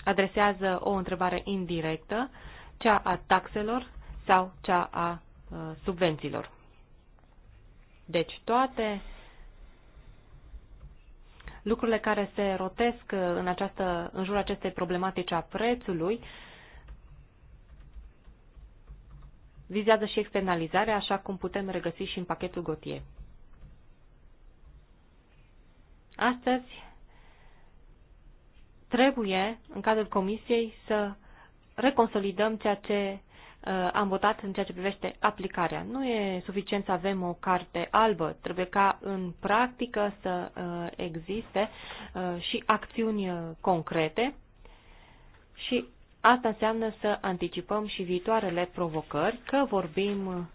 adresează o întrebare indirectă, cea a taxelor sau cea a uh, subvențiilor. Deci toate lucrurile care se rotesc în, această, în jurul acestei problematici a prețului uh, vizează și externalizarea, așa cum putem regăsi și în pachetul Gotie. Astăzi trebuie, în cadrul Comisiei, să reconsolidăm ceea ce uh, am votat în ceea ce privește aplicarea. Nu e suficient să avem o carte albă, trebuie ca în practică să uh, existe uh, și acțiuni concrete și Asta înseamnă să anticipăm și viitoarele provocări, că vorbim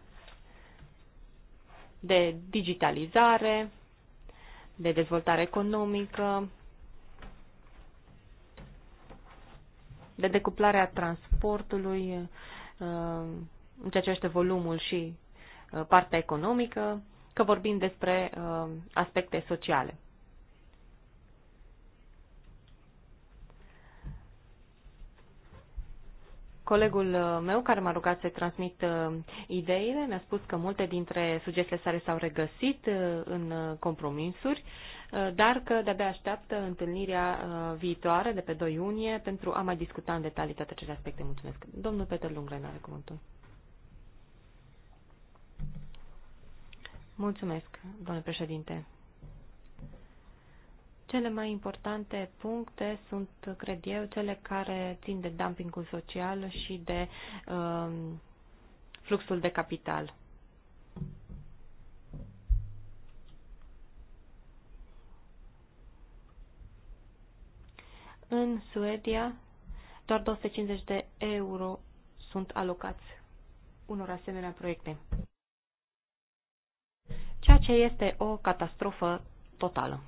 de digitalizare, de dezvoltare economică, de decuplarea transportului uh, în ceea ce este volumul și uh, partea economică, că vorbim despre uh, aspecte sociale. Colegul uh, meu care m-a rugat să transmit uh, ideile mi-a spus că multe dintre sugestiile sale s-au regăsit uh, în compromisuri, dar că de-abia așteaptă întâlnirea viitoare de pe 2 iunie pentru a mai discuta în detalii toate aceste aspecte. Mulțumesc. Domnul Peter Lungren are cuvântul. Mulțumesc, domnule președinte. Cele mai importante puncte sunt, cred eu, cele care țin de dumpingul social și de um, fluxul de capital. În Suedia, doar 250 de euro sunt alocați unor asemenea proiecte. Ceea ce este o catastrofă totală.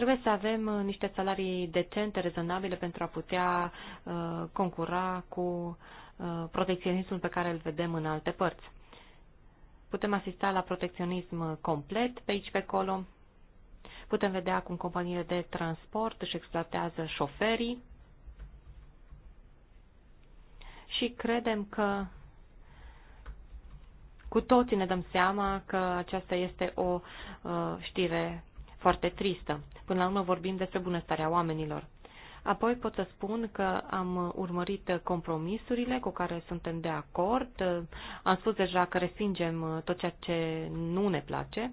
Trebuie să avem uh, niște salarii decente, rezonabile pentru a putea uh, concura cu uh, protecționismul pe care îl vedem în alte părți. Putem asista la protecționism complet pe aici pe acolo. Putem vedea cum companiile de transport își exploatează șoferii și credem că cu toții ne dăm seama că aceasta este o știre foarte tristă. Până la urmă vorbim despre bunăstarea oamenilor. Apoi pot să spun că am urmărit compromisurile cu care suntem de acord. Am spus deja că respingem tot ceea ce nu ne place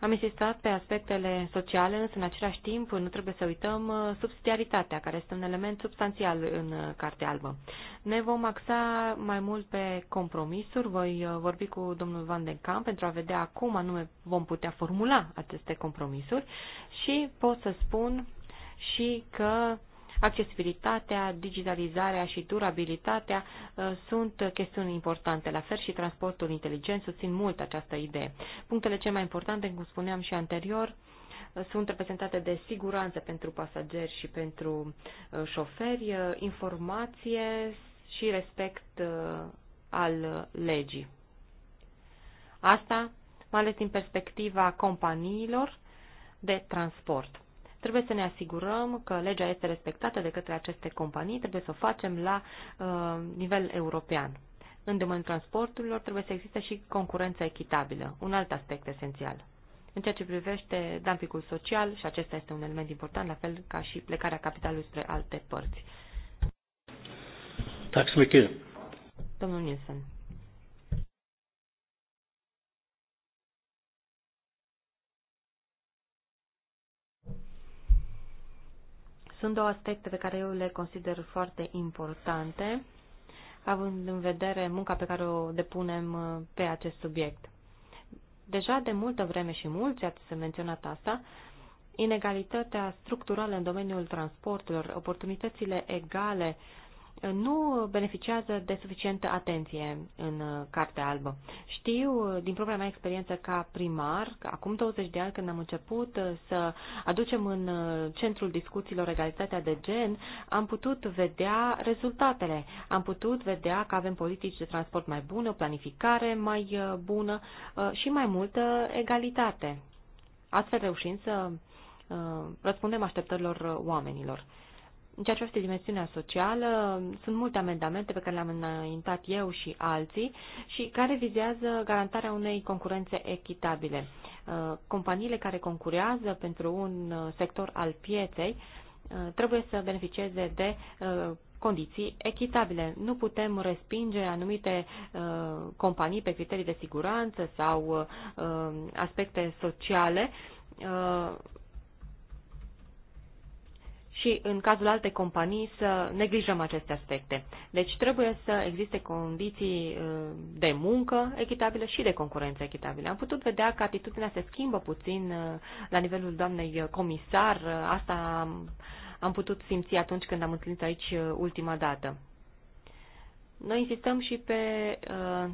am insistat pe aspectele sociale, însă în același timp nu trebuie să uităm uh, subsidiaritatea, care este un element substanțial în uh, Cartea Albă. Ne vom axa mai mult pe compromisuri. Voi uh, vorbi cu domnul Van den Kamp pentru a vedea cum anume vom putea formula aceste compromisuri și pot să spun și că Accesibilitatea, digitalizarea și durabilitatea uh, sunt chestiuni importante. La fel și transportul inteligent susțin mult această idee. Punctele cele mai importante, cum spuneam și anterior, uh, sunt reprezentate de siguranță pentru pasageri și pentru uh, șoferi, informație și respect al legii. Asta mai ales din perspectiva companiilor de transport. Trebuie să ne asigurăm că legea este respectată de către aceste companii, trebuie să o facem la uh, nivel european. În domeniul transporturilor trebuie să existe și concurență echitabilă, un alt aspect esențial. În ceea ce privește dumpingul social, și acesta este un element important, la fel ca și plecarea capitalului spre alte părți. Tack Domnul Nielsen. Sunt două aspecte pe care eu le consider foarte importante, având în vedere munca pe care o depunem uh, pe acest subiect. Deja de multă vreme și mulți ați menționat asta, inegalitatea structurală în domeniul transporturilor, oportunitățile egale nu beneficiază de suficientă atenție în uh, Cartea Albă. Știu uh, din propria mea experiență ca primar, că acum 20 de ani când am început uh, să aducem în centrul discuțiilor egalitatea de gen, am putut vedea rezultatele. Am putut vedea că avem politici de transport mai bune, planificare mai bună și mai multă egalitate. Astfel reușim să răspundem așteptărilor oamenilor. În ceea ce este dimensiunea socială, sunt multe amendamente pe care le-am înaintat eu și alții și care vizează garantarea unei concurențe echitabile. Uh, companiile care concurează pentru un uh, sector al pieței uh, trebuie să beneficieze de condiții echitabile. Nu putem respinge anumite uh, companii pe criterii de siguranță sau uh, aspecte sociale uh, și în cazul alte companii să neglijăm aceste aspecte. Deci trebuie să existe condiții uh, de muncă echitabile și de concurență echitabile. Am putut vedea că atitudinea se schimbă puțin uh, la nivelul doamnei comisar. Uh, asta am putut simți atunci când am întâlnit aici ultima dată. Noi insistăm și pe uh,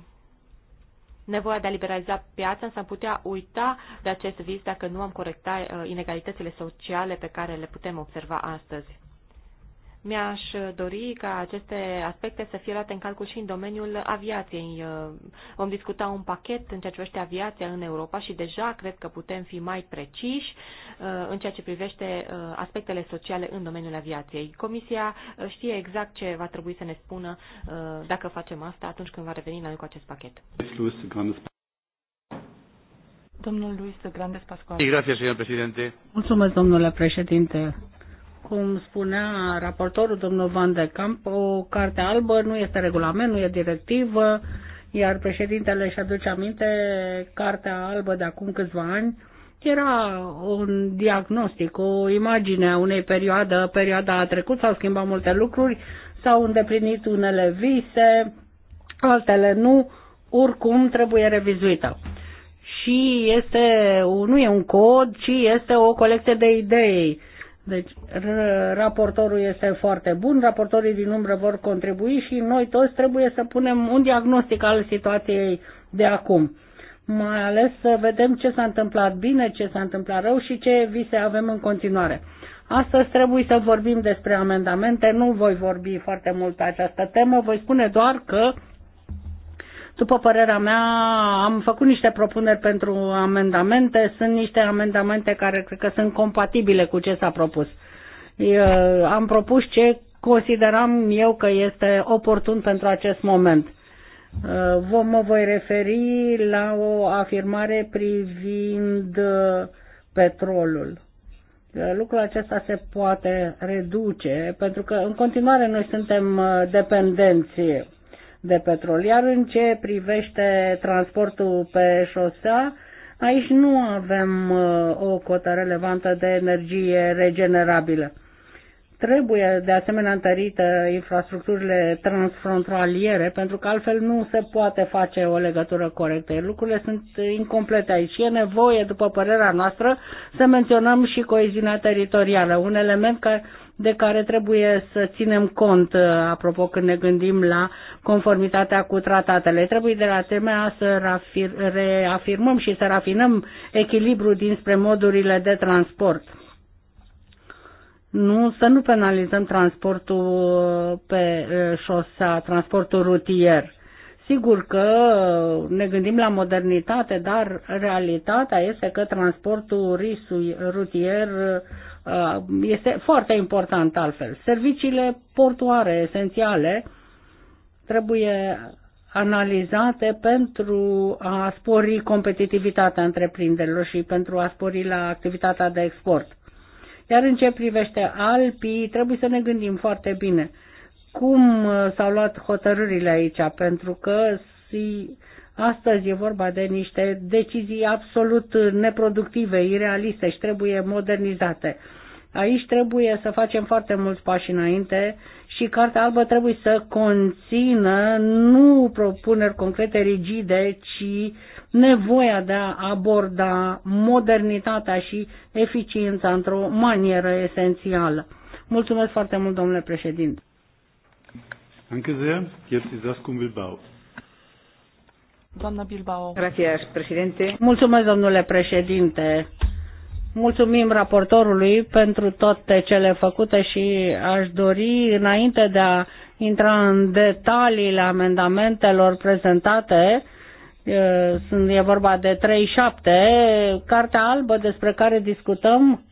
nevoia de a liberaliza piața, s am putea uita de acest vis dacă nu am corecta uh, inegalitățile sociale pe care le putem observa astăzi. Mi-aș dori ca aceste aspecte să fie luate în calcul și în domeniul aviației. Uh, vom discuta un pachet în ceea ce privește aviația în Europa și deja cred că putem fi mai preciși uh, în ceea ce privește uh, aspectele sociale în domeniul aviației. Comisia știe exact ce va trebui să ne spună dacă facem asta atunci când va reveni la noi cu acest pachet. Domnul Luis de Grandes Pascual. Mulțumesc, domnule președinte cum spunea raportorul domnul Van de Camp, o carte albă nu este regulament, nu e directivă, iar președintele își aduce aminte, cartea albă de acum câțiva ani era un diagnostic, o imagine a unei perioade, perioada a trecut, s-au schimbat multe lucruri, s-au îndeplinit unele vise, altele nu, oricum trebuie revizuită. Și este, nu e un cod, ci este o colecție de idei deci raportorul este foarte bun, raportorii din umbră vor contribui și noi toți trebuie să punem un diagnostic al situației de acum. Mai ales să vedem ce s-a întâmplat bine, ce s-a întâmplat rău și ce vise avem în continuare. Astăzi trebuie să vorbim despre amendamente, nu voi vorbi foarte mult pe această temă, voi spune doar că după părerea mea, am făcut niște propuneri pentru amendamente, sunt niște amendamente care cred că sunt compatibile cu ce s-a propus. Eu am propus ce consideram eu că este oportun pentru acest moment. Vă mă voi referi la o afirmare privind petrolul. Lucrul acesta se poate reduce pentru că în continuare noi suntem dependenți de petrol. Iar în ce privește transportul pe șosea, aici nu avem uh, o cotă relevantă de energie regenerabilă. Trebuie de asemenea întărită infrastructurile transfrontaliere, pentru că altfel nu se poate face o legătură corectă. Lucrurile sunt incomplete aici. E nevoie, după părerea noastră, să menționăm și coeziunea teritorială, un element care de care trebuie să ținem cont, uh, apropo, când ne gândim la conformitatea cu tratatele. Trebuie de la temea să reafirmăm și să rafinăm echilibru dinspre modurile de transport nu, să nu penalizăm transportul uh, pe uh, șosea, transportul rutier. Sigur că ne gândim la modernitate, dar realitatea este că transportul rutier Uh, este foarte important altfel. Serviciile portoare esențiale trebuie analizate pentru a spori competitivitatea întreprinderilor și pentru a spori la activitatea de export. Iar în ce privește Alpii, trebuie să ne gândim foarte bine cum s-au luat hotărârile aici, pentru că Astăzi e vorba de niște decizii absolut neproductive, irealiste și trebuie modernizate. Aici trebuie să facem foarte mulți pași înainte și Cartea Albă trebuie să conțină nu propuneri concrete rigide, ci nevoia de a aborda modernitatea și eficiența într-o manieră esențială. Mulțumesc foarte mult, domnule președinte. Danke sehr. Jetzt ist Saskum Bilbao. Doamna Bilbao. Gracias, presidente. Mulțumesc, domnule președinte. Mulțumim raportorului pentru toate cele făcute și aș dori, înainte de a intra în detaliile amendamentelor prezentate, sunt, e vorba de 3-7, Cartea Albă despre care discutăm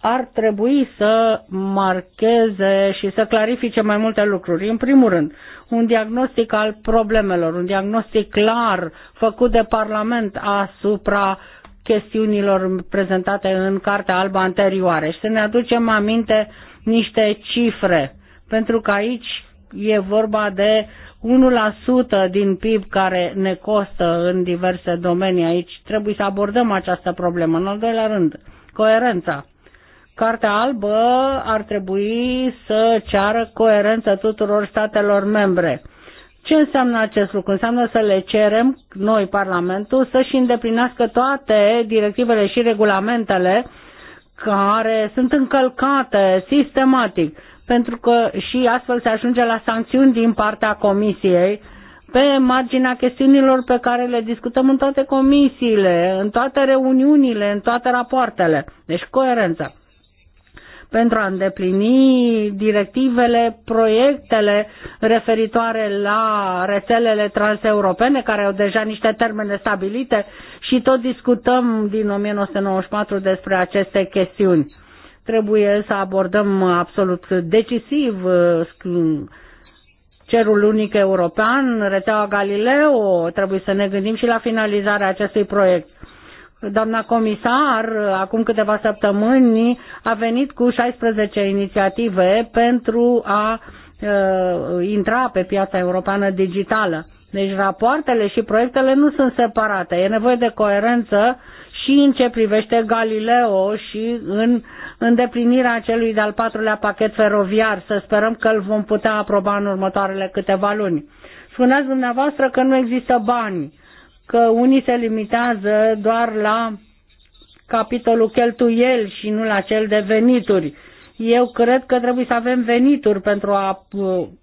ar trebui să marcheze și să clarifice mai multe lucruri. În primul rând, un diagnostic al problemelor, un diagnostic clar făcut de Parlament asupra chestiunilor prezentate în Cartea Albă anterioare și să ne aducem aminte niște cifre, pentru că aici e vorba de 1% din PIB care ne costă în diverse domenii aici. Trebuie să abordăm această problemă. În al doilea rând, coerența. Cartea albă ar trebui să ceară coerență tuturor statelor membre. Ce înseamnă acest lucru? Înseamnă să le cerem, noi, Parlamentul, să-și îndeplinească toate directivele și regulamentele care sunt încălcate sistematic, pentru că și astfel se ajunge la sancțiuni din partea Comisiei pe marginea chestiunilor pe care le discutăm în toate comisiile, în toate reuniunile, în toate rapoartele. Deci coerența pentru a îndeplini directivele, proiectele referitoare la rețelele transeuropene, care au deja niște termene stabilite și tot discutăm din 1994 despre aceste chestiuni. Trebuie să abordăm absolut decisiv uh, cerul unic european, rețeaua Galileo, trebuie să ne gândim și la finalizarea acestui proiect Doamna comisar, acum câteva săptămâni, a venit cu 16 inițiative pentru a uh, intra pe piața europeană digitală. Deci rapoartele și proiectele nu sunt separate. E nevoie de coerență și în ce privește Galileo și în îndeplinirea celui de-al patrulea pachet feroviar. Să sperăm că îl vom putea aproba în următoarele câteva luni. Spuneați dumneavoastră că nu există bani că unii se limitează doar la capitolul cheltuiel și nu la cel de venituri. Eu cred că trebuie să avem venituri pentru a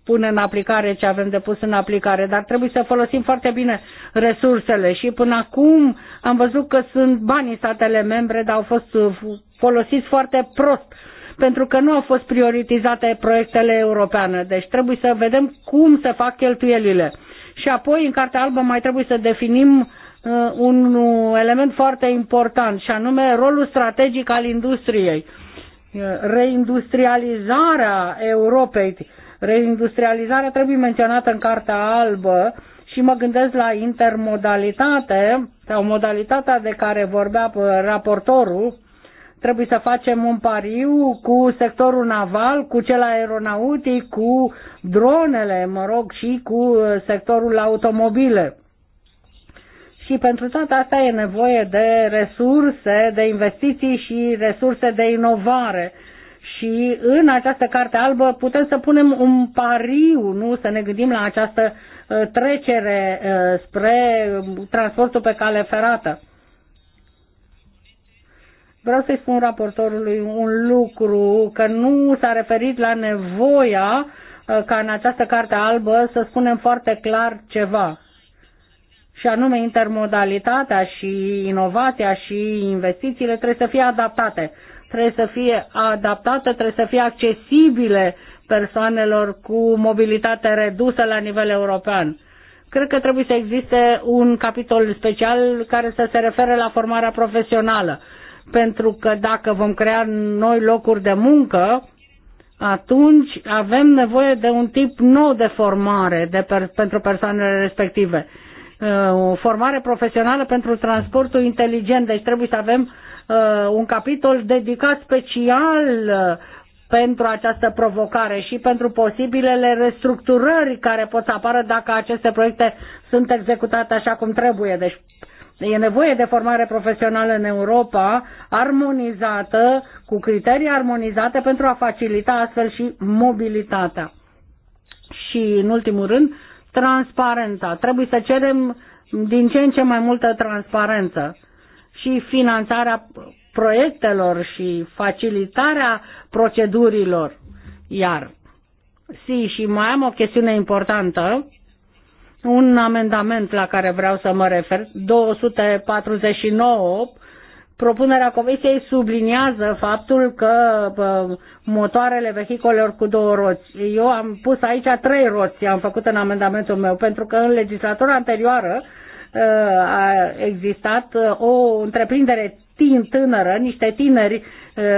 pune în aplicare ce avem de pus în aplicare, dar trebuie să folosim foarte bine resursele și până acum am văzut că sunt bani statele membre, dar au fost uh, folosiți foarte prost pentru că nu au fost prioritizate proiectele europene. Deci trebuie să vedem cum se fac cheltuielile și apoi, în Cartea Albă, mai trebuie să definim uh, un uh, element foarte important, și anume rolul strategic al industriei. Uh, reindustrializarea Europei, reindustrializarea trebuie menționată în Cartea Albă și mă gândesc la intermodalitate sau modalitatea de care vorbea raportorul, trebuie să facem un pariu cu sectorul naval, cu cel aeronautic, cu dronele, mă rog, și cu uh, sectorul automobile. Și pentru toate asta e nevoie de resurse, de investiții și resurse de inovare. Și în această carte albă putem să punem un pariu, nu să ne gândim la această uh, trecere uh, spre transportul pe cale ferată Vreau să-i spun raportorului un lucru, că nu s-a referit la nevoia uh, ca în această carte albă să spunem foarte clar ceva, și anume intermodalitatea și inovația și investițiile trebuie să fie adaptate. Trebuie să fie adaptate, trebuie să fie accesibile persoanelor cu mobilitate redusă la nivel european. Cred că trebuie să existe un capitol special care să se refere la formarea profesională pentru că dacă vom crea noi locuri de muncă, atunci avem nevoie de un tip nou de formare de per, pentru persoanele respective. Uh, o formare profesională pentru transportul inteligent, deci trebuie să avem uh, un capitol dedicat special uh, pentru această provocare și pentru posibilele restructurări care pot să apară dacă aceste proiecte sunt executate așa cum trebuie. Deci E nevoie de formare profesională în Europa, armonizată, cu criterii armonizate pentru a facilita astfel și mobilitatea. Și, în ultimul rând, transparența. Trebuie să cerem din ce în ce mai multă transparență și finanțarea proiectelor și facilitarea procedurilor. Iar, si, și mai am o chestiune importantă, un amendament la care vreau să mă refer, 249, propunerea comisiei subliniază faptul că motoarele vehicolelor cu două roți. Eu am pus aici trei roți, am făcut în amendamentul meu, pentru că în legislatura anterioară ă, a existat ă, o întreprindere tânără, niște tineri ă,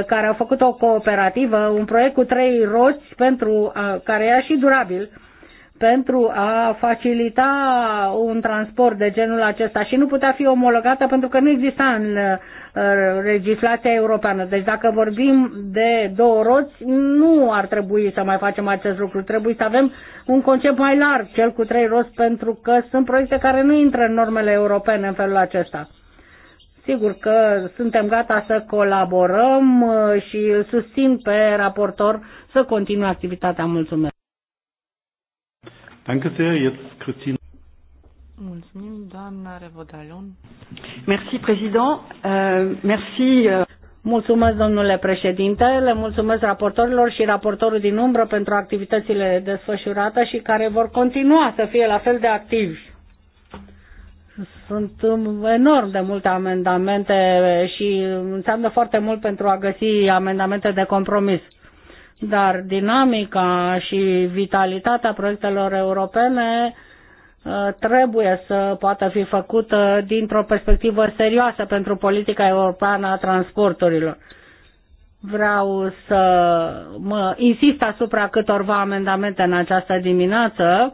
care au făcut o cooperativă, un proiect cu trei roți pentru care era și durabil pentru a facilita un transport de genul acesta și nu putea fi omologată pentru că nu exista în uh, legislația europeană. Deci dacă vorbim de două roți, nu ar trebui să mai facem acest lucru. Trebuie să avem un concept mai larg, cel cu trei roți, pentru că sunt proiecte care nu intră în normele europene în felul acesta. Sigur că suntem gata să colaborăm uh, și îl susțin pe raportor să continue activitatea. Mulțumesc! Danke sehr, jetzt Christine. Mulțumim, doamna Merci, président. Uh, merci. Euh. Mulțumesc, domnule președinte, le mulțumesc raportorilor și raportorul din umbră pentru activitățile desfășurate și care vor continua să fie la fel de activi. Sunt um, enorm de multe amendamente și înseamnă foarte mult pentru a găsi amendamente de compromis dar dinamica și vitalitatea proiectelor europene uh, trebuie să poată fi făcută dintr-o perspectivă serioasă pentru politica europeană a transporturilor. Vreau să mă insist asupra câtorva amendamente în această dimineață,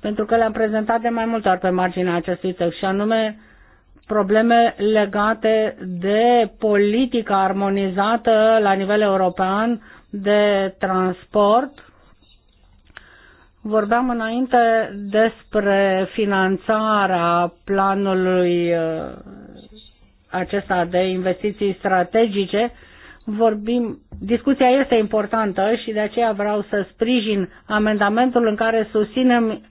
pentru că le-am prezentat de mai multe ori pe marginea acestui text, și anume probleme legate de politica armonizată la nivel european de transport. Vorbeam înainte despre finanțarea planului uh, acesta de investiții strategice. Vorbim, discuția este importantă și de aceea vreau să sprijin amendamentul în care susținem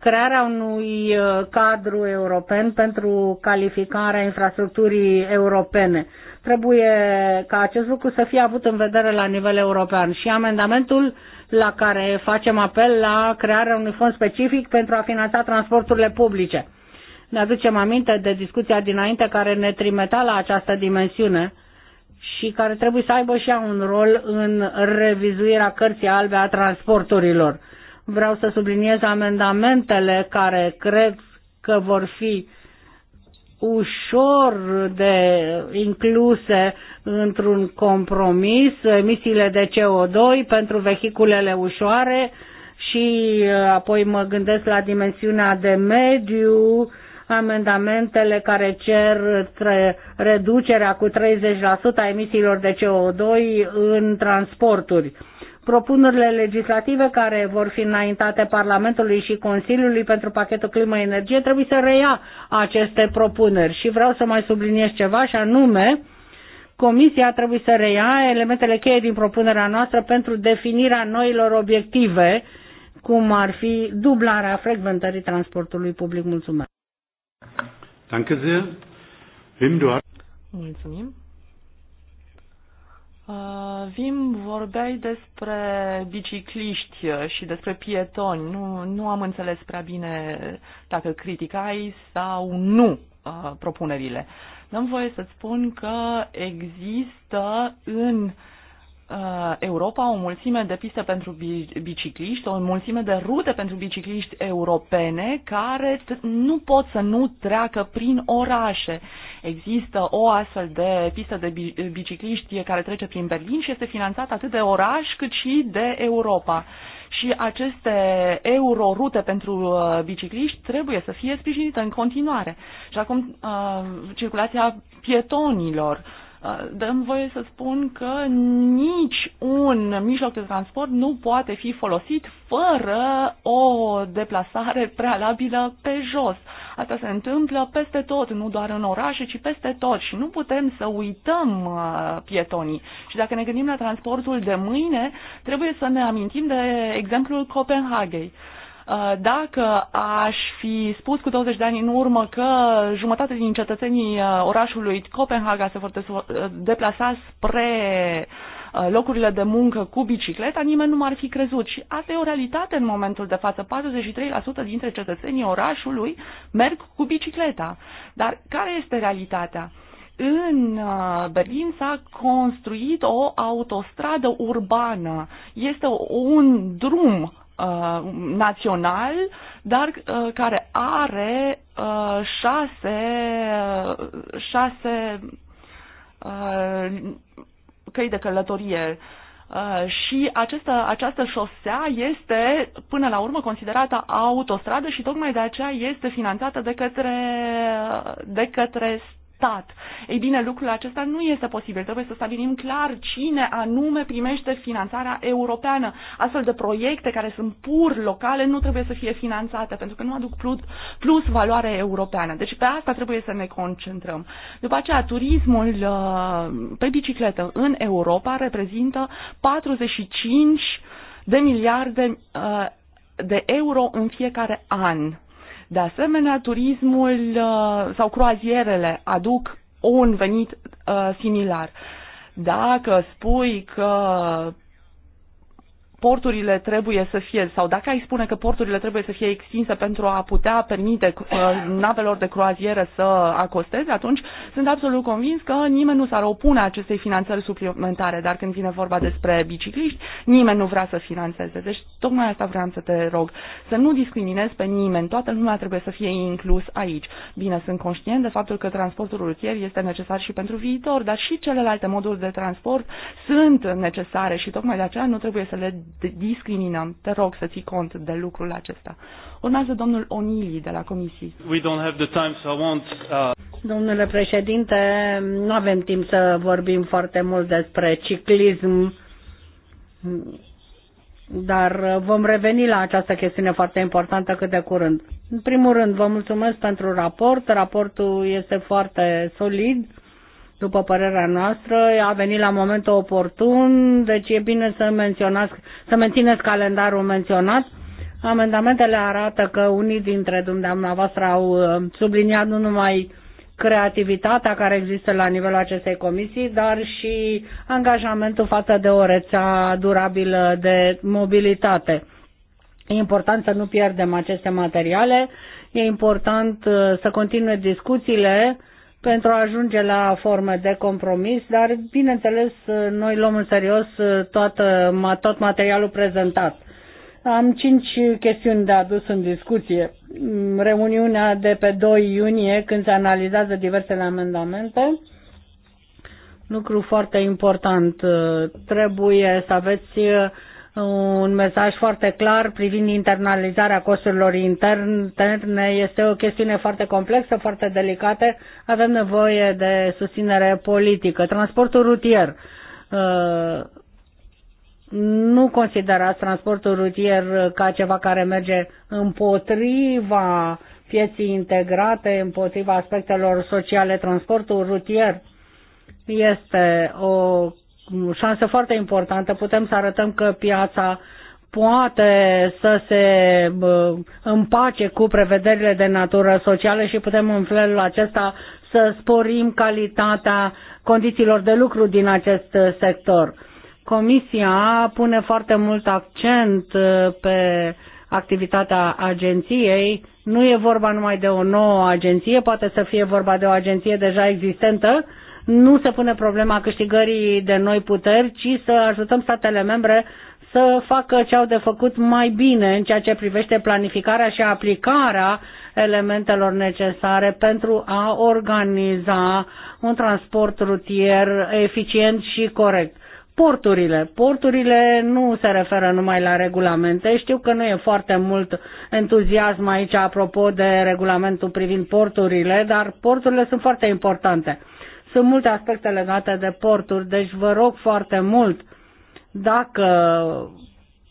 crearea unui uh, cadru european pentru calificarea infrastructurii europene. Trebuie ca acest lucru să fie avut în vedere la nivel european și amendamentul la care facem apel la crearea unui fond specific pentru a finanța transporturile publice. Ne aducem aminte de discuția dinainte care ne trimeta la această dimensiune și care trebuie să aibă și ea un rol în revizuirea cărții albe a transporturilor. Vreau să subliniez amendamentele care cred că vor fi ușor de incluse într-un compromis emisiile de CO2 pentru vehiculele ușoare și uh, apoi mă gândesc la dimensiunea de mediu, amendamentele care cer reducerea cu 30% a emisiilor de CO2 în transporturi propunerile legislative care vor fi înaintate Parlamentului și Consiliului pentru pachetul climă-energie trebuie să reia aceste propuneri. Și vreau să mai subliniez ceva și anume, Comisia trebuie să reia elementele cheie din propunerea noastră pentru definirea noilor obiective, cum ar fi dublarea frecventării transportului public. Mulțumesc! Mulțumim. Uh, Vim, vorbeai despre bicicliști și despre pietoni. Nu, nu am înțeles prea bine dacă criticai sau nu uh, propunerile. Dăm voie să spun că există în uh, Uh, Europa o mulțime de piste pentru bicicliști, o mulțime de rute pentru bicicliști europene care nu pot să nu treacă prin orașe. Există o astfel de pistă de bicicliști care trece prin Berlin și este finanțată atât de oraș cât și de Europa. Și aceste eurorute pentru uh, bicicliști trebuie să fie sprijinite în continuare. Și acum uh, circulația pietonilor, Uh, dăm voie să spun că nici un mijloc de transport nu poate fi folosit fără o deplasare prealabilă pe jos. Asta se întâmplă peste tot, nu doar în orașe, ci peste tot și nu putem să uităm uh, pietonii. Și dacă ne gândim la transportul de mâine, trebuie să ne amintim de exemplul Copenhagei. Uh, dacă aș fi spus cu 20 de ani în urmă că jumătate din cetățenii uh, orașului Copenhaga se vor uh, deplasa spre locurile de muncă cu bicicleta, nimeni nu m-ar fi crezut. Și asta e o realitate în momentul de față. 43% dintre cetățenii orașului merg cu bicicleta. Dar care este realitatea? în Berlin s-a construit o autostradă urbană. Este un drum Uh, național, dar uh, care are uh, șase, uh, șase uh, căi de călătorie. Uh, și această, această șosea este, până la urmă, considerată autostradă și tocmai de aceea este finanțată de către, de către stat. Ei bine, lucrul acesta nu este posibil. Trebuie să stabilim clar cine anume primește finanțarea europeană. Astfel de proiecte care sunt pur locale nu trebuie să fie finanțate pentru că nu aduc plus, plus valoare europeană. Deci pe asta trebuie să ne concentrăm. După aceea, turismul uh, pe bicicletă în Europa reprezintă 45 de miliarde uh, de euro în fiecare an. De asemenea, turismul uh, sau croazierele aduc un venit uh, similar. Dacă spui că porturile trebuie să fie, sau dacă ai spune că porturile trebuie să fie extinse pentru a putea permite uh, navelor de croazieră să acosteze, atunci sunt absolut convins că nimeni nu s-ar opune acestei finanțări suplimentare, dar când vine vorba despre bicicliști, nimeni nu vrea să financeze. Deci tocmai asta vreau să te rog, să nu discriminezi pe nimeni, toată lumea trebuie să fie inclus aici. Bine, sunt conștient de faptul că transportul rutier este necesar și pentru viitor, dar și celelalte moduri de transport sunt necesare și tocmai de aceea nu trebuie să le discriminăm. Te rog să ții cont de lucrul acesta. Urmează domnul Onili de la Comisie. We don't have the time, so I won't, uh... Domnule președinte, nu avem timp să vorbim foarte mult despre ciclism, dar vom reveni la această chestiune foarte importantă cât de curând. În primul rând, vă mulțumesc pentru raport. Raportul este foarte solid după părerea noastră, a venit la momentul oportun, deci e bine să, menționați, să mențineți calendarul menționat. Amendamentele arată că unii dintre dumneavoastră au uh, subliniat nu numai creativitatea care există la nivelul acestei comisii, dar și angajamentul față de o rețea durabilă de mobilitate. E important să nu pierdem aceste materiale, e important uh, să continue discuțiile pentru a ajunge la forme de compromis, dar, bineînțeles, noi luăm în serios toată, tot materialul prezentat. Am cinci chestiuni de adus în discuție. Reuniunea de pe 2 iunie, când se analizează diversele amendamente, lucru foarte important, trebuie să aveți un mesaj foarte clar privind internalizarea costurilor interne. Este o chestiune foarte complexă, foarte delicată. Avem nevoie de susținere politică. Transportul rutier. Uh, nu considerați transportul rutier ca ceva care merge împotriva pieții integrate, împotriva aspectelor sociale. Transportul rutier este o șansă foarte importantă. Putem să arătăm că piața poate să se împace cu prevederile de natură socială și putem în felul acesta să sporim calitatea condițiilor de lucru din acest sector. Comisia pune foarte mult accent pe activitatea agenției. Nu e vorba numai de o nouă agenție, poate să fie vorba de o agenție deja existentă nu se pune problema câștigării de noi puteri, ci să ajutăm statele membre să facă ce au de făcut mai bine în ceea ce privește planificarea și aplicarea elementelor necesare pentru a organiza un transport rutier eficient și corect. Porturile. Porturile nu se referă numai la regulamente. Știu că nu e foarte mult entuziasm aici apropo de regulamentul privind porturile, dar porturile sunt foarte importante sunt multe aspecte legate de porturi, deci vă rog foarte mult dacă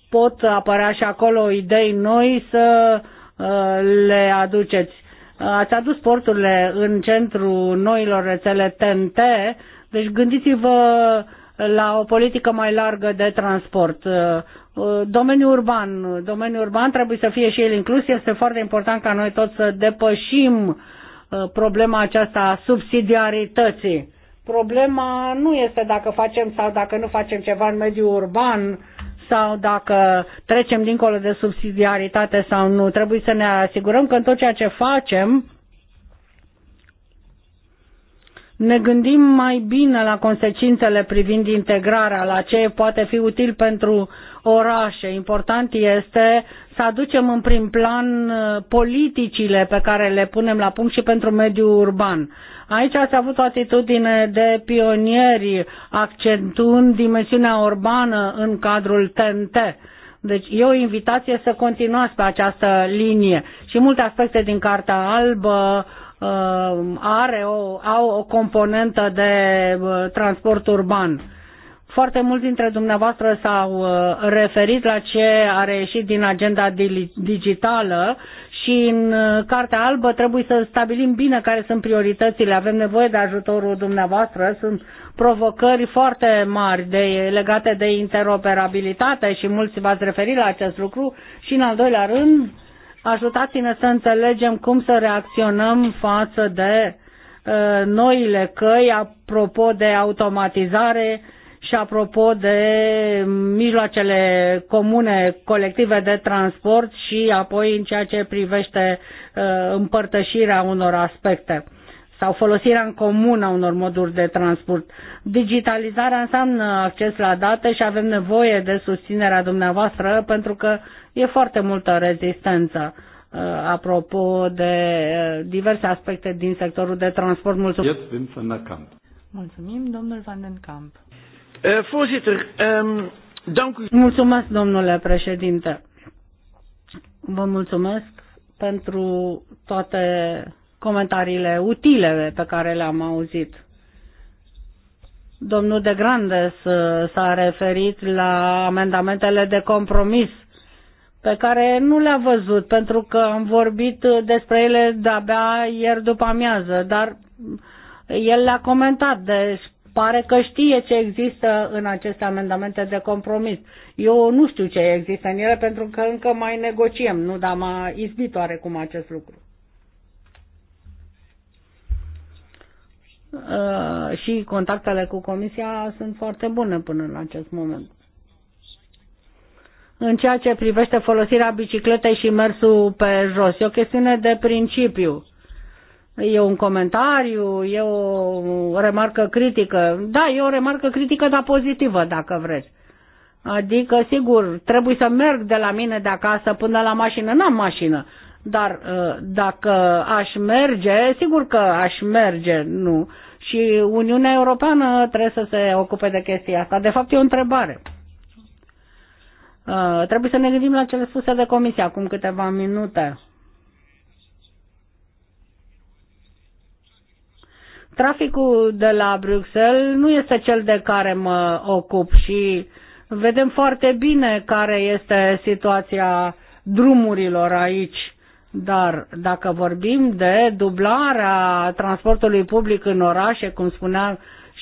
pot apărea și acolo idei noi să uh, le aduceți. Ați adus porturile în centrul noilor rețele TNT, deci gândiți-vă la o politică mai largă de transport. Uh, domeniul urban, domeniul urban trebuie să fie și el inclus, este foarte important ca noi toți să depășim Uh, problema aceasta a subsidiarității. Problema nu este dacă facem sau dacă nu facem ceva în mediul urban sau dacă trecem dincolo de subsidiaritate sau nu. Trebuie să ne asigurăm că în tot ceea ce facem ne gândim mai bine la consecințele privind integrarea, la ce poate fi util pentru orașe. Important este să aducem în prim plan uh, politicile pe care le punem la punct și pentru mediul urban. Aici ați avut o atitudine de pionieri, accentuând dimensiunea urbană în cadrul TNT. Deci e o invitație să continuați pe această linie. Și multe aspecte din Carta Albă uh, are o, au o componentă de uh, transport urban foarte mulți dintre dumneavoastră s-au uh, referit la ce a reieșit din agenda digitală și în uh, Cartea Albă trebuie să stabilim bine care sunt prioritățile. Avem nevoie de ajutorul dumneavoastră. Sunt provocări foarte mari de, legate de interoperabilitate și mulți v-ați referit la acest lucru. Și în al doilea rând, ajutați-ne să înțelegem cum să reacționăm față de uh, noile căi apropo de automatizare și apropo de mijloacele comune, colective de transport și apoi în ceea ce privește uh, împărtășirea unor aspecte sau folosirea în comun a unor moduri de transport. Digitalizarea înseamnă acces la date și avem nevoie de susținerea dumneavoastră pentru că e foarte multă rezistență uh, apropo de uh, diverse aspecte din sectorul de transport. Mulțumim. Mulțumim, domnul Van den Kamp. Eh, voorzitter, ehm, dank u. Mulțumesc, domnule președinte. Vă mulțumesc pentru toate comentariile utile pe care le-am auzit. Domnul de Grandes eh, s-a referit la amendamentele de compromis pe care nu le-a văzut, pentru că am vorbit eh, despre ele de-abia ieri după amiază, dar el le-a comentat, deci pare că știe ce există în aceste amendamente de compromis. Eu nu știu ce există în ele pentru că încă mai negociem, nu, dar m-a izbit oarecum acest lucru. Uh, și contactele cu Comisia sunt foarte bune până în acest moment. În ceea ce privește folosirea bicicletei și mersul pe jos, e o chestiune de principiu e un comentariu, e o remarcă critică. Da, e o remarcă critică, dar pozitivă, dacă vreți. Adică, sigur, trebuie să merg de la mine de acasă până la mașină. N-am mașină, dar ă, dacă aș merge, sigur că aș merge, nu. Și Uniunea Europeană trebuie să se ocupe de chestia asta. De fapt, e o întrebare. Ă, trebuie să ne gândim la cele spuse de comisie acum câteva minute Traficul de la Bruxelles nu este cel de care mă ocup și vedem foarte bine care este situația drumurilor aici. Dar dacă vorbim de dublarea transportului public în orașe, cum spunea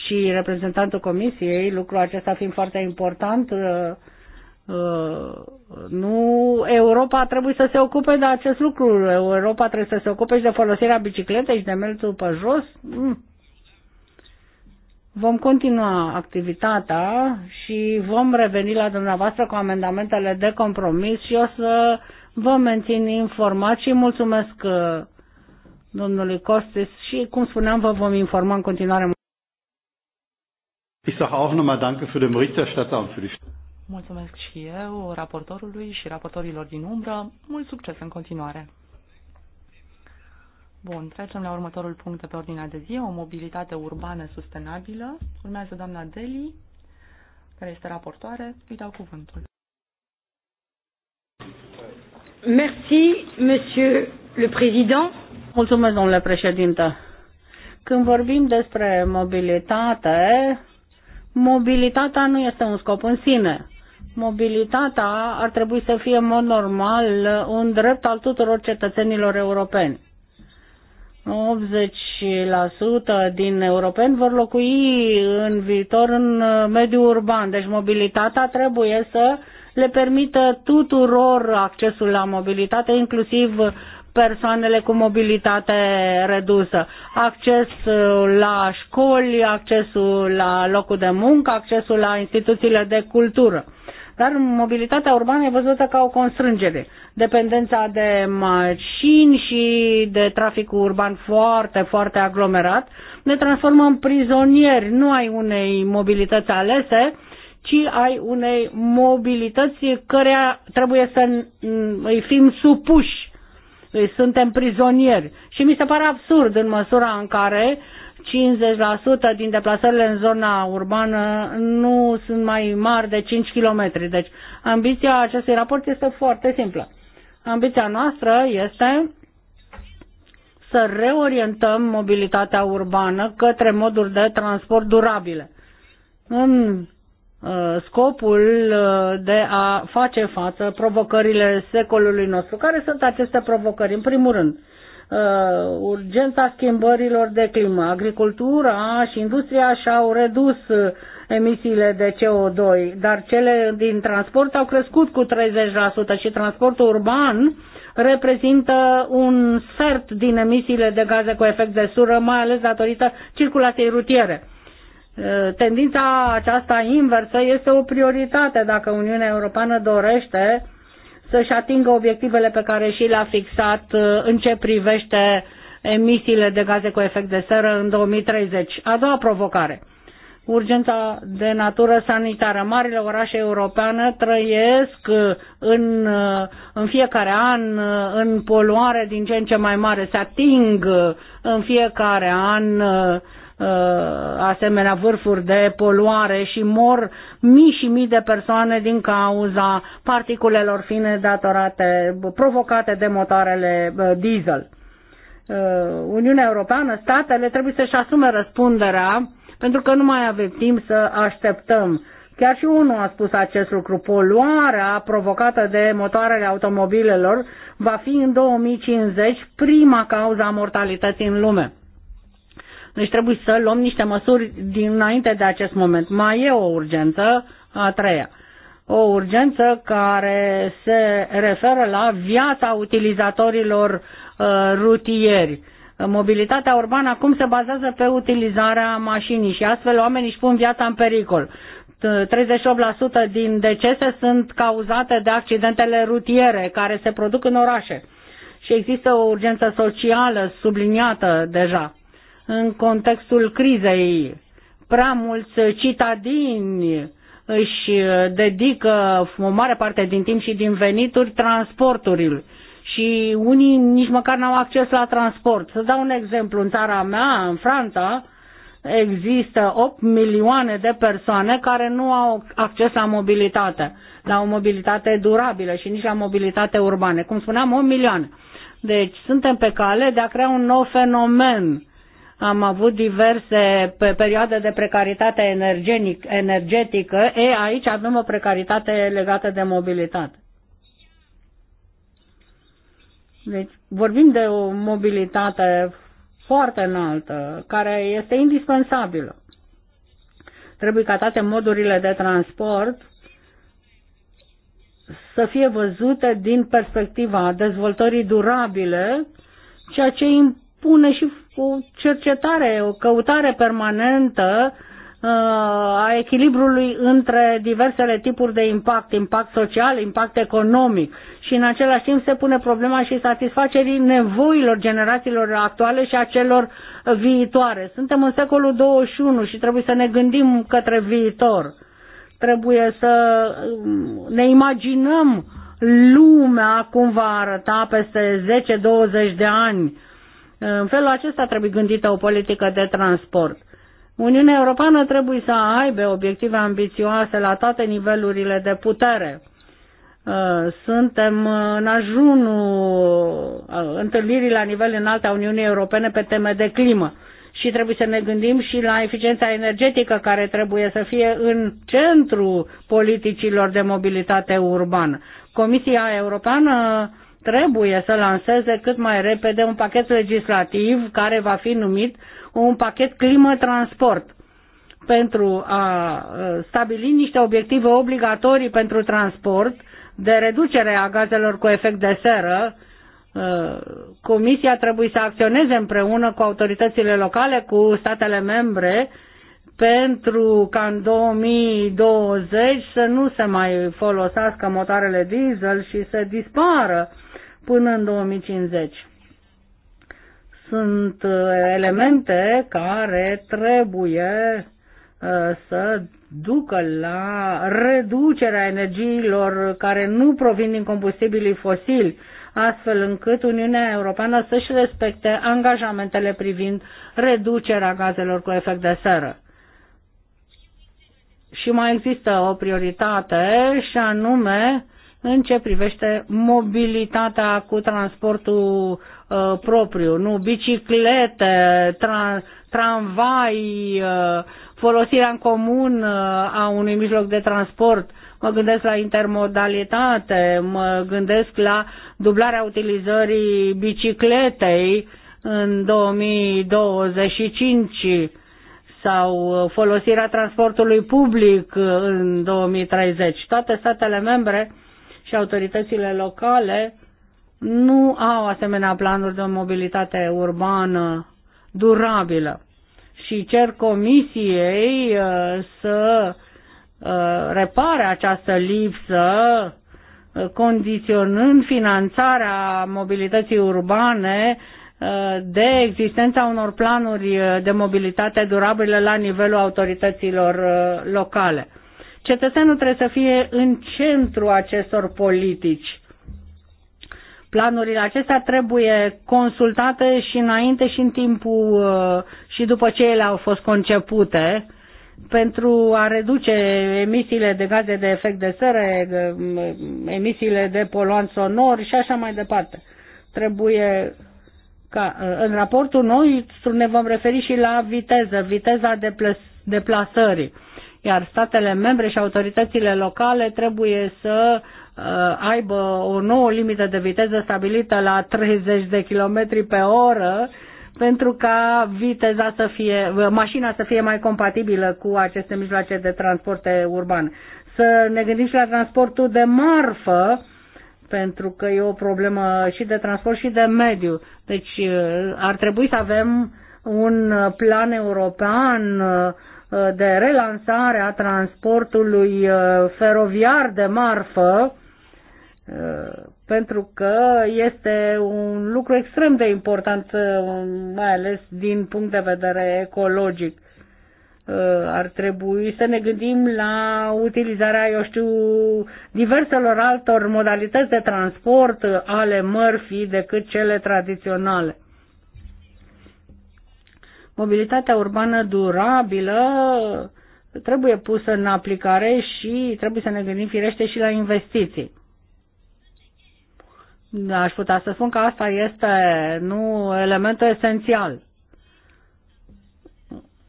și reprezentantul Comisiei, lucrul acesta fiind foarte important, Uh, nu Europa trebuie să se ocupe de acest lucru. Europa trebuie să se ocupe și de folosirea bicicletei și de mersul pe jos. Mm. Vom continua activitatea și vom reveni la dumneavoastră cu amendamentele de compromis și o să vă mențin informat și mulțumesc uh, domnului Costes și, cum spuneam, vă vom informa în continuare. Ich sage auch nochmal Danke für den Berichterstatter und für die Mulțumesc și eu, raportorului și raportorilor din umbră. Mult succes în continuare! Bun, trecem la următorul punct de pe ordinea de zi, o mobilitate urbană sustenabilă. Urmează doamna Deli, care este raportoare. Îi dau cuvântul. Merci, monsieur le président. Mulțumesc, domnule președinte. Când vorbim despre mobilitate, mobilitatea nu este un scop în sine mobilitatea ar trebui să fie în mod normal un drept al tuturor cetățenilor europeni. 80% din europeni vor locui în viitor în mediul urban, deci mobilitatea trebuie să le permită tuturor accesul la mobilitate, inclusiv persoanele cu mobilitate redusă. Accesul uh, la școli, accesul la locul de muncă, accesul la instituțiile de cultură dar mobilitatea urbană e văzută ca o constrângere. Dependența de mașini și de traficul urban foarte, foarte aglomerat ne transformă în prizonieri. Nu ai unei mobilități alese, ci ai unei mobilități care trebuie să îi fim supuși suntem prizonieri. Și mi se pare absurd în măsura în care 50% din deplasările în zona urbană nu sunt mai mari de 5 km. Deci ambiția acestui raport este foarte simplă. Ambiția noastră este să reorientăm mobilitatea urbană către moduri de transport durabile în uh, scopul uh, de a face față provocările secolului nostru. Care sunt aceste provocări? În primul rând, uh, urgența schimbărilor de climă. Agricultura și industria și-au redus uh, emisiile de CO2, dar cele din transport au crescut cu 30% și transportul urban reprezintă un sfert din emisiile de gaze cu efect de sură, mai ales datorită circulației rutiere. Uh, tendința aceasta inversă este o prioritate dacă Uniunea Europeană dorește să-și atingă obiectivele pe care și le-a fixat uh, în ce privește emisiile de gaze cu efect de seră în 2030. A doua provocare. Urgența de natură sanitară. Marile orașe europene trăiesc uh, în, uh, în fiecare an în poluare din ce în ce mai mare. Se ating în fiecare an Uh, asemenea vârfuri de poluare și mor mii și mii de persoane din cauza particulelor fine datorate, provocate de motoarele uh, diesel. Uh, Uniunea Europeană, statele trebuie să-și asume răspunderea pentru că nu mai avem timp să așteptăm. Chiar și unul a spus acest lucru. Poluarea provocată de motoarele automobilelor va fi în 2050 prima cauza a mortalității în lume. Deci trebuie să luăm niște măsuri dinainte de acest moment. Mai e o urgență a treia. O urgență care se referă la viața utilizatorilor uh, rutieri. Mobilitatea urbană acum se bazează pe utilizarea mașinii și astfel oamenii își pun viața în pericol. 38% din decese sunt cauzate de accidentele rutiere care se produc în orașe. Și există o urgență socială subliniată deja în contextul crizei. Prea mulți citadini își dedică o mare parte din timp și din venituri transporturilor și unii nici măcar n-au acces la transport. Să dau un exemplu, în țara mea, în Franța, există 8 milioane de persoane care nu au acces la mobilitate, la o mobilitate durabilă și nici la mobilitate urbană. Cum spuneam, 8 milioane. Deci suntem pe cale de a crea un nou fenomen am avut diverse perioade de precaritate energetică, e, aici avem o precaritate legată de mobilitate. Deci vorbim de o mobilitate foarte înaltă, care este indispensabilă. Trebuie ca toate modurile de transport să fie văzute din perspectiva dezvoltării durabile, ceea ce impune și o cercetare, o căutare permanentă uh, a echilibrului între diversele tipuri de impact, impact social, impact economic și în același timp se pune problema și satisfacerii nevoilor generațiilor actuale și a celor viitoare. Suntem în secolul 21 și trebuie să ne gândim către viitor. Trebuie să um, ne imaginăm lumea cum va arăta peste 10-20 de ani în felul acesta trebuie gândită o politică de transport. Uniunea Europeană trebuie să aibă obiective ambițioase la toate nivelurile de putere. Uh, suntem în ajunul uh, întâlnirii la nivel înalt a Uniunii Europene pe teme de climă și trebuie să ne gândim și la eficiența energetică care trebuie să fie în centru politicilor de mobilitate urbană. Comisia Europeană trebuie să lanseze cât mai repede un pachet legislativ care va fi numit un pachet climă-transport pentru a stabili niște obiective obligatorii pentru transport de reducere a gazelor cu efect de seră. Comisia trebuie să acționeze împreună cu autoritățile locale, cu statele membre, pentru ca în 2020 să nu se mai folosească motoarele diesel și să dispară până în 2050. Sunt uh, elemente care trebuie uh, să ducă la reducerea energiilor care nu provin din combustibilii fosili, astfel încât Uniunea Europeană să-și respecte angajamentele privind reducerea gazelor cu efect de seră. Și mai există o prioritate și anume în ce privește mobilitatea cu transportul uh, propriu, nu biciclete, tra- tramvai, uh, folosirea în comun uh, a unui mijloc de transport. Mă gândesc la intermodalitate, mă gândesc la dublarea utilizării bicicletei în 2025 sau uh, folosirea transportului public uh, în 2030. Toate statele membre și autoritățile locale nu au asemenea planuri de mobilitate urbană durabilă și cer comisiei uh, să uh, repare această lipsă uh, condiționând finanțarea mobilității urbane de existența unor planuri de mobilitate durabile la nivelul autorităților locale. Cetățeanul trebuie să fie în centru acestor politici. Planurile acestea trebuie consultate și înainte și în timpul uh, și după ce ele au fost concepute pentru a reduce emisiile de gaze de efect de seră, uh, emisiile de poluant sonor și așa mai departe. Trebuie ca uh, în raportul nostru ne vom referi și la viteză, viteza deplasării iar statele membre și autoritățile locale trebuie să uh, aibă o nouă limită de viteză stabilită la 30 de km pe oră pentru ca viteza să fie, mașina să fie mai compatibilă cu aceste mijloace de transport urban. Să ne gândim și la transportul de marfă, pentru că e o problemă și de transport și de mediu. Deci uh, ar trebui să avem un plan european uh, de relansare a transportului uh, feroviar de marfă, uh, pentru că este un lucru extrem de important, uh, mai ales din punct de vedere ecologic. Ar trebui să ne gândim la utilizarea, eu știu, diverselor altor modalități de transport ale mărfii decât cele tradiționale. Mobilitatea urbană durabilă trebuie pusă în aplicare și trebuie să ne gândim firește și la investiții. Aș putea să spun că asta este nu elementul esențial.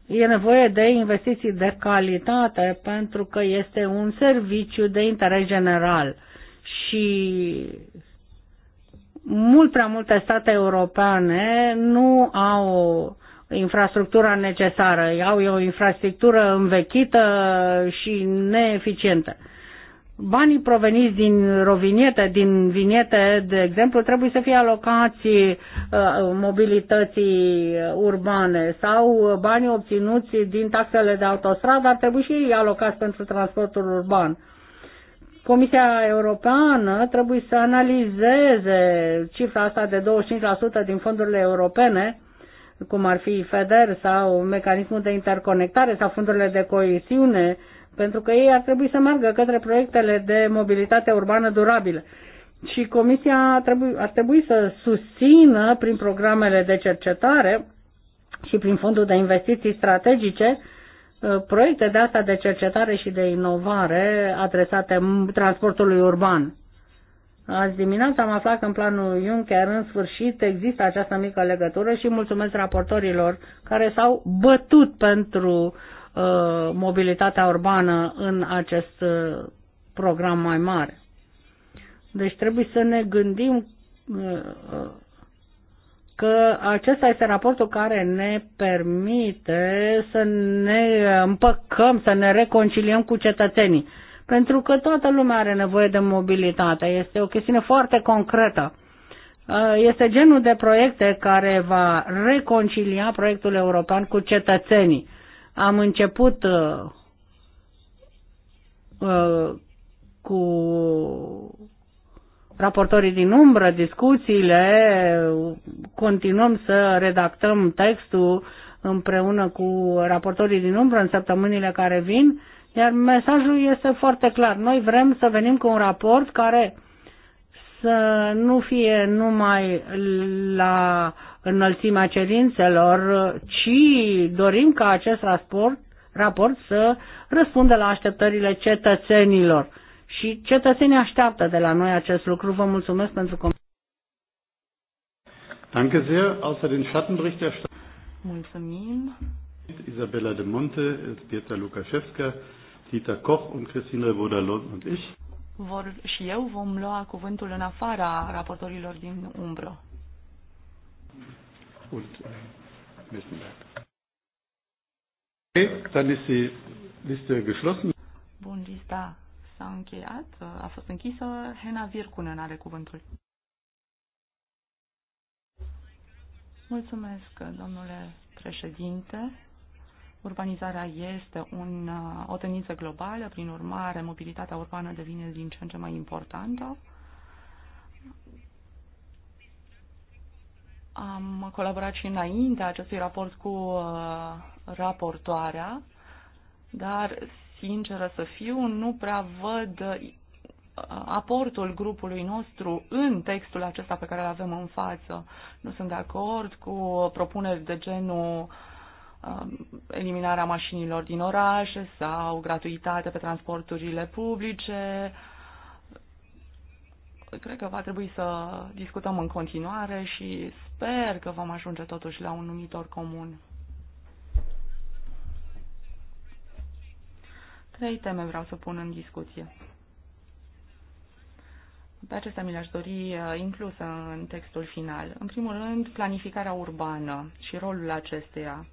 E nevoie de investiții de calitate pentru că este un serviciu de interes general și mult prea multe state europene nu au infrastructura necesară. Au o infrastructură învechită și neeficientă. Banii proveniți din roviniete, din viniete, de exemplu, trebuie să fie alocați uh, mobilității urbane sau banii obținuți din taxele de autostradă ar trebui și alocați pentru transportul urban. Comisia Europeană trebuie să analizeze cifra asta de 25% din fondurile europene cum ar fi FEDER sau mecanismul de interconectare sau fondurile de coesiune, pentru că ei ar trebui să meargă către proiectele de mobilitate urbană durabilă. Și Comisia ar trebui, ar trebui să susțină prin programele de cercetare și prin fondul de investiții strategice uh, proiecte de asta de cercetare și de inovare adresate transportului urban. Azi dimineața am aflat că în planul Juncker în sfârșit există această mică legătură și mulțumesc raportorilor care s-au bătut pentru uh, mobilitatea urbană în acest uh, program mai mare. Deci trebuie să ne gândim uh, că acesta este raportul care ne permite să ne împăcăm, să ne reconciliem cu cetățenii pentru că toată lumea are nevoie de mobilitate. Este o chestiune foarte concretă. Uh, este genul de proiecte care va reconcilia proiectul european cu cetățenii. Am început uh, uh, cu raportorii din umbră, discuțiile, continuăm să redactăm textul împreună cu raportorii din umbră în săptămânile care vin iar mesajul este foarte clar. Noi vrem să venim cu un raport care să nu fie numai la înălțimea cerințelor, ci dorim ca acest raport, raport să răspundă la așteptările cetățenilor. Și cetățenii așteaptă de la noi acest lucru. Vă mulțumesc pentru că Danke sehr. Außer den Mulțumim. Isabella de Monte, Pietra Lukaszewska, Dieter Koch und Christine Revodalon und ich. Vor și eu vom lua cuvântul în afara raportorilor din umbră. Und äh, müssen wir. Okay, dann ist die Liste geschlossen. Bun, lista s-a încheiat, a fost închisă. Hena Virkunen are cuvântul. Mulțumesc, domnule președinte. Urbanizarea este un, uh, o tendință globală, prin urmare, mobilitatea urbană devine din ce în ce mai importantă. Am colaborat și înainte acestui raport cu uh, raportoarea, dar, sinceră să fiu, nu prea văd uh, aportul grupului nostru în textul acesta pe care îl avem în față. Nu sunt de acord cu propuneri de genul uh, Um, eliminarea mașinilor din oraș sau gratuitate pe transporturile publice. Cred că va trebui să discutăm în continuare și sper că vom ajunge totuși la un numitor comun. Trei teme vreau să pun în discuție. Pe acestea mi le-aș dori uh, inclusă în textul final. În primul rând, planificarea urbană și rolul acesteia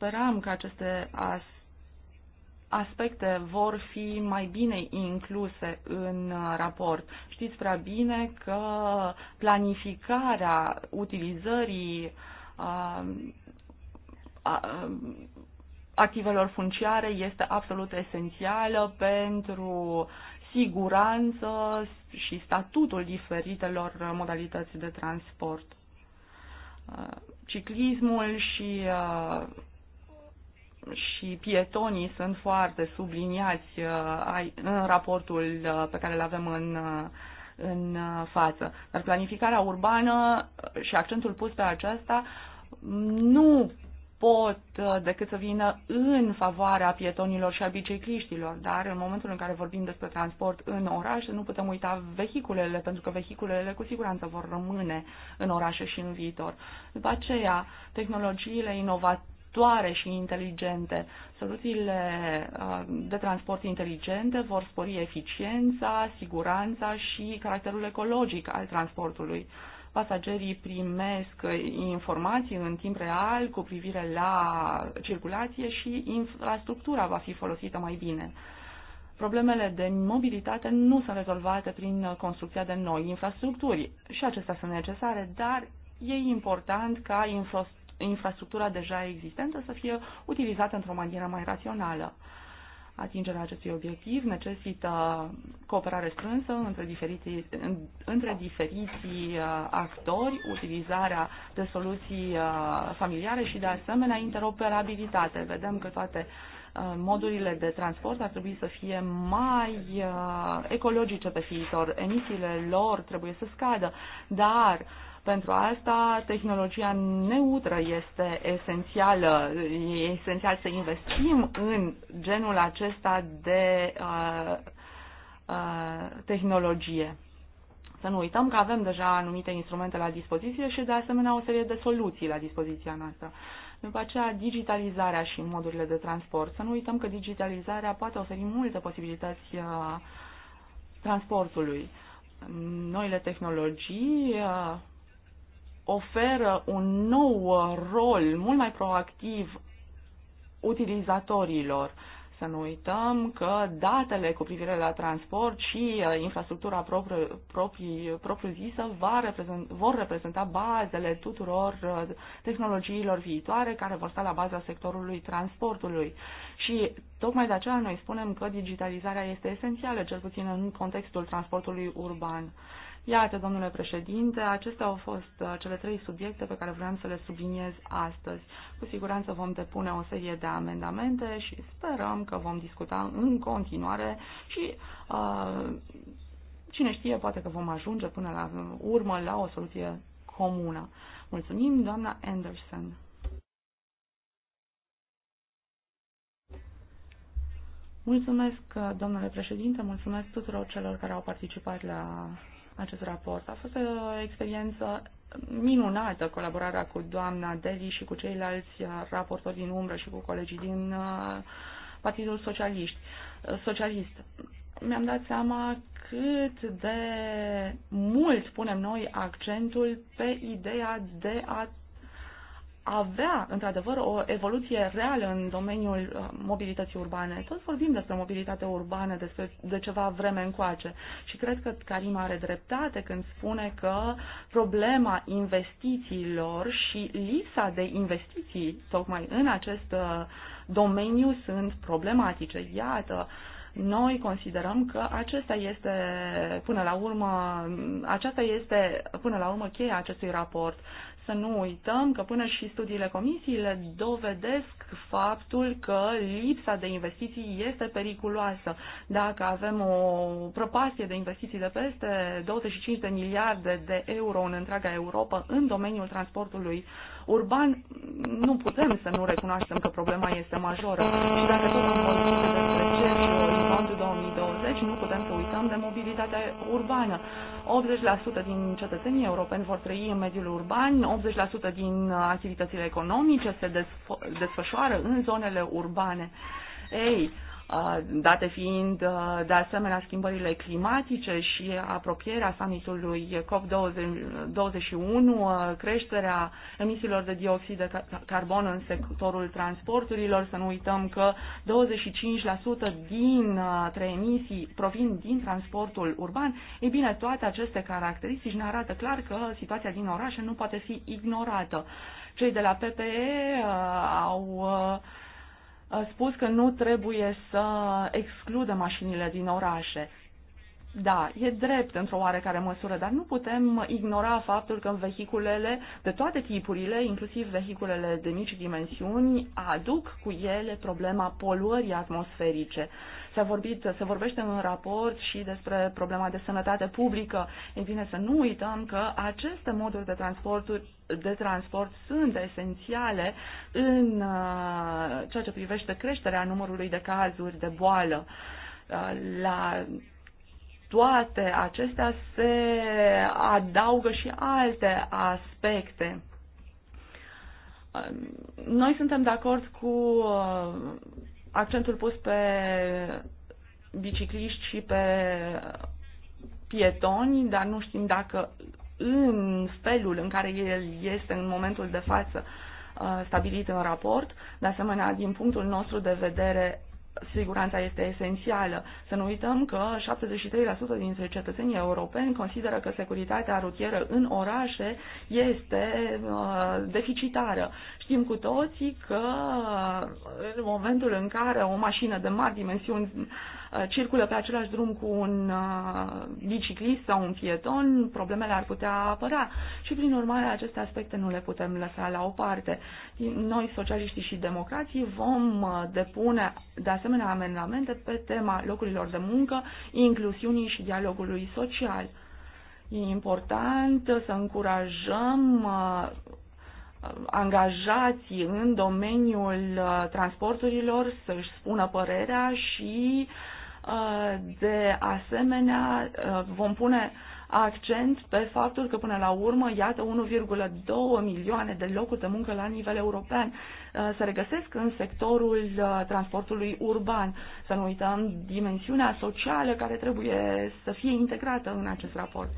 Sperăm că aceste aspecte vor fi mai bine incluse în uh, raport. Știți prea bine că planificarea utilizării uh, a, a, uh, activelor funciare este absolut esențială pentru siguranță și statutul diferitelor modalități de transport. Ciclismul și și pietonii sunt foarte subliniați uh, în raportul uh, pe care îl avem în, uh, în față. Dar planificarea urbană și accentul pus pe aceasta nu pot decât să vină în favoarea pietonilor și a bicicliștilor, dar în momentul în care vorbim despre transport în oraș, nu putem uita vehiculele, pentru că vehiculele cu siguranță vor rămâne în orașe și în viitor. După aceea, tehnologiile inovate inovatoare și inteligente. Soluțiile uh, de transport inteligente vor spori eficiența, siguranța și caracterul ecologic al transportului. Pasagerii primesc informații în timp real cu privire la circulație și infrastructura va fi folosită mai bine problemele de mobilitate nu sunt rezolvate prin construcția de noi infrastructuri și acestea sunt necesare, dar e important ca infrastructura deja existentă să fie utilizată într-o manieră mai rațională. Atingerea acestui obiectiv necesită cooperare strânsă între diferiții, între diferiții uh, actori, utilizarea de soluții uh, familiare și, de asemenea, interoperabilitate. Vedem că toate uh, modurile de transport ar trebui să fie mai ecologice pe viitor. Emisiile lor trebuie să scadă, dar uh, pentru asta, tehnologia neutră este esențială. E esențial să investim în genul acesta de uh, uh, tehnologie. Să nu uităm că avem deja anumite instrumente la dispoziție și, de asemenea, o serie de soluții la dispoziția noastră. După aceea, digitalizarea și modurile de transport. Să nu uităm că digitalizarea poate oferi multe posibilități uh, transportului. Noile tehnologii uh, oferă un nou rol mult mai proactiv utilizatorilor. Să nu uităm că datele cu privire la transport și uh, infrastructura propriu, proprii, propriu-zisă va vor reprezenta bazele tuturor uh, tehnologiilor viitoare care vor sta la baza sectorului transportului. Și tocmai de aceea noi spunem că digitalizarea este esențială, cel puțin în contextul transportului urban. Iată, domnule președinte, acestea au fost uh, cele trei subiecte pe care vreau să le subliniez astăzi. Cu siguranță vom depune o serie de amendamente și sperăm că vom discuta în continuare și uh, cine știe, poate că vom ajunge până la urmă la o soluție comună. Mulțumim, doamna Anderson. Mulțumesc, uh, domnule președinte, mulțumesc tuturor celor care au participat la acest raport. A fost o experiență minunată colaborarea cu doamna Deli și cu ceilalți raportori din umbră și cu colegii din uh, Partidul Socialist. Uh, Socialist. Mi-am dat seama cât de mult punem noi accentul pe ideea de a avea, într-adevăr, o evoluție reală în domeniul uh, mobilității urbane. Tot vorbim despre mobilitate urbană despre, de ceva vreme încoace și cred că Karim are dreptate când spune că problema investițiilor și lipsa de investiții tocmai în acest uh, domeniu sunt problematice. Iată, noi considerăm că acesta este până la urmă, aceasta este până la urmă cheia acestui raport să nu uităm că până și studiile comisiile dovedesc faptul că lipsa de investiții este periculoasă. Dacă avem o prăpastie de investiții de peste 25 de miliarde de euro în întreaga Europa în domeniul transportului urban, nu putem să nu recunoaștem că problema este majoră. Și dacă tot am vorbit despre CER și 2020, nu putem să uităm de mobilitatea urbană. 80% din cetățenii europeni vor trăi în mediul urban, 80% din activitățile economice se desfășoară în zonele urbane. Ei, Uh, date fiind uh, de asemenea schimbările climatice și apropierea summitului COP21, uh, creșterea emisiilor de dioxid de carbon în sectorul transporturilor, să nu uităm că 25% din trei emisii provin din transportul urban, ei bine, toate aceste caracteristici ne arată clar că situația din orașe nu poate fi ignorată. Cei de la PPE au uh, spus că nu trebuie să excludă mașinile din orașe. Da, e drept într-o oarecare măsură, dar nu putem ignora faptul că vehiculele de toate tipurile, inclusiv vehiculele de mici dimensiuni, aduc cu ele problema poluării atmosferice. S-a vorbit, se vorbește în raport și despre problema de sănătate publică. E bine, să nu uităm că aceste moduri de de transport sunt esențiale în uh, ceea ce privește creșterea numărului de cazuri de boală. Uh, la toate acestea se adaugă și alte aspecte. Noi suntem de acord cu uh, accentul pus pe bicicliști și pe pietoni, dar nu știm dacă în felul în care el este în momentul de față uh, stabilit în raport. De asemenea, din punctul nostru de vedere, siguranța este esențială. Să nu uităm că 73% dintre cetățenii europeni consideră că securitatea rutieră în orașe este uh, deficitară. Știm cu toții că uh, în momentul în care o mașină de mari dimensiuni Uh, circulă pe același drum cu un uh, biciclist sau un pieton, problemele ar putea apăra și prin urmare aceste aspecte nu le putem lăsa la o parte. Noi, socialiștii și democrații, vom uh, depune de asemenea amendamente pe tema locurilor de muncă, inclusiunii și dialogului social. E important să încurajăm angajații în domeniul transporturilor să-și spună părerea și uh, de asemenea, vom pune accent pe faptul că până la urmă, iată, 1,2 milioane de locuri de muncă la nivel european uh, se regăsesc în sectorul uh, transportului urban. Să nu uităm dimensiunea socială care trebuie să fie integrată în acest raport.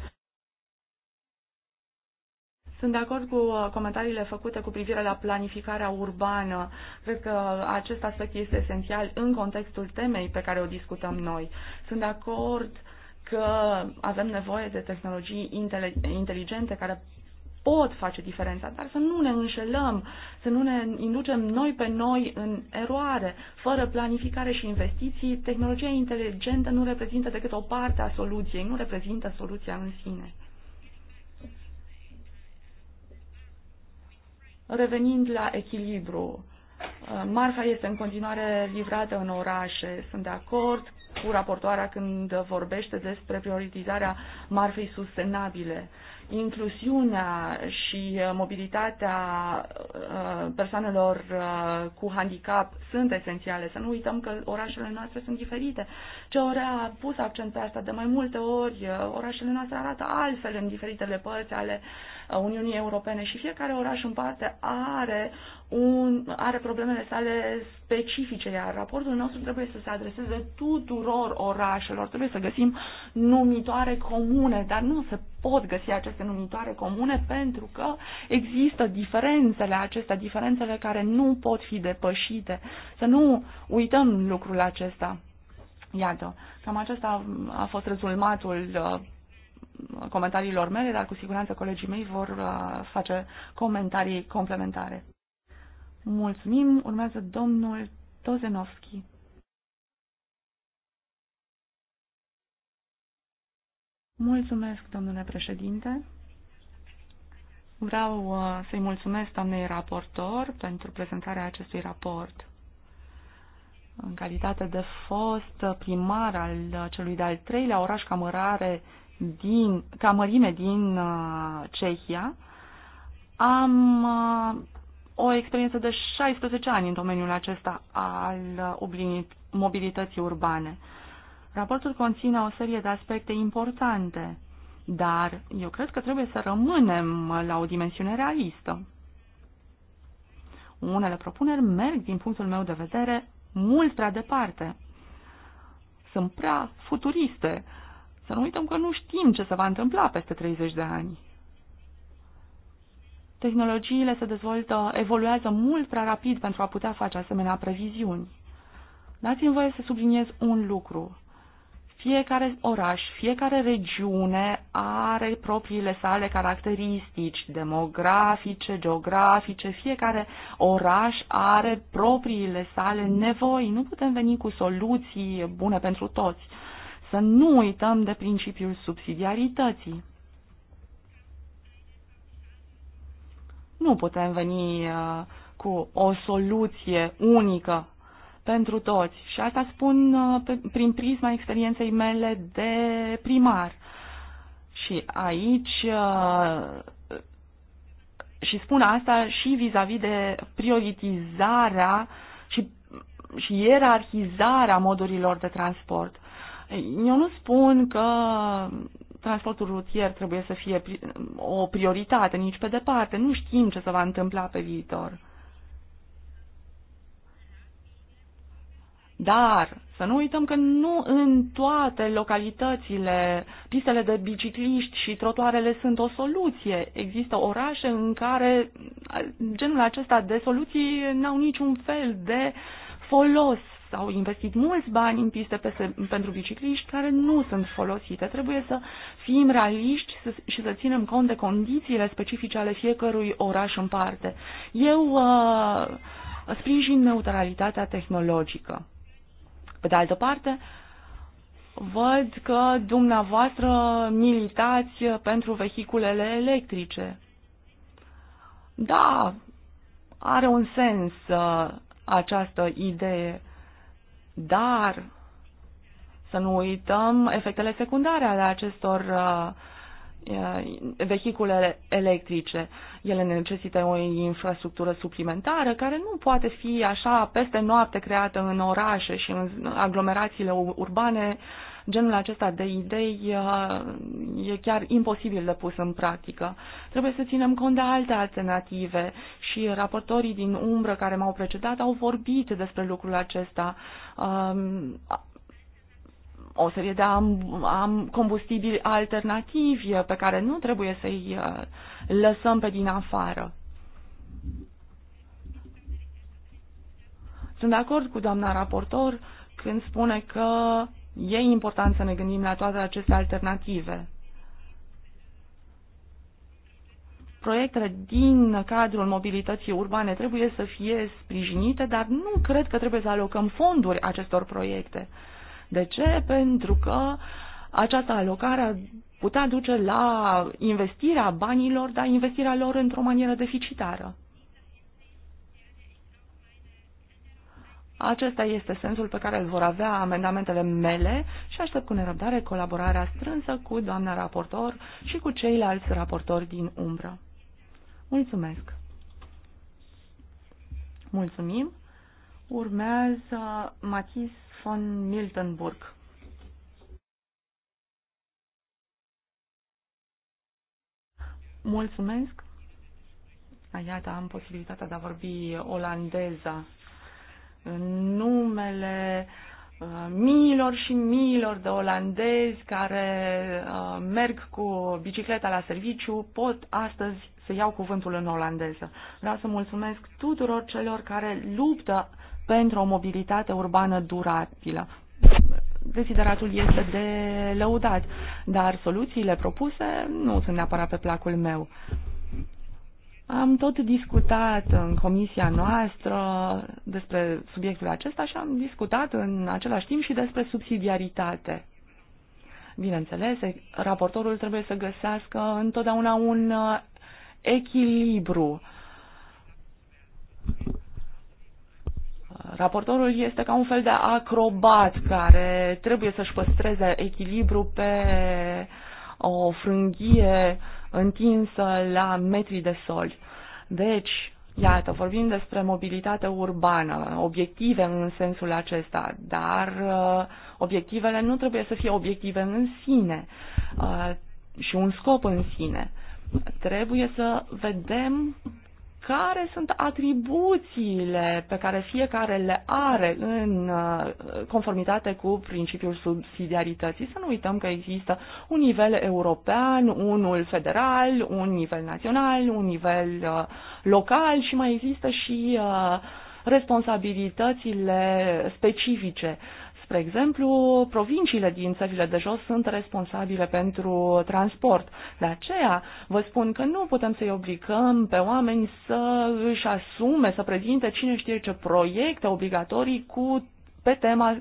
Sunt de acord cu uh, comentariile făcute cu privire la planificarea urbană. Cred că acest aspect este esențial în contextul temei pe care o discutăm noi. Sunt de acord că avem nevoie de tehnologii inteligente care pot face diferența, dar să nu ne înșelăm, să nu ne inducem noi pe noi în eroare. Fără planificare și investiții, tehnologia inteligentă nu reprezintă decât o parte a soluției, nu reprezintă soluția în sine. Revenind la echilibru, uh, marfa este în continuare livrată în orașe. Sunt de acord cu raportoarea când vorbește despre prioritizarea marfei sustenabile. Inclusiunea și uh, mobilitatea uh, persoanelor cu handicap sunt esențiale. Să nu uităm că orașele noastre sunt diferite. Ce a pus accent pe asta de mai multe ori, orașele noastre arată altfel în diferitele părți ale uh, Uniunii Europene și fiecare oraș în parte are, un, are problemele sale specifice, iar raportul nostru trebuie să se adreseze tuturor orașelor, trebuie să găsim numitoare comune, dar nu se pot găsi aceste numitoare comune pentru că există diferențele acestea, diferențele care nu pot fi depășite. Să nu uităm lucrul acesta. Iată, cam acesta a fost rezultatul uh, comentariilor mele, dar cu siguranță colegii mei vor uh, face comentarii complementare. Mulțumim. Urmează domnul Tozenovski. Mulțumesc, domnule președinte. Vreau uh, să-i mulțumesc doamnei raportor pentru prezentarea acestui raport. În calitate de fost primar al celui de-al treilea oraș camărare din, ca mărime din uh, Cehia, am uh, o experiență de 16 ani în domeniul acesta al uh, mobilității urbane. Raportul conține o serie de aspecte importante, dar eu cred că trebuie să rămânem la o dimensiune realistă. Unele propuneri merg, din punctul meu de vedere, mult prea departe. Sunt prea futuriste. Uh, să nu uităm că nu știm ce se va întâmpla peste 30 de ani. Tehnologiile se dezvoltă, evoluează mult prea rapid pentru a putea face asemenea previziuni. Dați-mi voie să subliniez un lucru. Fiecare oraș, fiecare regiune are propriile sale caracteristici demografice, geografice, fiecare oraș are propriile sale nevoi. Nu putem veni cu soluții bune pentru toți. Să nu uităm de principiul subsidiarității. Nu putem veni uh, cu o soluție unică pentru toți. Și asta spun uh, prin prisma experienței mele de primar. Și aici uh, și spun asta și vis-a-vis -vis de prioritizarea și, și ierarhizarea modurilor de transport. Eu nu spun că transportul rutier trebuie să fie o prioritate, nici pe departe. Nu știm ce se va întâmpla pe viitor. Dar să nu uităm că nu în toate localitățile pistele de bicicliști și trotuarele sunt o soluție. Există orașe în care genul acesta de soluții n-au niciun fel de folos s-au investit mulți bani în piste pe, pentru bicicliști care nu sunt folosite. Trebuie să fim realiști și să ținem cont de condițiile specifice ale fiecărui oraș în parte. Eu uh, sprijin neutralitatea tehnologică. Pe de altă parte, văd că dumneavoastră militați pentru vehiculele electrice. Da, are un sens uh, această idee. Dar să nu uităm efectele secundare ale acestor uh, uh, vehicule electrice. Ele necesită o infrastructură suplimentară care nu poate fi așa peste noapte creată în orașe și în aglomerațiile urbane uh, genul acesta de idei uh, e chiar imposibil de pus în practică. Trebuie să ținem cont de alte alternative și raportorii din umbră care m-au precedat au vorbit despre lucrul acesta um, o serie de am, am combustibili alternativi pe care nu trebuie să-i uh, lăsăm pe din afară. Sunt de acord cu doamna raportor când spune că E important să ne gândim la toate aceste alternative. Proiectele din cadrul mobilității urbane trebuie să fie sprijinite, dar nu cred că trebuie să alocăm fonduri acestor proiecte. De ce? Pentru că această alocare putea duce la investirea banilor, dar investirea lor într-o manieră deficitară. Acesta este sensul pe care îl vor avea amendamentele mele și aștept cu nerăbdare colaborarea strânsă cu doamna raportor și cu ceilalți raportori din umbră. Mulțumesc! Mulțumim! Urmează Matis von Miltenburg. Mulțumesc! Iată, am posibilitatea de a vorbi olandeza în numele uh, miilor și miilor de olandezi care uh, merg cu bicicleta la serviciu pot astăzi să iau cuvântul în olandeză. Vreau să mulțumesc tuturor celor care luptă pentru o mobilitate urbană durabilă. Desideratul este de lăudat, dar soluțiile propuse nu sunt neapărat pe placul meu. Am tot discutat în comisia noastră despre subiectul acesta și am discutat în același timp și despre subsidiaritate. Bineînțeles, raportorul trebuie să găsească întotdeauna un uh, echilibru. Raportorul este ca un fel de acrobat care trebuie să-și păstreze echilibru pe o frânghie uh, întinsă la metri de sol. Deci, Iată, vorbim despre mobilitate urbană, obiective în sensul acesta, dar uh, obiectivele nu trebuie să fie obiective în sine uh, și un scop în sine. Trebuie să vedem care sunt atribuțiile pe care fiecare le are în uh, conformitate cu principiul subsidiarității. Să nu uităm că există un nivel european, unul federal, un nivel național, un nivel uh, local și mai există și uh, responsabilitățile specifice Spre exemplu, provinciile din țările de jos sunt responsabile pentru transport. De aceea vă spun că nu putem să-i obligăm pe oameni să își asume, să prezinte cine știe ce proiecte obligatorii cu pe tema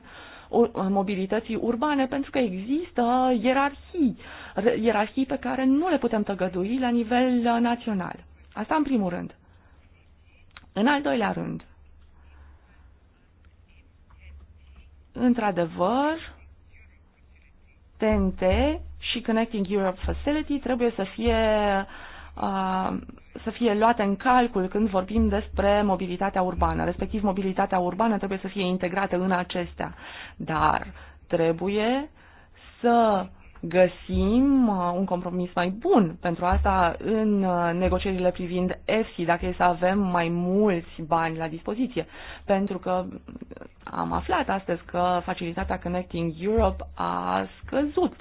mobilității urbane, pentru că există ierarhii, ierarhii pe care nu le putem tăgădui la nivel național. Asta în primul rând. În al doilea rând, într-adevăr, TNT și Connecting Europe Facility trebuie să fie, uh, să fie luate în calcul când vorbim despre mobilitatea urbană, respectiv mobilitatea urbană trebuie să fie integrată în acestea, dar trebuie să găsim uh, un compromis mai bun pentru asta în uh, negocierile privind EFSI, dacă e să avem mai mulți bani la dispoziție. Pentru că uh, am aflat astăzi că facilitatea Connecting Europe a scăzut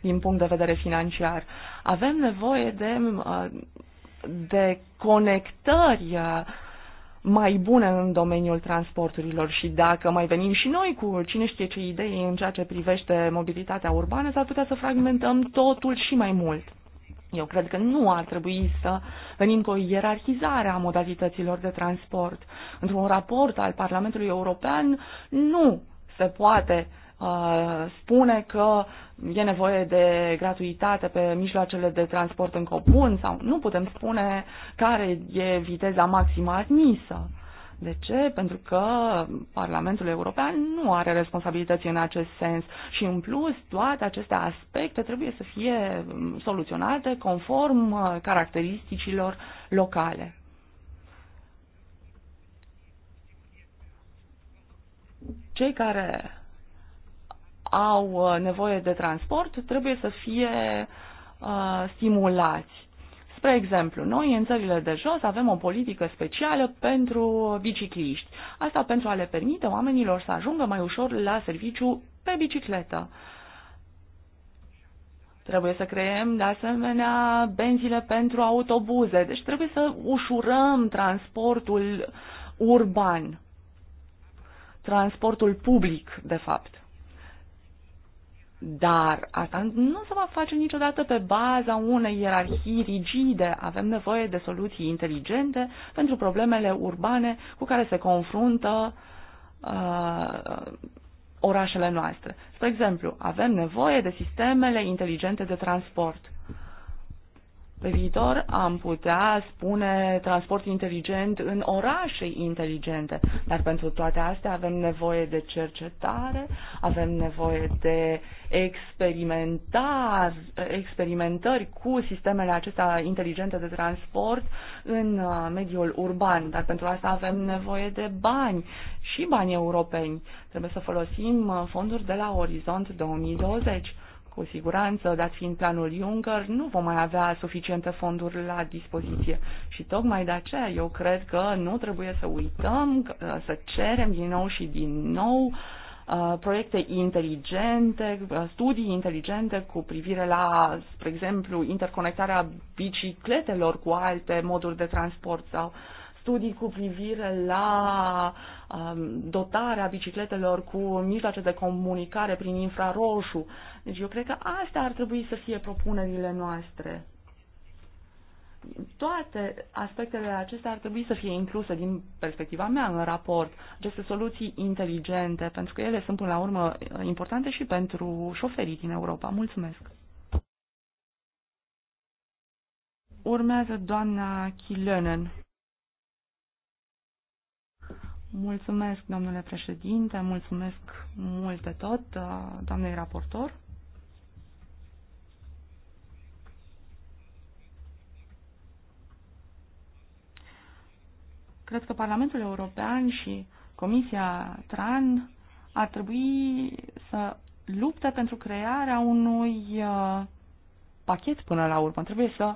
din punct de vedere financiar. Avem nevoie de, de conectări mai bune în domeniul transporturilor și dacă mai venim și noi cu cine știe ce idei în ceea ce privește mobilitatea urbană, s-ar putea să fragmentăm totul și mai mult. Eu cred că nu ar trebui să venim cu o ierarhizare a modalităților de transport. Într-un raport al Parlamentului European nu se poate uh, Uh, spune că e nevoie de gratuitate pe mijloacele de transport în comun sau nu putem spune care e viteza maximă admisă. De ce? Pentru că Parlamentul European nu are responsabilități în acest sens și în plus toate aceste aspecte trebuie să fie um, soluționate conform uh, caracteristicilor locale. Cei care au uh, nevoie de transport trebuie să fie uh, stimulați. Spre exemplu, noi în țările de jos avem o politică specială pentru bicicliști. Asta pentru a le permite oamenilor să ajungă mai ușor la serviciu pe bicicletă. Trebuie să creăm, de asemenea, benzile pentru autobuze. Deci trebuie să ușurăm transportul urban, transportul public, de fapt. Dar asta nu se va face niciodată pe baza unei ierarhii rigide. Avem nevoie de soluții inteligente pentru problemele urbane cu care se confruntă uh, orașele noastre. Spre exemplu, avem nevoie de sistemele inteligente de transport. Pe viitor am putea spune transport inteligent în orașe inteligente, dar pentru toate astea avem nevoie de cercetare, avem nevoie de experimentări cu sistemele acestea inteligente de transport în uh, mediul urban, dar pentru asta avem nevoie de bani și bani europeni. Trebuie să folosim uh, fonduri de la Orizont 2020. Cu siguranță, dat fiind planul Juncker, nu vom mai avea suficiente fonduri la dispoziție. Și tocmai de aceea eu cred că nu trebuie să uităm, uh, să cerem din nou și din nou uh, proiecte inteligente, uh, studii inteligente cu privire la, spre exemplu, interconectarea bicicletelor cu alte moduri de transport sau studii cu privire la uh, Um, dotarea bicicletelor cu mijloace de comunicare prin infraroșu. Deci eu cred că astea ar trebui să fie propunerile noastre. Toate aspectele acestea ar trebui să fie incluse din perspectiva mea în raport, aceste soluții inteligente, pentru că ele sunt până la urmă importante și pentru șoferii din Europa. Mulțumesc! Urmează doamna Kilönen. Mulțumesc, domnule președinte, mulțumesc mult de tot, uh, doamnei raportor. Cred că Parlamentul European și Comisia TRAN ar trebui să lupte pentru crearea unui uh, pachet până la urmă. Trebuie să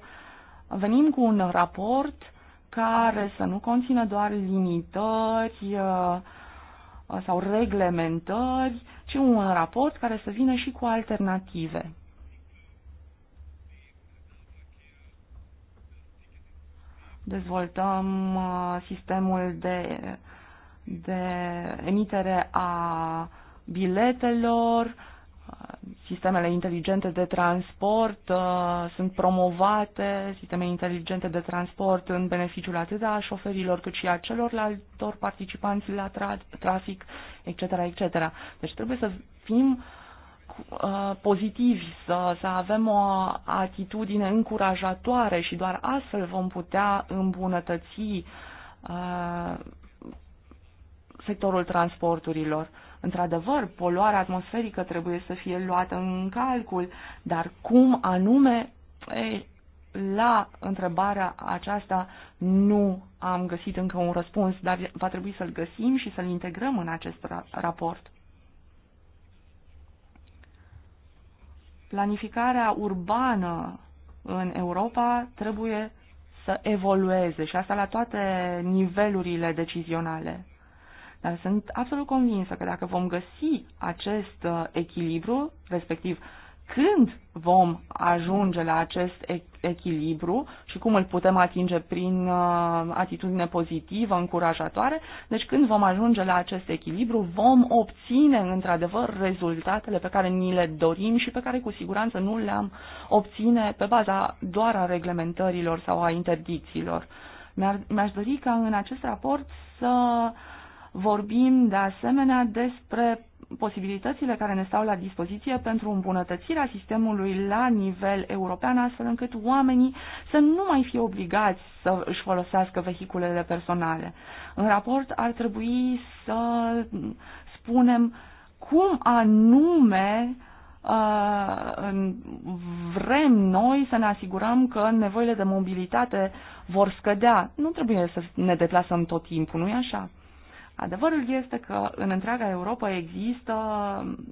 venim cu un raport care să nu conțină doar limitări uh, sau reglementări, ci un raport care să vină și cu alternative. Dezvoltăm uh, sistemul de, de emitere a biletelor, sistemele inteligente de transport uh, sunt promovate, sisteme inteligente de transport în beneficiul atât a șoferilor cât și a celorlaltor participanți la tra- trafic, etc., etc. Deci trebuie să fim uh, pozitivi, să, să avem o atitudine încurajatoare și doar astfel vom putea îmbunătăți uh, sectorul transporturilor. Într-adevăr, poluarea atmosferică trebuie să fie luată în calcul, dar cum anume, ei, la întrebarea aceasta nu am găsit încă un răspuns, dar va trebui să-l găsim și să-l integrăm în acest raport. Planificarea urbană în Europa trebuie să evolueze și asta la toate nivelurile decizionale. Dar sunt absolut convinsă că dacă vom găsi acest uh, echilibru, respectiv când vom ajunge la acest echilibru și cum îl putem atinge prin uh, atitudine pozitivă, încurajatoare, deci când vom ajunge la acest echilibru, vom obține într-adevăr rezultatele pe care ni le dorim și pe care cu siguranță nu le-am obține pe baza doar a reglementărilor sau a interdicțiilor. Mi-aș dori ca în acest raport să uh, Vorbim de asemenea despre posibilitățile care ne stau la dispoziție pentru îmbunătățirea sistemului la nivel european, astfel încât oamenii să nu mai fie obligați să își folosească vehiculele personale. În raport ar trebui să spunem cum anume uh, vrem noi să ne asigurăm că nevoile de mobilitate vor scădea. Nu trebuie să ne deplasăm tot timpul, nu-i așa? Adevărul este că în întreaga Europa există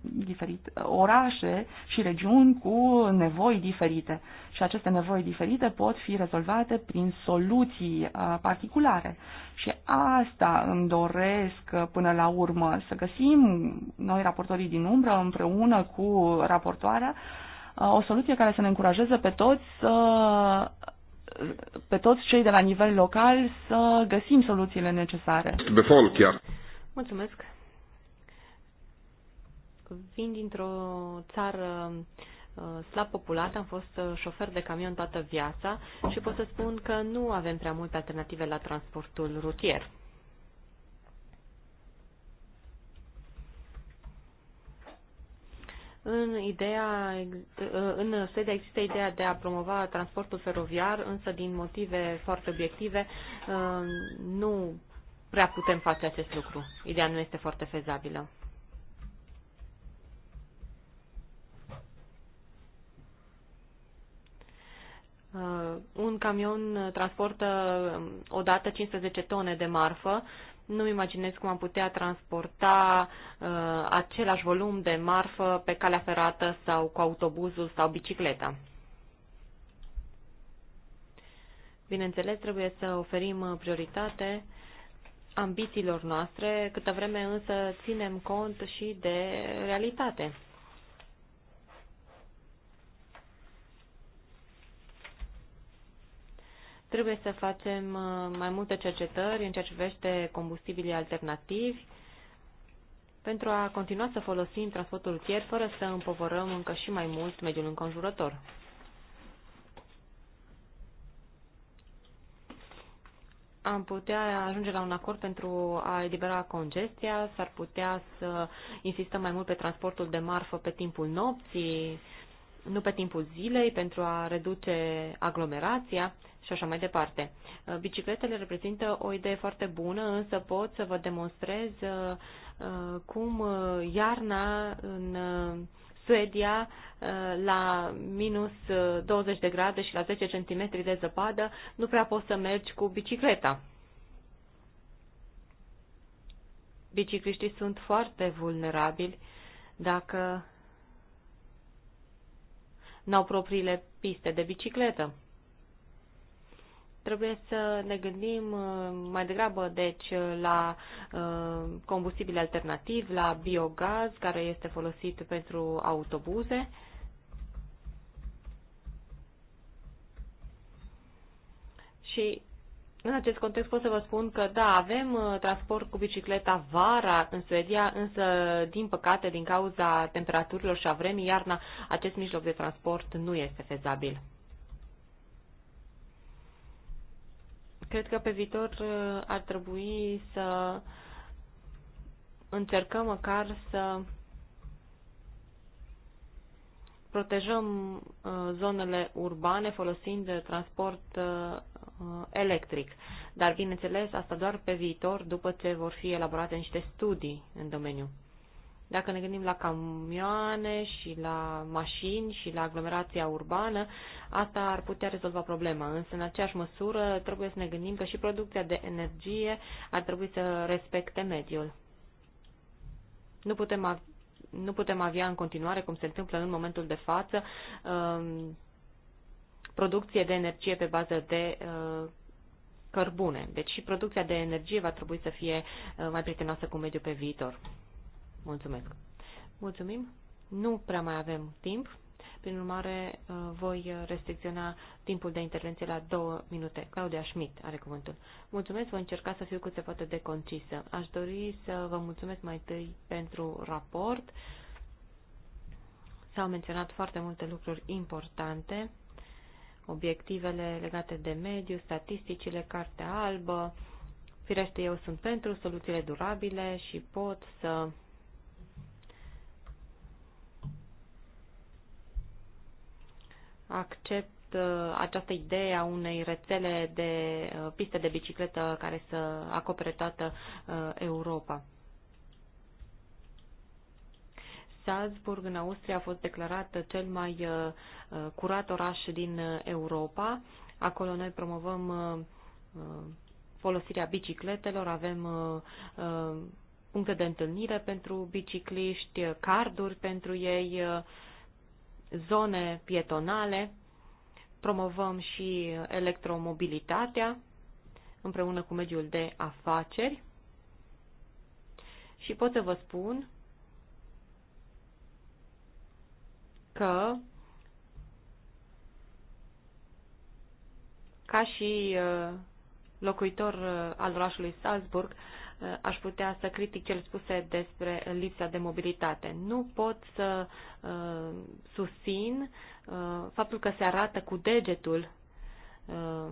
diferit, orașe și regiuni cu nevoi diferite și aceste nevoi diferite pot fi rezolvate prin soluții uh, particulare. Și asta îmi doresc până la urmă să găsim noi raportorii din umbră împreună cu raportoarea uh, o soluție care să ne încurajeze pe toți să pe toți cei de la nivel local să găsim soluțiile necesare. Mulțumesc. Vin dintr-o țară uh, slab populat, am fost uh, șofer de camion toată viața și pot să spun că nu avem prea multe alternative la transportul rutier. În, ideea, în sedia există ideea de a promova transportul feroviar, însă din motive foarte obiective uh, nu prea putem face acest lucru. Ideea nu este foarte fezabilă. Uh, un camion transportă odată 15 tone de marfă nu-mi imaginez cum am putea transporta uh, același volum de marfă pe calea ferată sau cu autobuzul sau bicicleta. Bineînțeles, trebuie să oferim uh, prioritate ambițiilor noastre, câtă vreme însă ținem cont și de realitate. Trebuie să facem uh, mai multe cercetări în ceea ce privește combustibilii alternativi pentru a continua să folosim transportul rutier fără să împovărăm încă și mai mult mediul înconjurător. am putea ajunge la un acord pentru a elibera congestia, s-ar putea să insistăm mai mult pe transportul de marfă pe timpul nopții, nu pe timpul zilei, pentru a reduce aglomerația și așa mai departe. Uh, bicicletele reprezintă o idee foarte bună, însă pot să vă demonstrez uh, uh, cum iarna în Suedia la minus 20 de grade și la 10 cm de zăpadă nu prea poți să mergi cu bicicleta. Bicicliștii sunt foarte vulnerabili dacă n-au propriile piste de bicicletă. Trebuie să ne gândim uh, mai degrabă deci la uh, combustibile alternativ, la biogaz care este folosit pentru autobuze. Și în acest context pot să vă spun că da, avem uh, transport cu bicicleta vara în Suedia, însă din păcate din cauza temperaturilor și a vremii iarna acest mijloc de transport nu este fezabil. Cred că pe viitor uh, ar trebui să încercăm măcar să protejăm uh, zonele urbane folosind transport uh, electric. Dar, bineînțeles, asta doar pe viitor, după ce vor fi elaborate niște studii în domeniu. Dacă ne gândim la camioane și la mașini și la aglomerația urbană, asta ar putea rezolva problema. Însă, în aceeași măsură, trebuie să ne gândim că și producția de energie ar trebui să respecte mediul. Nu putem, nu putem avea în continuare, cum se întâmplă în momentul de față, um, producție de energie pe bază de uh, cărbune. Deci și producția de energie va trebui să fie uh, mai prietenoasă cu mediul pe viitor. Mulțumesc. Mulțumim. Nu prea mai avem timp. Prin urmare, uh, voi restricționa timpul de intervenție la două minute. Claudia Schmidt are cuvântul. Mulțumesc, voi încerca să fiu cât se poate de concisă. Aș dori să vă mulțumesc mai întâi pentru raport. S-au menționat foarte multe lucruri importante, obiectivele legate de mediu, statisticile, cartea albă. Firește, eu sunt pentru soluțiile durabile și pot să accept uh, această idee a unei rețele de uh, piste de bicicletă care să acopere toată uh, Europa. Salzburg, în Austria, a fost declarat cel mai curat oraș din Europa. Acolo noi promovăm folosirea bicicletelor, avem puncte de întâlnire pentru bicicliști, carduri pentru ei, zone pietonale, promovăm și electromobilitatea împreună cu mediul de afaceri și pot să vă spun că ca și uh, locuitor uh, al orașului Salzburg, aș putea să critic cel spuse despre lipsa de mobilitate. Nu pot să uh, susțin uh, faptul că se arată cu degetul uh,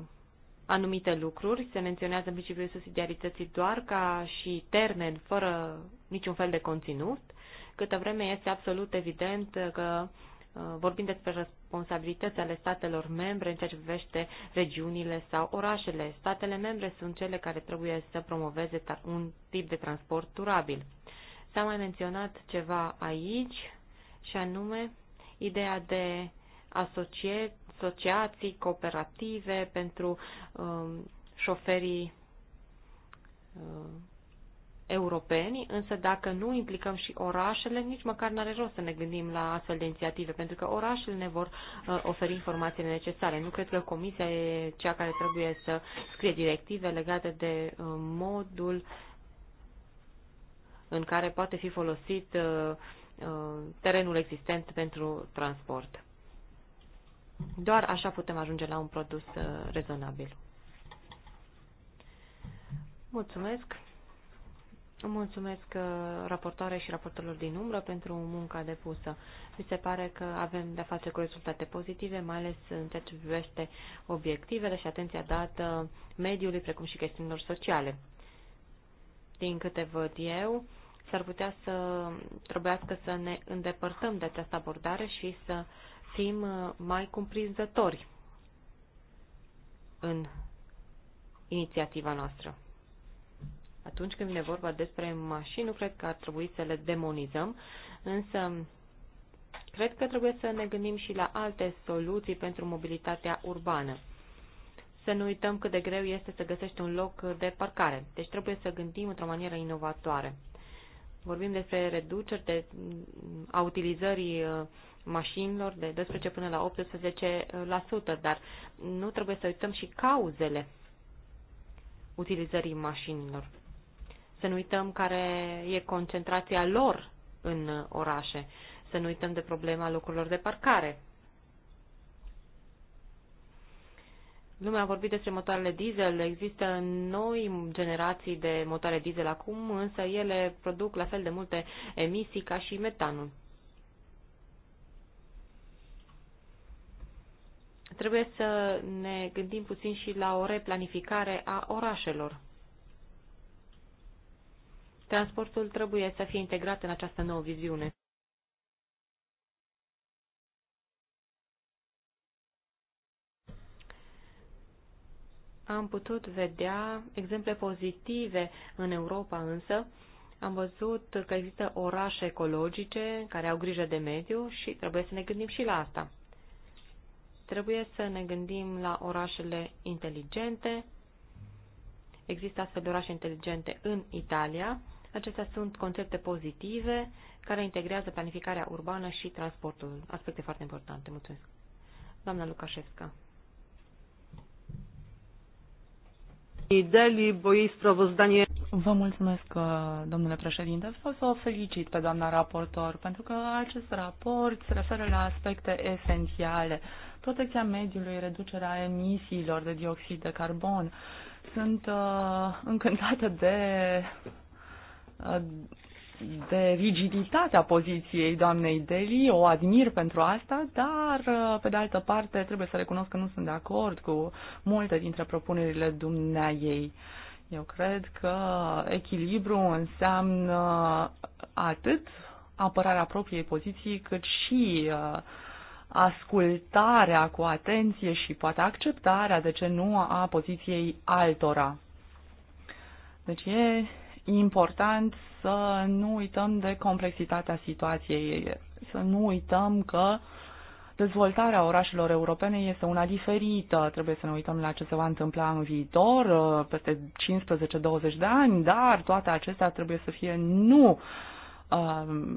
anumite lucruri, se menționează în principiul subsidiarității doar ca și termen, fără niciun fel de conținut, câtă vreme este absolut evident că uh, Uh, vorbim despre responsabilități ale statelor membre în ceea ce privește regiunile sau orașele. Statele membre sunt cele care trebuie să promoveze un tip de transport durabil. S-a mai menționat ceva aici și anume ideea de asociații cooperative pentru um, șoferii um, europeni, însă dacă nu implicăm și orașele, nici măcar n-are rost să ne gândim la astfel de inițiative, pentru că orașele ne vor uh, oferi informațiile necesare. Nu cred că Comisia e cea care trebuie să scrie directive legate de uh, modul în care poate fi folosit uh, terenul existent pentru transport. Doar așa putem ajunge la un produs rezonabil. Mulțumesc! Mulțumesc uh, raportoare și raportorilor din umbră pentru munca depusă. Mi se pare că avem de-a face cu rezultate pozitive, mai ales în ceea ce privește obiectivele și atenția dată mediului, precum și chestiunilor sociale. Din câte văd eu, s-ar putea să trebuiască să ne îndepărtăm de această abordare și să fim uh, mai cumprinzători în inițiativa noastră. Atunci când vine vorba despre mașini, nu cred că ar trebui să le demonizăm, însă cred că trebuie să ne gândim și la alte soluții pentru mobilitatea urbană. Să nu uităm cât de greu este să găsești un loc de parcare. Deci trebuie să gândim într-o manieră inovatoare. Vorbim despre reduceri de, a utilizării uh, mașinilor de 12 până la 18%, dar nu trebuie să uităm și cauzele utilizării mașinilor. Să nu uităm care e concentrația lor în orașe. Să nu uităm de problema locurilor de parcare. Lumea a vorbit despre motoarele diesel, există noi generații de motoare diesel acum, însă ele produc la fel de multe emisii ca și metanul. Trebuie să ne gândim puțin și la o replanificare a orașelor. Transportul trebuie să fie integrat în această nouă viziune. Am putut vedea exemple pozitive în Europa însă, am văzut că există orașe ecologice care au grijă de mediu și trebuie să ne gândim și la asta. Trebuie să ne gândim la orașele inteligente. Există astfel de orașe inteligente în Italia Acestea sunt concepte pozitive care integrează planificarea urbană și transportul. Aspecte foarte importante. Mulțumesc. Doamna Lukașevska. Ideli, Vă mulțumesc, uh, domnule președinte. Vreau să o felicit pe doamna raportor, pentru că acest raport se referă la aspecte esențiale. Protecția mediului, reducerea emisiilor de dioxid de carbon. Sunt uh, încântată de de rigiditatea poziției doamnei Deli, o admir pentru asta, dar uh, pe de altă parte trebuie să recunosc că nu sunt de acord cu multe dintre propunerile dumnea ei. Eu cred că echilibru înseamnă atât apărarea propriei poziții, cât și uh, ascultarea cu atenție și poate acceptarea, de ce nu, a poziției altora. Deci e important să nu uităm de complexitatea situației, să nu uităm că dezvoltarea orașelor europene este una diferită. Trebuie să ne uităm la ce se va întâmpla în viitor, uh, peste 15-20 de ani, dar toate acestea trebuie să fie nu uh,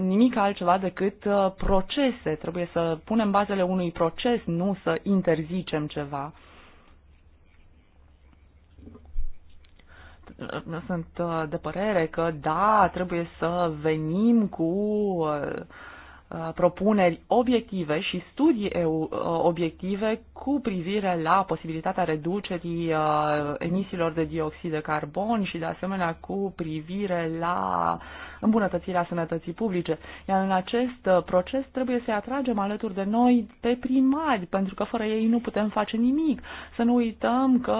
nimic altceva decât uh, procese. Trebuie să punem bazele unui proces, nu să interzicem ceva. sunt uh, de părere că da, trebuie să venim cu uh, uh, propuneri obiective și studii obiective cu privire la posibilitatea reducerii emisiilor de dioxid de carbon și de asemenea cu privire la îmbunătățirea sănătății publice. Iar în acest proces trebuie să-i atragem alături de noi pe primari, pentru că fără ei nu putem face nimic. Să nu uităm că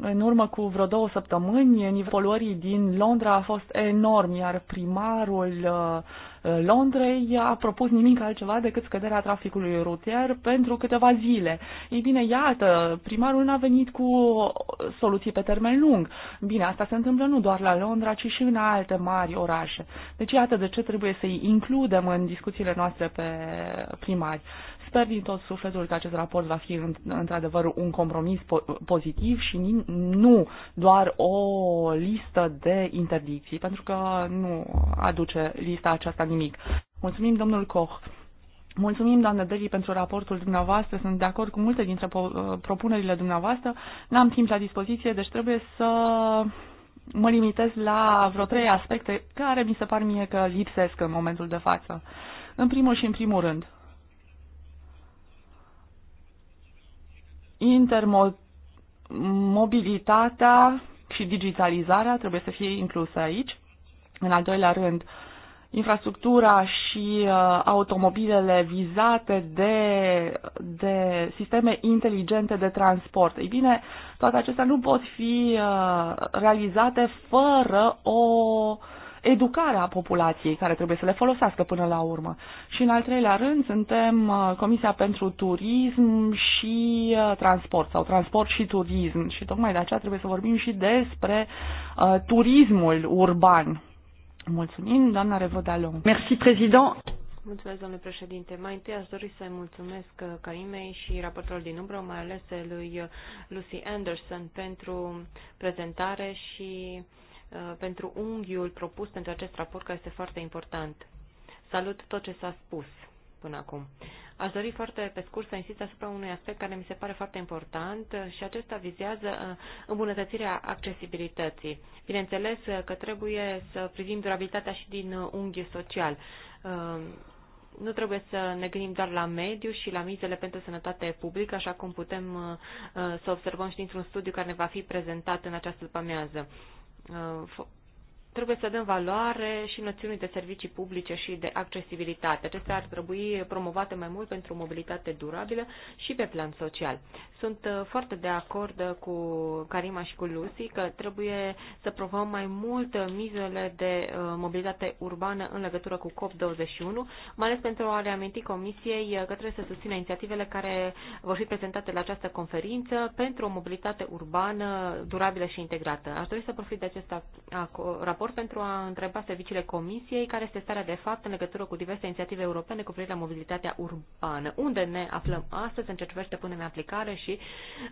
în urmă cu vreo două săptămâni, poluării din Londra a fost enorm, iar primarul uh, Londrei a propus nimic altceva decât scăderea traficului rutier pentru câteva zile. Ei bine, iată, primarul n-a venit cu soluții pe termen lung. Bine, asta se întâmplă nu doar la Londra, ci și în alte mari orașe. Deci iată de ce trebuie să-i includem în discuțiile noastre pe primari. Sper din tot sufletul că acest raport va fi într-adevăr un compromis pozitiv și nu doar o listă de interdicții, pentru că nu aduce lista aceasta nimic. Mulțumim, domnul Koch. Mulțumim, doamnă Deli, pentru raportul dumneavoastră. Sunt de acord cu multe dintre uh, propunerile dumneavoastră. N-am timp la dispoziție, deci trebuie să mă limitez la vreo trei aspecte care mi se par mie că lipsesc în momentul de față. În primul și în primul rând, intermobilitatea și digitalizarea trebuie să fie inclusă aici. În al doilea rând, infrastructura și uh, automobilele vizate de, de sisteme inteligente de transport. Ei bine, toate acestea nu pot fi uh, realizate fără o uh, educarea populației care trebuie să le folosească până la urmă. Și în al treilea rând suntem uh, Comisia pentru Turism și uh, Transport sau Transport și Turism și tocmai de aceea trebuie să vorbim și despre uh, turismul urban. Mulțumim, doamna Revodalo. Merci, prezident. Mulțumesc, domnule președinte. Mai întâi aș dori să-i mulțumesc Caimei uh, și raportorul din umbră, mai ales lui Lucy Anderson, pentru prezentare și Uh, pentru unghiul propus pentru acest raport, care este foarte important. Salut tot ce s-a spus până acum. Aș dori foarte pe scurt să insist asupra unui aspect care mi se pare foarte important și acesta vizează uh, îmbunătățirea accesibilității. Bineînțeles că trebuie să privim durabilitatea și din unghi social. Uh, nu trebuie să ne gândim doar la mediu și la mizele pentru sănătate publică, așa cum putem să observăm și dintr-un studiu care ne va fi prezentat în această după-amiază uh, trebuie să dăm valoare și noțiunii de servicii publice și de accesibilitate. Acestea ar trebui promovate mai mult pentru mobilitate durabilă și pe plan social. Sunt uh, foarte de acord uh, cu Karima și cu Lucy că trebuie să provăm mai mult uh, mizele de mobilitate urbană în legătură cu COP21, mai ales pentru a le aminti Comisiei că trebuie să susțină inițiativele care vor fi prezentate la această conferință pentru o mobilitate urbană durabilă și integrată. Aș dori să profit de acest raport raport pentru a întreba serviciile Comisiei care este starea de fapt în legătură cu diverse inițiative europene cu privire la mobilitatea urbană. Unde ne aflăm astăzi în ce privește punem în aplicare și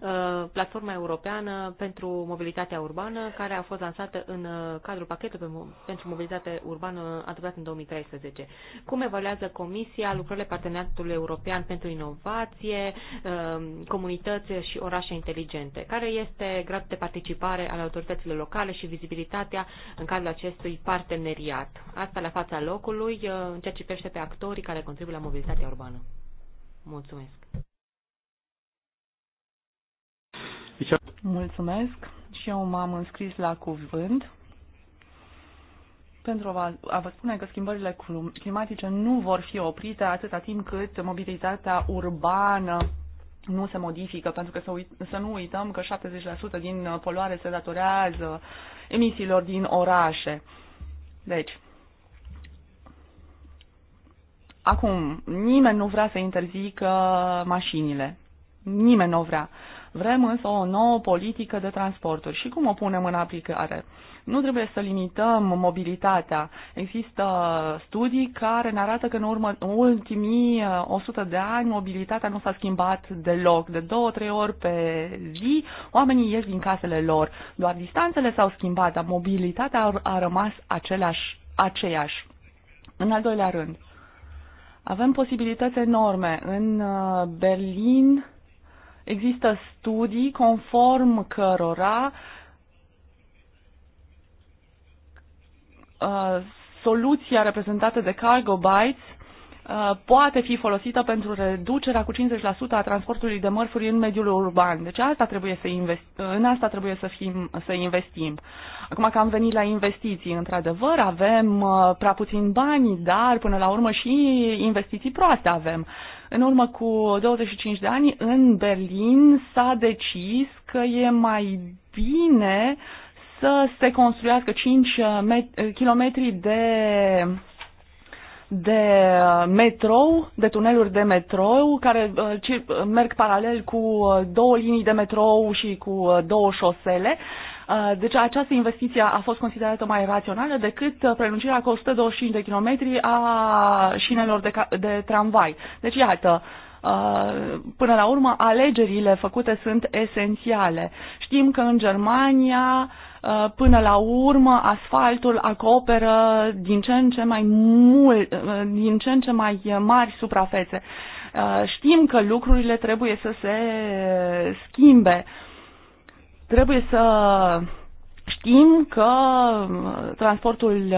uh, platforma europeană pentru mobilitatea urbană care a fost lansată în uh, cadrul pachetului pentru mobilitate urbană adoptat în 2013. Cum evaluează Comisia lucrările Parteneriatului European pentru Inovație, uh, comunități și orașe inteligente? Care este gradul de participare al autorităților locale și vizibilitatea în cadrul al acestui parteneriat. Asta la fața locului, uh, în ceea ce privește pe actorii care contribuie la mobilitatea urbană. Mulțumesc! Mulțumesc și eu m-am înscris la cuvânt pentru a, a vă spune că schimbările climatice nu vor fi oprite atâta timp cât mobilitatea urbană nu se modifică, pentru că să, uit, să nu uităm că 70% din poluare se datorează uh, emisiilor din orașe. Deci, acum, nimeni nu vrea să interzică mașinile. Nimeni nu vrea. Vrem însă o nouă politică de transporturi. Și cum o punem în aplicare? Uh, nu trebuie să limităm mobilitatea. Există studii care ne arată că în, urmă, ultimii 100 uh, de ani mobilitatea nu s-a schimbat deloc. De două, trei ori pe zi oamenii ies din casele lor. Doar distanțele s-au schimbat, dar mobilitatea a rămas aceleași, aceeași. În al doilea rând, avem posibilități enorme. În uh, Berlin există studii conform cărora Uh, soluția reprezentată de Cargo Bytes uh, poate fi folosită pentru reducerea cu 50% a transportului de mărfuri în mediul urban. Deci asta trebuie să uh, în asta trebuie să, fim, să investim. Acum că am venit la investiții, într-adevăr, avem prea puțin bani, dar până la urmă și investiții proaste avem. În urmă cu 25 de ani, în Berlin s-a decis că e mai bine uh, să se construiască 5 uh, uh, km de de uh, metrou, de tuneluri de metrou, care uh, merg paralel cu două linii de metrou și cu două șosele. Uh, deci această investiție a fost considerată mai rațională decât prelungirea cu 125 de kilometri a șinelor de, de tramvai. Deci iată, uh, până la urmă alegerile făcute sunt esențiale. Știm că în Germania Uh, până la urmă, asfaltul acoperă din ce în ce mai mult, uh, din ce în ce mai mari suprafețe. Uh, știm că lucrurile trebuie să se schimbe. Trebuie să știm că transportul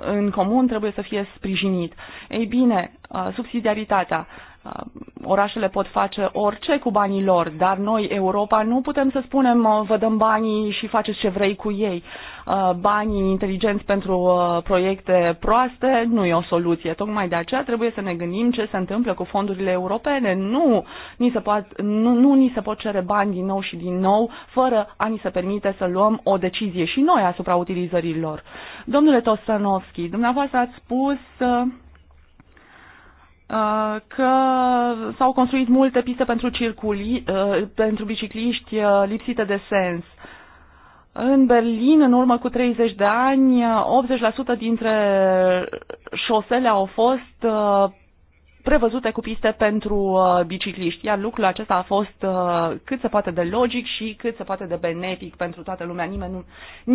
în comun trebuie să fie sprijinit. Ei bine, subsidiaritatea. Uh, orașele pot face orice cu banii lor, dar noi, Europa, nu putem să spunem uh, vă dăm banii și faceți ce vrei cu ei. Uh, banii inteligenți pentru proiecte proaste nu e o soluție. Tocmai de aceea trebuie să ne gândim ce se întâmplă cu fondurile europene. Nu ni se, poate, nu, nu ni se pot cere bani din nou și din nou fără a ni se permite să luăm o decizie și noi asupra utilizării lor. Domnule Tostanovski, dumneavoastră ați spus Uh, că s-au construit multe piste pentru, circuli, uh, pentru bicicliști uh, lipsite de sens. În Berlin, în urmă cu 30 de ani, 80% dintre șosele au fost prevăzute cu piste pentru uh, bicicliști. Iar lucrul acesta a fost uh, cât se poate de logic și cât se poate de benefic pentru toată lumea. Nimeni nu,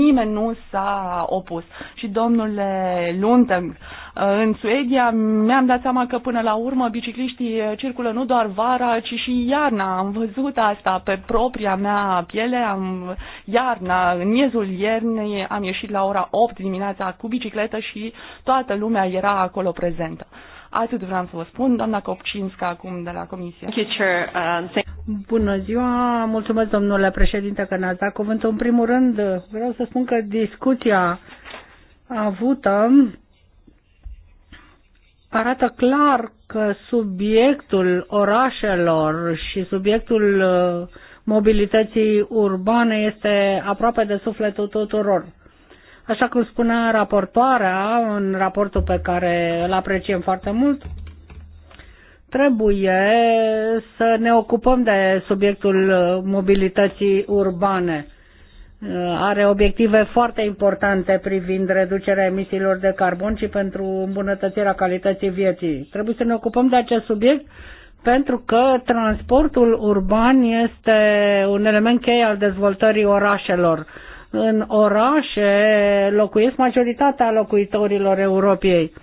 nimeni nu s-a opus. Și domnule Lundeng, uh, în Suedia mi-am dat seama că până la urmă bicicliștii circulă nu doar vara, ci și iarna. Am văzut asta pe propria mea piele. Am, iarna, în miezul iernii, am ieșit la ora 8 dimineața cu bicicletă și toată lumea era acolo prezentă. Atât vreau să vă spun, doamna Copcinska acum de la Comisie. Uh, Bună ziua, mulțumesc domnule președinte că ne-ați dat cuvântul. În primul rând vreau să spun că discuția avută arată clar că subiectul orașelor și subiectul uh, mobilității urbane este aproape de sufletul tuturor. Așa cum spunea raportoarea în raportul pe care îl apreciem foarte mult, trebuie să ne ocupăm de subiectul mobilității urbane. Are obiective foarte importante privind reducerea emisiilor de carbon și pentru îmbunătățirea calității vieții. Trebuie să ne ocupăm de acest subiect pentru că transportul urban este un element cheie al dezvoltării orașelor în orașe locuiesc majoritatea locuitorilor Europei.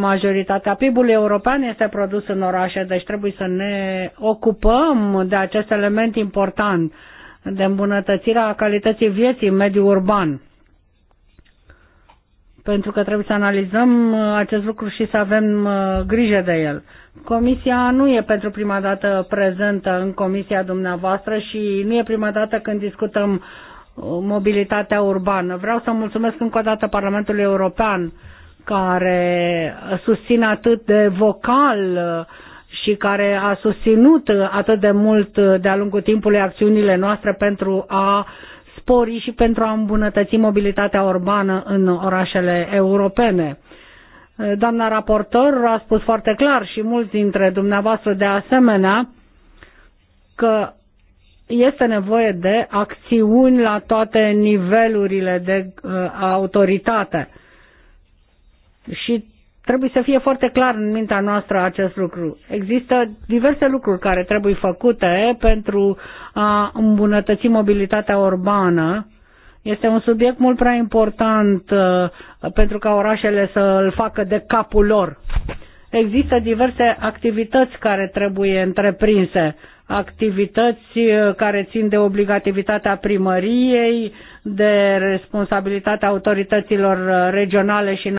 Majoritatea PIB-ului european este produs în orașe, deci trebuie să ne ocupăm de acest element important de îmbunătățirea calității vieții în mediul urban. Pentru că trebuie să analizăm acest lucru și să avem uh, grijă de el. Comisia nu e pentru prima dată prezentă în comisia dumneavoastră și nu e prima dată când discutăm mobilitatea urbană. Vreau să mulțumesc încă o dată Parlamentului European care susține atât de vocal uh, și care a susținut atât de mult de-a lungul timpului acțiunile noastre pentru a spori și pentru a îmbunătăți mobilitatea urbană în orașele europene. Doamna raportor a spus foarte clar și mulți dintre dumneavoastră de asemenea că este nevoie de acțiuni la toate nivelurile de uh, autoritate. Și trebuie să fie foarte clar în mintea noastră acest lucru. Există diverse lucruri care trebuie făcute pentru a îmbunătăți mobilitatea urbană. Este un subiect mult prea important uh, pentru ca orașele să îl facă de capul lor. Există diverse activități care trebuie întreprinse activități uh, care țin de obligativitatea primăriei, de responsabilitatea autorităților uh, regionale și